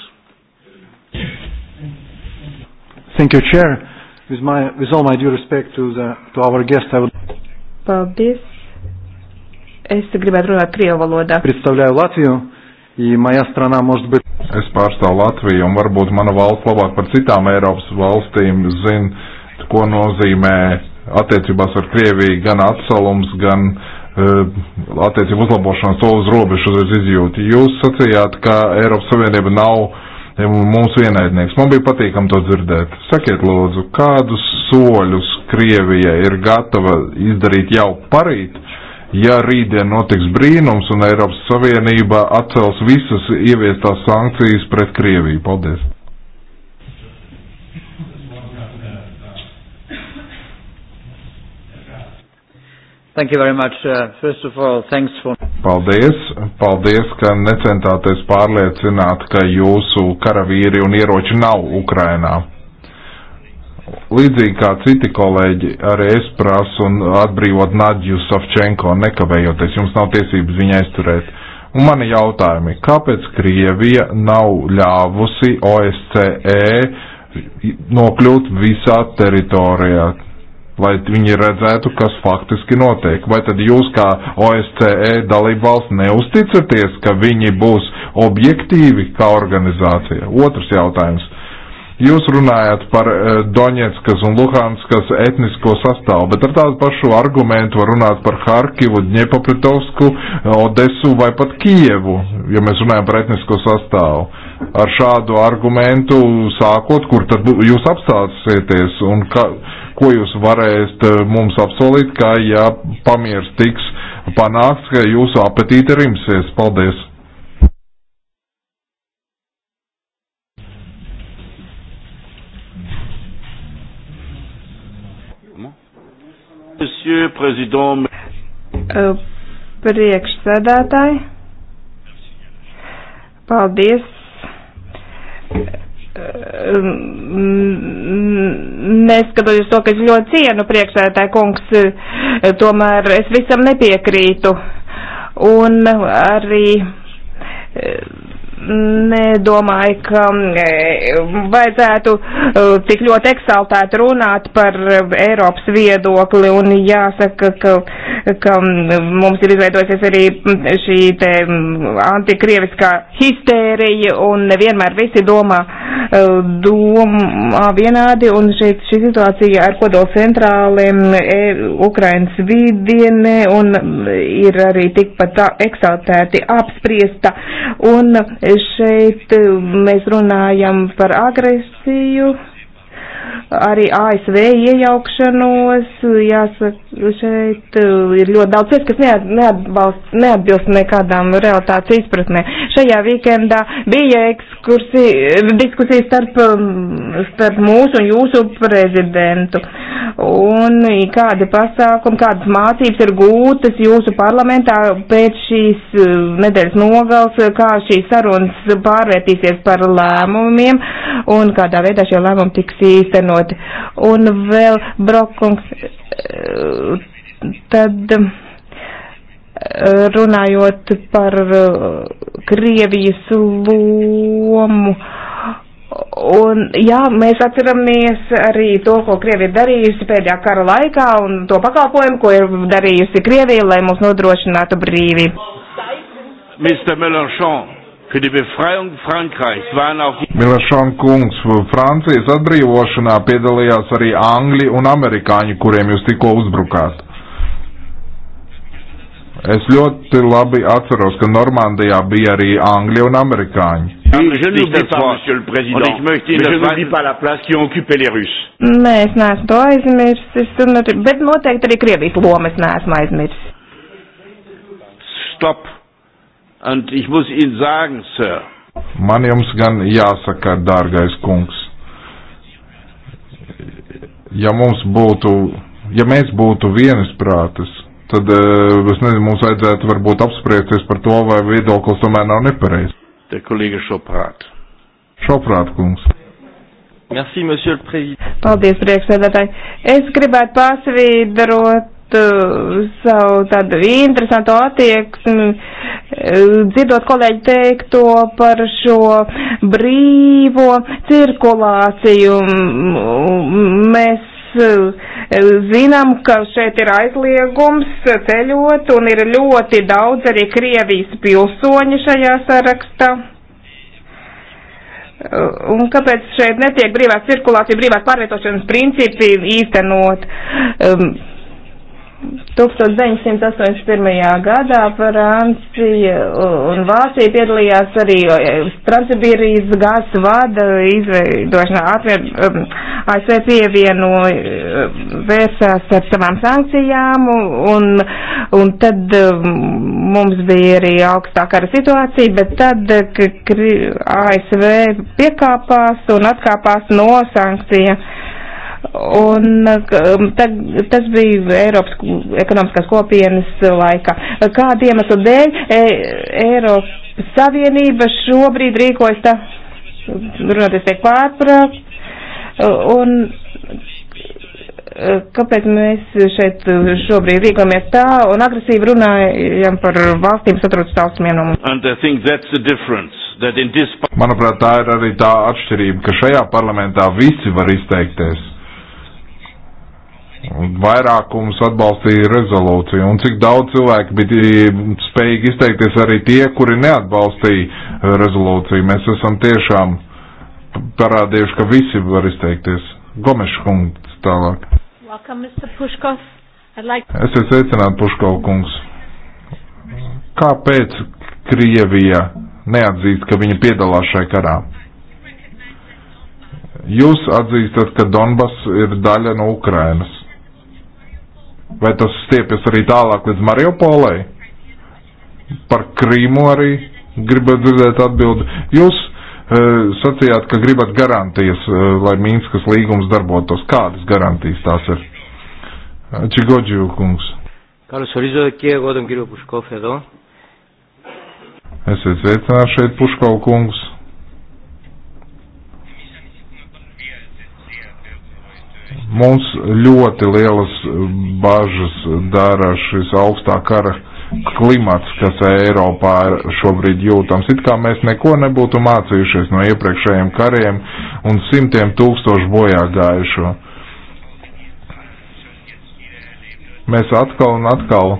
Thank you, Chair. With, my, with all my due respect to, the, to our guest, I would. Paldies. Es gribētu runāt Krievu valodā. Представляю Латвию, и моя страна может быть. Es pārstāvu Latviju, un varbūt mana valsts labāk par citām Eiropas valstīm zina, ko nozīmē attiecībās ar Krieviju gan atsalums, gan uh, attiecību uzlabošanās to uz robežu uzreiz izjūti. Jūs sacījāt, ka Eiropas Savienība nav mūsu ienaidnieks. Man bija patīkami to dzirdēt. Sakiet, lūdzu, kādus soļus Krievija ir gatava izdarīt jau parīt, ja rītdien notiks brīnums un Eiropas Savienība atcels visas ieviestās sankcijas pret Krieviju? Paldies! Thank you very much. Uh, first of all, thanks for. Paldies, paldies, ka necentāties pārliecināt, ka jūsu karavīri un ieroči nav Ukrainā. Līdzīgi kā citi kolēģi, arī es prasu un atbrīvot Nadju Savčenko nekavējoties, jums nav tiesības viņu aizturēt. Un mani jautājumi, kāpēc Krievija nav ļāvusi OSCE nokļūt visā teritorijā? lai viņi redzētu, kas faktiski notiek. Vai tad jūs kā OSCE dalība valsts neusticaties, ka viņi būs objektīvi kā organizācija? Otrs jautājums. Jūs runājat par eh, Doņetskas un Luhanskas etnisko sastāvu, bet ar tādu pašu argumentu var runāt par Harkivu, Dņepapritovsku, Odesu vai pat Kijevu, ja mēs runājam par etnisko sastāvu. Ar šādu argumentu sākot, kur tad jūs apstāsieties un ka, ko jūs varēsiet eh, mums apsolīt, ka ja pamieris tiks panāks, ka jūsu apetīte rimsies. Paldies! Priekšsēdētāji, paldies! Ehm, neskatoties to, ka es ļoti cienu priekšsētāju kungs, eh, tomēr es visam nepiekrītu. Un arī eh, nedomāju, ka eh, vajadzētu tik ļoti eksaltēt runāt par Eiropas viedokli un jāsaka, ka, ka mums ir izveidojusies arī mm, šī te mm, antikrieviskā histērija un nevienmēr visi domā domā vienādi, un šeit šī situācija ar kodola centrāliem e, Ukrainas vidienē, un ir arī tikpat eksaltēti apspriesta, un šeit mēs runājam par agresiju arī ASV iejaukšanos, jāsaka, šeit uh, ir ļoti daudz lietas, kas neat, neatbalst, neatbilst nekādām realitātes izpratnē. Šajā vīkendā bija diskusija starp, um, starp mūsu un jūsu prezidentu. Un kādi pasākumi, kādas mācības ir gūtas jūsu parlamentā pēc šīs uh, nedēļas nogals, kā šīs sarunas pārvērtīsies par lēmumiem un kādā veidā šie lēmumi tiks īstenot apkaroti. Un vēl Brokungs, tad runājot par uh, Krievijas lomu. Un, jā, mēs atceramies arī to, ko Krievija darījusi pēdējā kara laikā un to pakalpojumu, ko ir darījusi Krievija, lai mums nodrošinātu brīvību. Mr. Melanchon, Für die Befreiung Frankreichs waren auch die Milašon kungs, Francijas atbrīvošanā piedalījās arī Angļi un Amerikāņi, kuriem jūs tikko uzbrukāt. Es ļoti labi atceros, ka Normandijā bija arī Angļi un Amerikāņi. Nē, es neesmu to aizmirsis, un, bet noteikti arī Krievijas lomas neesmu aizmirsis. Stop! Und ich muss Ihnen sagen, Sir. Man jums gan jāsaka, dārgais kungs, ja mums būtu, ja mēs būtu vienisprātis, tad, eh, es nezinu, mums vajadzētu varbūt apspriesties par to, vai viedoklis tomēr nav nepareizs. Te kolīga šoprāt. Šoprāt, kungs. Merci, monsieur le président. Paldies, priekšsēdētāji. Es gribētu pārsvīdrot Uh, savu tādu interesantu attieksmi, uh, dzirdot kolēģi teikto par šo brīvo cirkulāciju. Mēs uh, zinām, ka šeit ir aizliegums ceļot un ir ļoti daudz arī Krievijas pilsoņu šajā sarakstā. Un kāpēc šeit netiek brīvās cirkulācija, brīvās pārvietošanas principi īstenot? Um, 1981. gadā Francija un Vācija piedalījās arī Transsibīrijas gāzes vada izveidošanā. Atvier, um, ASV pievieno um, vērsās ar savām sankcijām un, un tad um, mums bija arī augstākā situācija, bet tad eh, kri, ASV piekāpās un atkāpās no sankcijām Un tag, tas bija Eiropas ekonomiskās kopienas laika. Kāda iemesla dēļ e, Eiropas Savienība šobrīd rīkojas tā, runāties tiek pārprāt, un kāpēc mēs šeit šobrīd rīkojamies tā un agresīvi runājam par valstīm satrūtas taustumiem no mums? Manuprāt, tā ir arī tā atšķirība, ka šajā parlamentā visi var izteikties vairākums atbalstīja rezolūciju, un cik daudz cilvēku bija eh, spējīgi izteikties arī tie, kuri neatbalstīja eh, rezolūciju. Mēs esam tiešām parādījuši, ka visi var izteikties. Gomeša kungs tālāk. Welcome, Mr. Puškov. Like... Es esmu sveicināts Puškov kungs. Kāpēc Krievija neatzīst, ka viņa piedalās šai karā? Jūs atzīstat, ka Donbass ir daļa no Ukrainas Vai tas stiepjas arī tālāk līdz Mariupolai? Par Krīmu arī gribat dzirdēt atbildi. Jūs uh, sacījāt, ka gribat garantijas, uh, lai Mīnskas līgums darbotos. Kādas garantijas tās ir? Čigodžiju kungs. Καλωσορίζω και εγώ τον κύριο Πουσκόφ εδώ. Es sveicu šeit Puškau kungs. Mums ļoti lielas bažas dara šis augstā kara klimats, kas Eiropā šobrīd jūtams. It kā mēs neko nebūtu mācījušies no iepriekšējiem kariem un simtiem tūkstošu bojā gājušo. Mēs atkal un atkal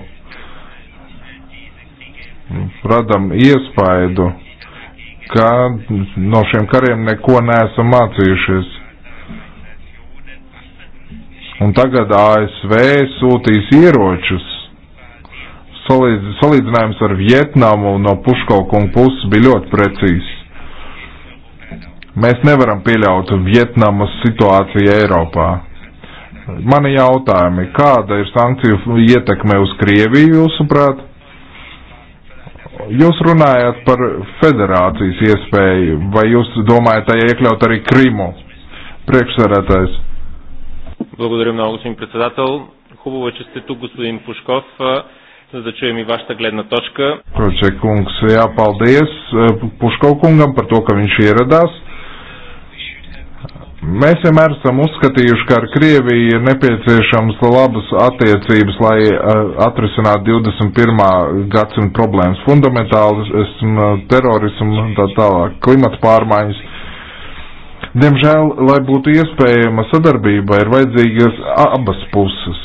radam iespaidu, ka no šiem kariem neko neesam mācījušies. Un tagad ASV sūtīs ieročus. Salīdz, salīdzinājums ar Vietnamu no Puškaukunga puses bija ļoti precīzs. Mēs nevaram pieļaut Vietnamas situāciju Eiropā. Mani jautājumi, kāda ir sankciju ietekme uz Krieviju, jūsuprāt? Jūs runājat par federācijas iespēju, vai jūs domājat tajā iekļaut arī Krimu? Priekšsarētājs. Благодаря много, господин председател. Хубаво е, че сте тук, господин Пушков, за да чуем и вашата гледна точка. Кроче Кунг, сега paldies Puškov kungam par to, ka viņš ieradās. Mēs vienmēr esam uzskatījuši, ka ar Krieviju ir nepieciešams labas attiecības, lai atrisinātu 21. gadsimta problēmas, fundamentālismu, terorismu un tā tālāk, klimata pārmaiņas Diemžēl, lai būtu iespējama sadarbība, ir vajadzīgas abas puses.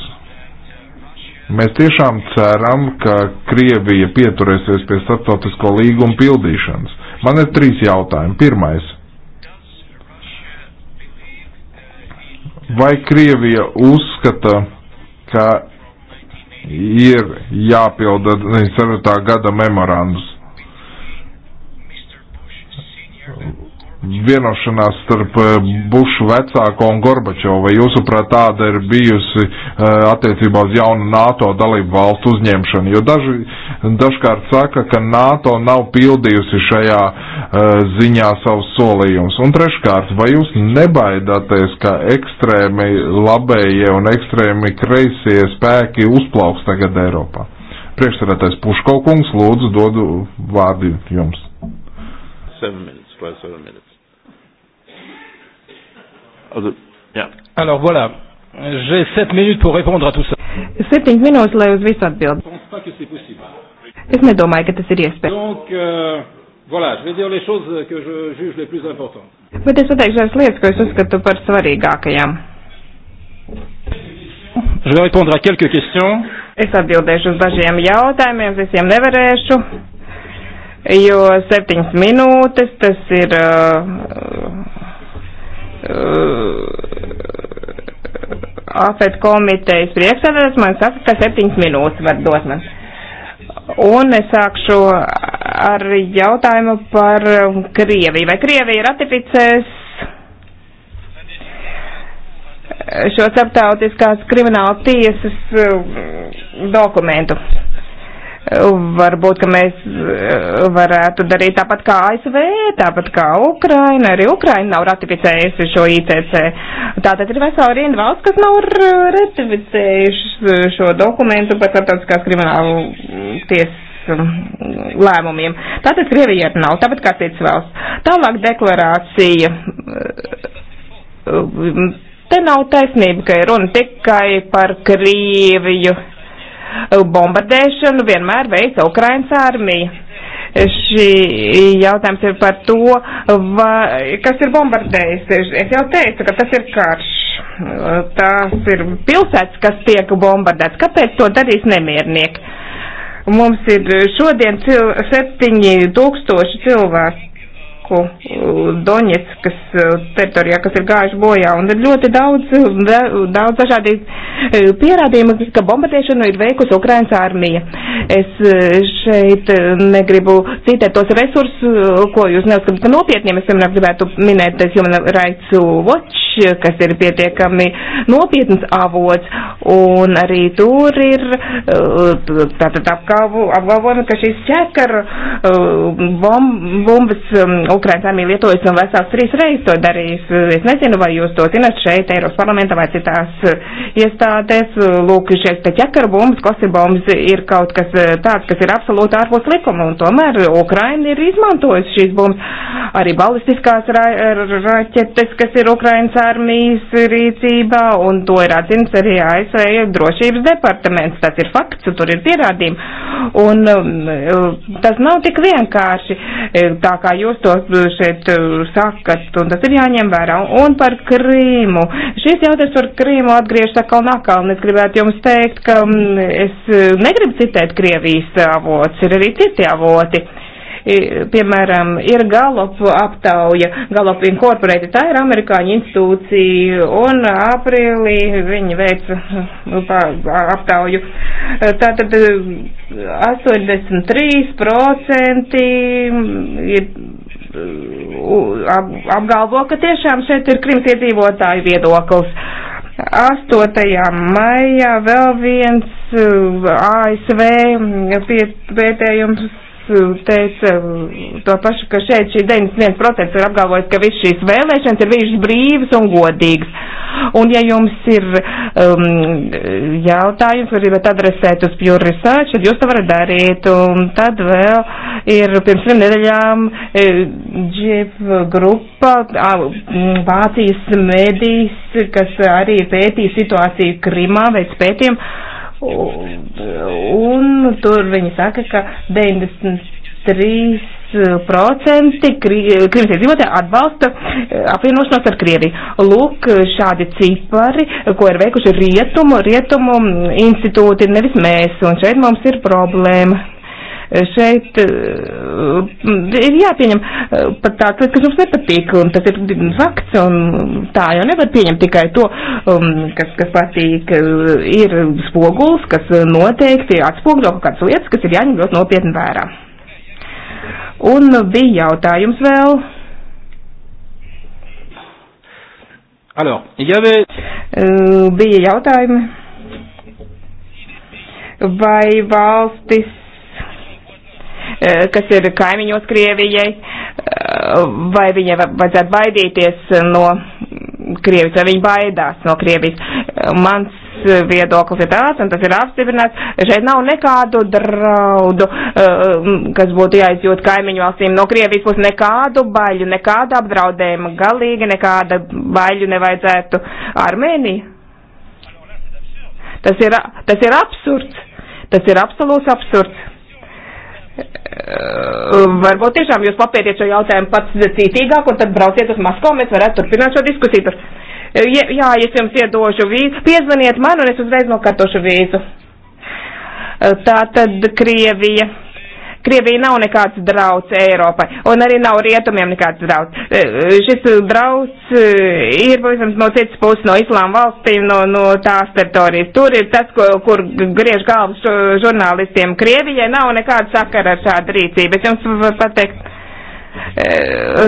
Mēs tiešām ceram, ka Krievija pieturēsies pie starptautisko līgumu pildīšanas. Man ir trīs jautājumi. Pirmais. Vai Krievija uzskata, ka ir jāpilda 94. gada memorandus? vienošanās starp eh, Bušu vecāko un Gorbačovu, vai jūsuprāt tāda ir bijusi eh, attiecībā uz jaunu NATO dalību valstu uzņemšanu, jo daži, dažkārt saka, ka NATO nav pildījusi šajā eh, ziņā savus solījumus. Un treškārt, vai jūs nebaidāties, ka ekstrēmi labējie un ekstrēmi kreisie spēki uzplauks tagad Eiropā? Priekšsarētais Puškaukungs, lūdzu, dodu vārdu jums. Seven minutes, seven minutes. Yeah. Alors voilà, j'ai 7 minutes pour répondre à tout ça. 7 minūtes, lai uz visu atbild. Es nedomāju, ka tas ir iespējams. Donc, euh, voilà, je vais dire les choses que je juge les plus importantes. Bet es pateikšu tās lietas, ko es uzskatu par svarīgākajām. Je vais répondre à quelques questions. Es atbildēšu uz dažiem jautājumiem, visiem nevarēšu, jo septiņas minūtes tas ir uh, Uh, AFET komitejas priekšsēdētājs man saka, ka septiņas minūtes var dot man. Un es sākšu ar jautājumu par Krieviju. Vai Krievija ratificēs šo starptautiskās krimināla tiesas uh, dokumentu? Varbūt, ka mēs eh, varētu darīt tāpat kā ASV, tāpat kā Ukraina. Arī Ukraina nav ratificējusi šo ICC. Tātad ir vesela rinda valsts, kas nav ratificējuši šo dokumentu par starptautiskās kriminālu tiesas lēmumiem. Tātad Krievija ir nav, tāpat kā cits valsts. Tālāk deklarācija. Te nav taisnība, ka ir runa tikai par Krieviju Eh, bombardēšanu vienmēr veica Ukrainas armija. Eh, šī jautājums ir par to, vai, kas ir bombardējis. Es jau teicu, ka tas ir karš. Eh, tās ir pilsētas, kas tiek bombardētas. Kāpēc to darīs nemiernieki? Mums ir šodien cil, 7000 cilvēki cilvēku Doņetskas eh, teritorijā, kas ir gājuši bojā, un ir ļoti daudz, eh, daudz dažādi eh, pierādījumi, ka bombardēšanu ir veikusi Ukrainas armija. Es šeit negribu citēt tos resursus, ko jūs neuzskatāt par nopietniem, es, piemēram, gribētu minēt Human Rights Watch, kas ir pietiekami nopietns avots, un arī tur ir tātad apgalvojumi, ka šīs ķekara bombas um, Ukrainas armija lietojas un vesels trīs reizes to darījis. Es nezinu, vai jūs to zinat šeit, Eiropas parlamentā vai citās eh, iestādēs. Lūk, šeit pēc ķekara bumbas, kosibombas ir kaut kas eh, tāds, kas ir absolūti ārpus likuma, un tomēr Ukraina ir izmantojusi šīs bumbas. Arī balistiskās ra raķetes, kas ir Ukrainas armijas rīcībā, un to ir atzinis arī ASV drošības departaments. Tas ir fakts, tur ir pierādījumi. Un um, tas nav tik vienkārši, tā kā jūs to šeit eh, sakat, un tas ir jāņem vērā. Un par Krīmu. Šis jautājums par Krīmu atgriežas atkal nakal, un es gribētu jums teikt, ka mm, es eh, negribu citēt Krievijas avots, ir arī citi avoti. Piemēram, ir Galopu aptauja, Galopu Incorporated, tā ir amerikāņu institūcija, un aprīlī viņi veica nu, aptauju. Tātad 83% eh, mm, ir apgalvo, ka tiešām šeit ir krims iedzīvotāju viedoklis. 8. maijā vēl viens uh, ASV pētējums Eh, teica eh, to pašu, ka šeit šī 91% ir apgalvojis, ka viss šīs vēlēšanas ir bijušas brīvas un godīgas. Un ja jums ir um, jautājums, kur gribat adresēt uz Pure Research, tad jūs to varat darīt. Un tad vēl ir pirms trim nedēļām džip eh, grupa, Vācijas medijas, kas arī pētīja situāciju Krimā, veids pētījumu Un tur viņi saka, ka 93% Krimas iedzīvotāji atbalsta eh, apvienošanos ar Krieviju. Lūk, šādi cipari, ko ir veikuši rietumu, rietumu mm, institūti, nevis mēs, un šeit mums ir problēma. Šeit eh, ir jāpieņem eh, pat tāds lietas, kas mums nepatīk, un tas ir fakts, un tā jau nevar pieņemt tikai to, um, kas, kas patīk. Eh, ir spogulis, kas noteikti atspogļo kaut kādas lietas, kas ir jāņem ļoti nopietni vērā. Un bija jautājums vēl. Alors, il y avait... Uh, bija jautājumi, vai valstis Eh, kas ir kaimiņos Krievijai, eh, vai viņai vajadzētu baidīties no Krievijas, vai viņi baidās no Krievijas. Eh, mans viedoklis ir tāds, un tas ir apstiprināts, šeit nav nekādu draudu, kas būtu jāizjūt kaimiņu valstīm no Krievijas puses, nekādu baļu, nekādu apdraudējumu, galīgi nekāda baļu nevajadzētu Armēnija. Tas ir, tas ir absurds. Tas ir absolūts absurds. Eh, varbūt tiešām jūs papētiet šo jautājumu pats cītīgāk un tad brauciet uz Maskavu, mēs varētu turpināt šo diskusiju. Tur. Eh, ja, jā, es jums iedošu vīzu, piezvaniet man un es uzreiz nokārtošu vīzu. Eh, tā tad Krievija. Krievija nav nekāds drauds Eiropai, un arī nav rietumiem nekāds drauds. E, e, šis drauds e, ir, protams, no citas puses, no islām valstīm, no, no tās teritorijas. Tur ir tas, ko, kur griež galvas žurnālistiem. Krievijai nav nekāda sakara ar šādu rīcību. Es jums varu pateikt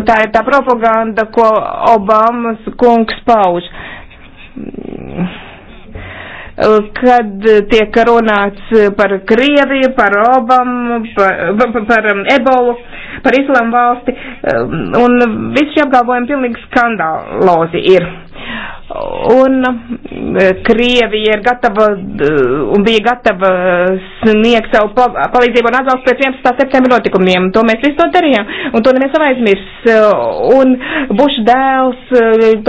tā ir tā propaganda, ko Obamas kungs pauž kad tiek runāts par Krieviju, par Obamu, par, par, par um, Ebolu, par Islamu valsti, um, un visi šie apgalvojumi pilnīgi skandalozi ir. Un eh, Krievija ir gatava eh, un bija gatava sniegt savu palīdzību un atbalstu pēc 11. septembra notikumiem. To mēs visu to darījām, un to neviens nav aizmirs. Eh, un Buša dēls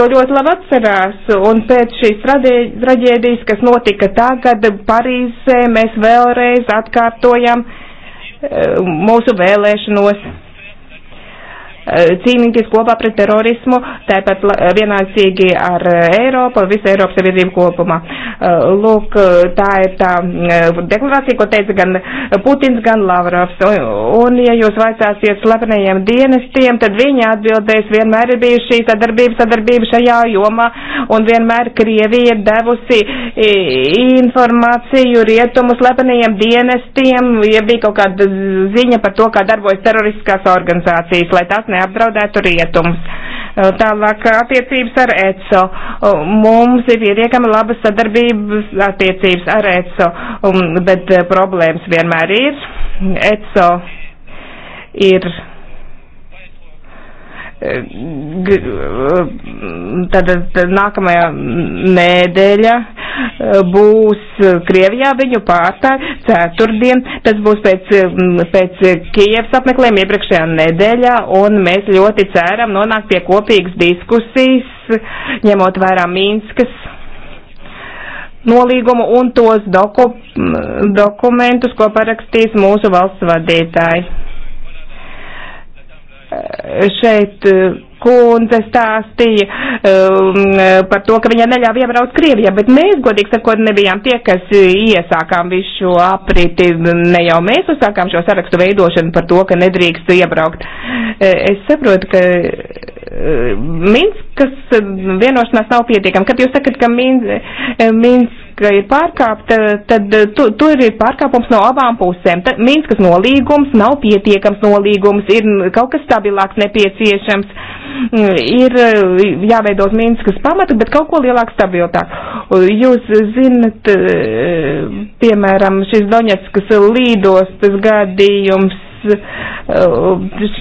to ļoti labi atcerās, un pēc šīs traģēdijas, kas notika tagad Parīzē, mēs vēlreiz atkārtojam mūsu vēlēšanos Eh, cīnīties kopā pret terorismu, tāpat eh, vienlaicīgi ar eh, Eiropu, visu Eiropas sabiedrību kopumā. Lūk, tā ir tā deklarācija, ko teica gan Putins, gan Lavrovs. Un, un ja jūs vaicāsiet slepenajiem dienestiem, tad viņi atbildēs vienmēr ir bijusi šī sadarbība, sadarbība šajā jomā, un vienmēr Krievija ir devusi informāciju rietumu slepenajiem dienestiem, ja bija kaut kāda ziņa par to, kā darbojas teroristiskās organizācijas, lai tas ne neapdraudētu rietumus. Tālāk attiecības ar ECO. Mums ir pietiekami labas sadarbības attiecības ar ECO, um, bet problēmas vienmēr ir. ECO ir tad, tad nākamajā nedēļa e, būs Krievijā viņu pārstāv ceturtdien, tas būs pēc, pēc Kievas apmeklējuma iepriekšējā nedēļā, un mēs ļoti ceram nonākt pie kopīgas diskusijas, ņemot vērā Mīnskas nolīgumu un tos doku, dokumentus, ko parakstīs mūsu valsts vadītāji šeit eh, kundze stāstīja um, par to, ka viņa neļāva iebraukt Krievijā, bet mēs, godīgi sakot, nebijām tie, kas iesākām visu šo apriti, ne jau mēs uzsākām šo sarakstu veidošanu par to, ka nedrīkst iebraukt. Eh, es saprotu, ka eh, Minskas vienošanās nav pietiekama. Kad jūs sakat, ka Mins, Mins ka ir pārkāpta, tad eh, tu, tur ir pārkāpums no abām pusēm. Tad Minskas nolīgums nav pietiekams nolīgums, ir kaut kas stabilāks nepieciešams, mm, ir eh, jāveidos Minskas pamatu, bet kaut ko lielāk stabilāk. Jūs zinat, eh, piemēram, šis Doņetskas līdostas gadījums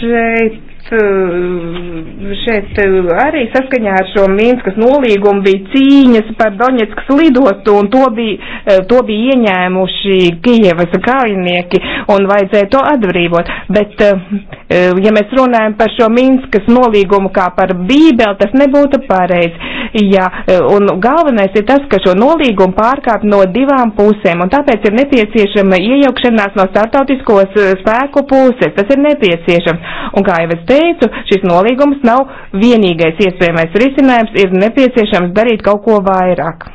šeit šeit eh, eh, arī saskaņā ar šo Minskas nolīgumu bija cīņas par Doņetskas lidotu, un to bija, eh, to bija ieņēmuši Kijevas kaujinieki, un vajadzēja to atbrīvot. Bet, ja mēs runājam par šo Minskas nolīgumu kā par bībeli, tas nebūtu pareizi. Jā, un galvenais ir tas, ka šo nolīgumu pārkāp no divām pusēm, un tāpēc ir nepieciešama iejaukšanās no startautiskos spēku puses. Tas ir nepieciešams. Un kā jau es teicu, teicu, šis nolīgums nav vienīgais iespējamais risinājums, ir nepieciešams darīt kaut ko vairāk.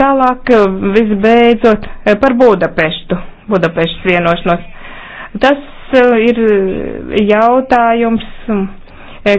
Tālāk, visbeidzot, par Budapeštu, Budapeštas vienošanos. Tas eh, ir jautājums,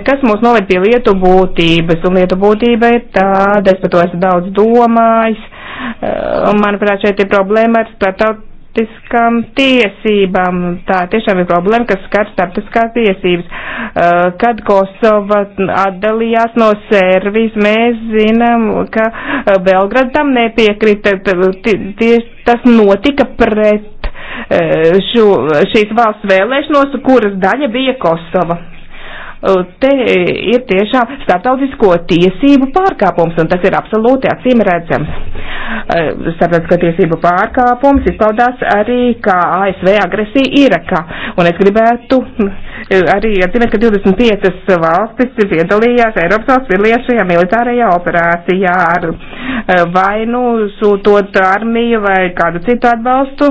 kas mūs noved pie lietu būtības, un lietu būtība ir tāda, es par to esmu daudz domājis. Eh, manuprāt, šeit ir problēma ar starptaut starptautiskām tiesībām. Tā tiešām ir problēma, kas skar starptautiskās tiesības. Uh, kad Kosova atdalījās no Sērvijas, mēs zinām, ka uh, Belgrad tam nepiekrita. Tas notika pret uh, šo, šīs valsts vēlēšanos, kuras daļa bija Kosova. Eh, te ir tiešām starptautisko tiesību pārkāpums, un tas ir absolūti acīm redzams. Eh, starptautisko tiesību pārkāpums izpaudās arī kā ASV agresija Irakā, un es gribētu eh, arī atzīmēt, ka 25 valstis piedalījās Eiropas valsts piedalījās šajā militārajā operācijā ar vainu sūtot armiju vai kādu citu atbalstu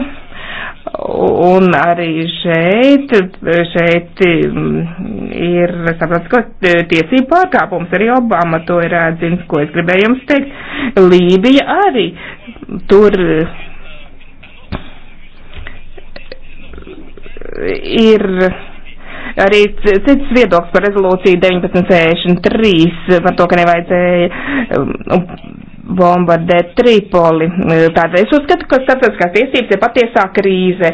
Un arī šeit, šeit mm, ir starptautiskās tiesību pārkāpums, arī Obama to ir atzins, ko es gribēju jums teikt. Lībija arī tur eh, ir arī cits viedoklis par rezolūciju 1963, par to, ka nevajadzēja mm, bombardē Tripoli. Tādēļ es uzskatu, ka starptautiskās tiesības ir patiesā krīze.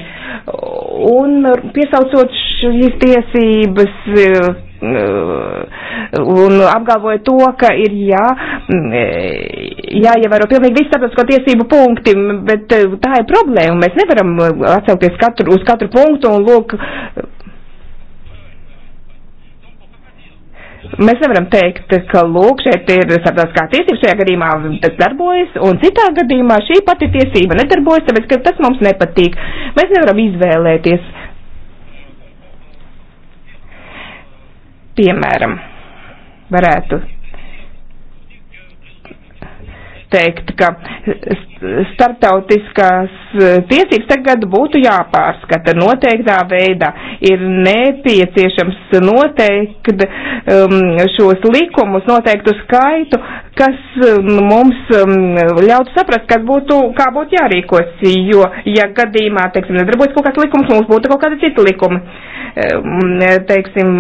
Un piesaucot šīs tiesības un apgalvoja to, ka ir jā, jāievēro pilnīgi visi starptautisko tiesību punkti, bet tā ir problēma. Mēs nevaram atsaukties katru, uz katru punktu un lūk, Mēs nevaram teikt, ka lūk, šeit ir starptautiskā tiesība, šajā gadījumā tas darbojas, un citā gadījumā šī pati tiesība nedarbojas, tāpēc, ka tas mums nepatīk. Mēs nevaram izvēlēties. Piemēram, varētu teikt, ka starptautiskās eh, tiesības tagad būtu jāpārskata noteiktā veidā. Ir nepieciešams noteikt um, šos likumus, noteiktu skaitu, kas um, mums um, ļautu saprast, kad būtu, kā būtu jārīkos, jo, ja gadījumā, teiksim, nedarbojas kaut kāds likums, mums būtu kaut kāda cita likuma. Um, teiksim,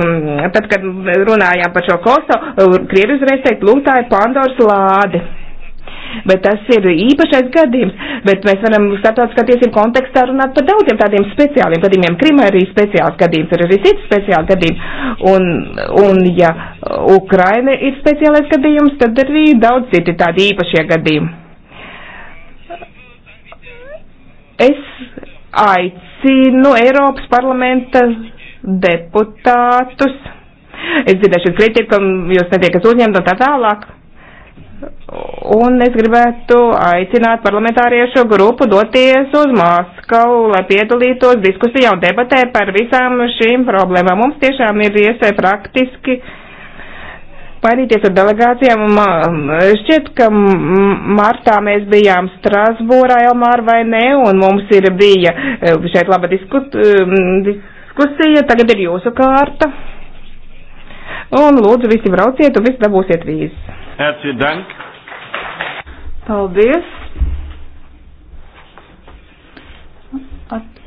tad, kad runājām par šo Kosovu, um, Krievi uzreiz teikt, lūk, tā ir Pandoras lāde bet tas ir īpašais gadījums, bet mēs varam starptautiskā tiesību kontekstā runāt par daudziem tādiem speciāliem gadījumiem. Krimē arī speciāls gadījums, ir arī cits speciāls gadījums, un, un ja Ukraina ir speciālais gadījums, tad arī daudz citi tādi īpašie gadījumi. Es aicinu Eiropas parlamenta deputātus. Es dzirdēšu kritiku, jūs netiekat uzņemt un tā tālāk. Un es gribētu aicināt parlamentāriešu grupu doties uz Maskavu, lai piedalītos diskusijā un debatē par visām šīm problēmām. Mums tiešām ir iespēja praktiski mainīties ar delegācijām. Šķiet, ka martā mēs bijām Strasbūrā, Elmāra vai ne, un mums ir bija e, šeit laba diskut, e, diskusija. Tagad ir jūsu kārta. Un lūdzu, visi brauciet un visi dabūsiet vīzes. Herzlichen Dank. Paldies. At,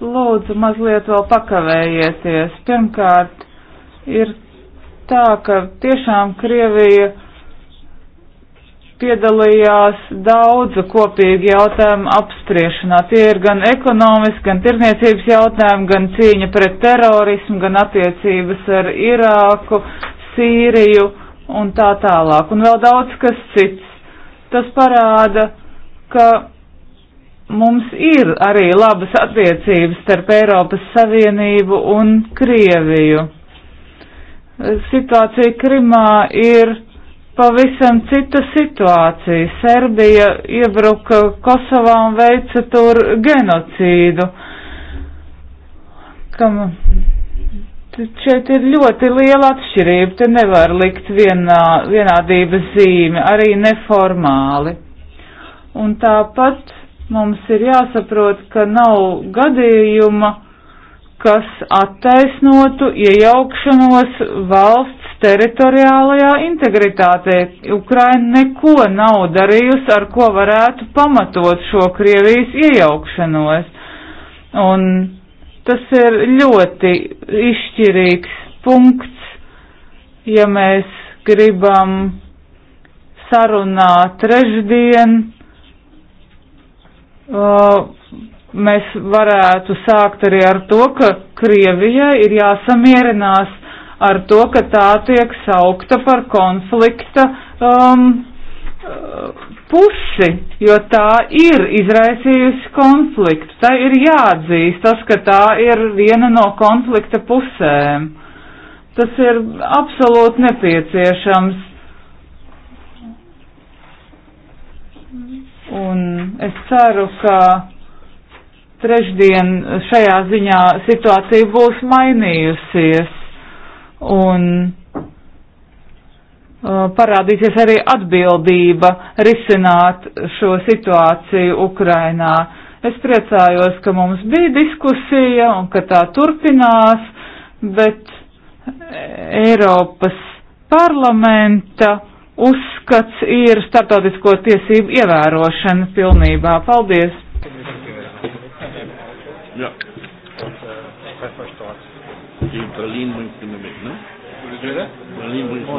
lūdzu, mazliet vēl pakavējieties. Pirmkārt, ir tā, ka tiešām Krievija piedalījās daudzu kopīgu jautājumu apspriešanā. Tie ir gan ekonomiski, gan tirniecības jautājumi, gan cīņa pret terorismu, gan attiecības ar Irāku, Sīriju un tā tālāk, un vēl daudz kas cits. Tas parāda, ka mums ir arī labas attiecības starp Eiropas Savienību un Krieviju. Situācija Krimā ir pavisam cita situācija. Serbija iebruka Kosovā un veica tur genocīdu. Kam šeit ir ļoti liela atšķirība, te nevar likt vienā, vienādības zīme, arī neformāli. Un tāpat mums ir jāsaprot, ka nav gadījuma, kas attaisnotu iejaukšanos valsts teritoriālajā integritātē. Ukraina neko nav darījusi, ar ko varētu pamatot šo Krievijas iejaukšanos. Un Tas ir ļoti izšķirīgs punkts, ja mēs gribam sarunā trešdien. Uh, mēs varētu sākt arī ar to, ka Krievijai ir jāsamierinās ar to, ka tā tiek saukta par konflikta um, pusi, jo tā ir izraisījusi konfliktu. Tā ir jāatzīst tas, ka tā ir viena no konflikta pusēm. Tas ir absolūti nepieciešams. Un es ceru, ka trešdien šajā ziņā situācija būs mainījusies. Un Uh, parādīsies arī atbildība risināt šo situāciju Ukrainā. Es priecājos, ka mums bija diskusija un ka tā turpinās, bet Eiropas parlamenta uzskats ir startautisko tiesību ievērošana pilnībā. Paldies! Ja. Die Berlin bringt sie mir mit, ne? Berlin bringt sie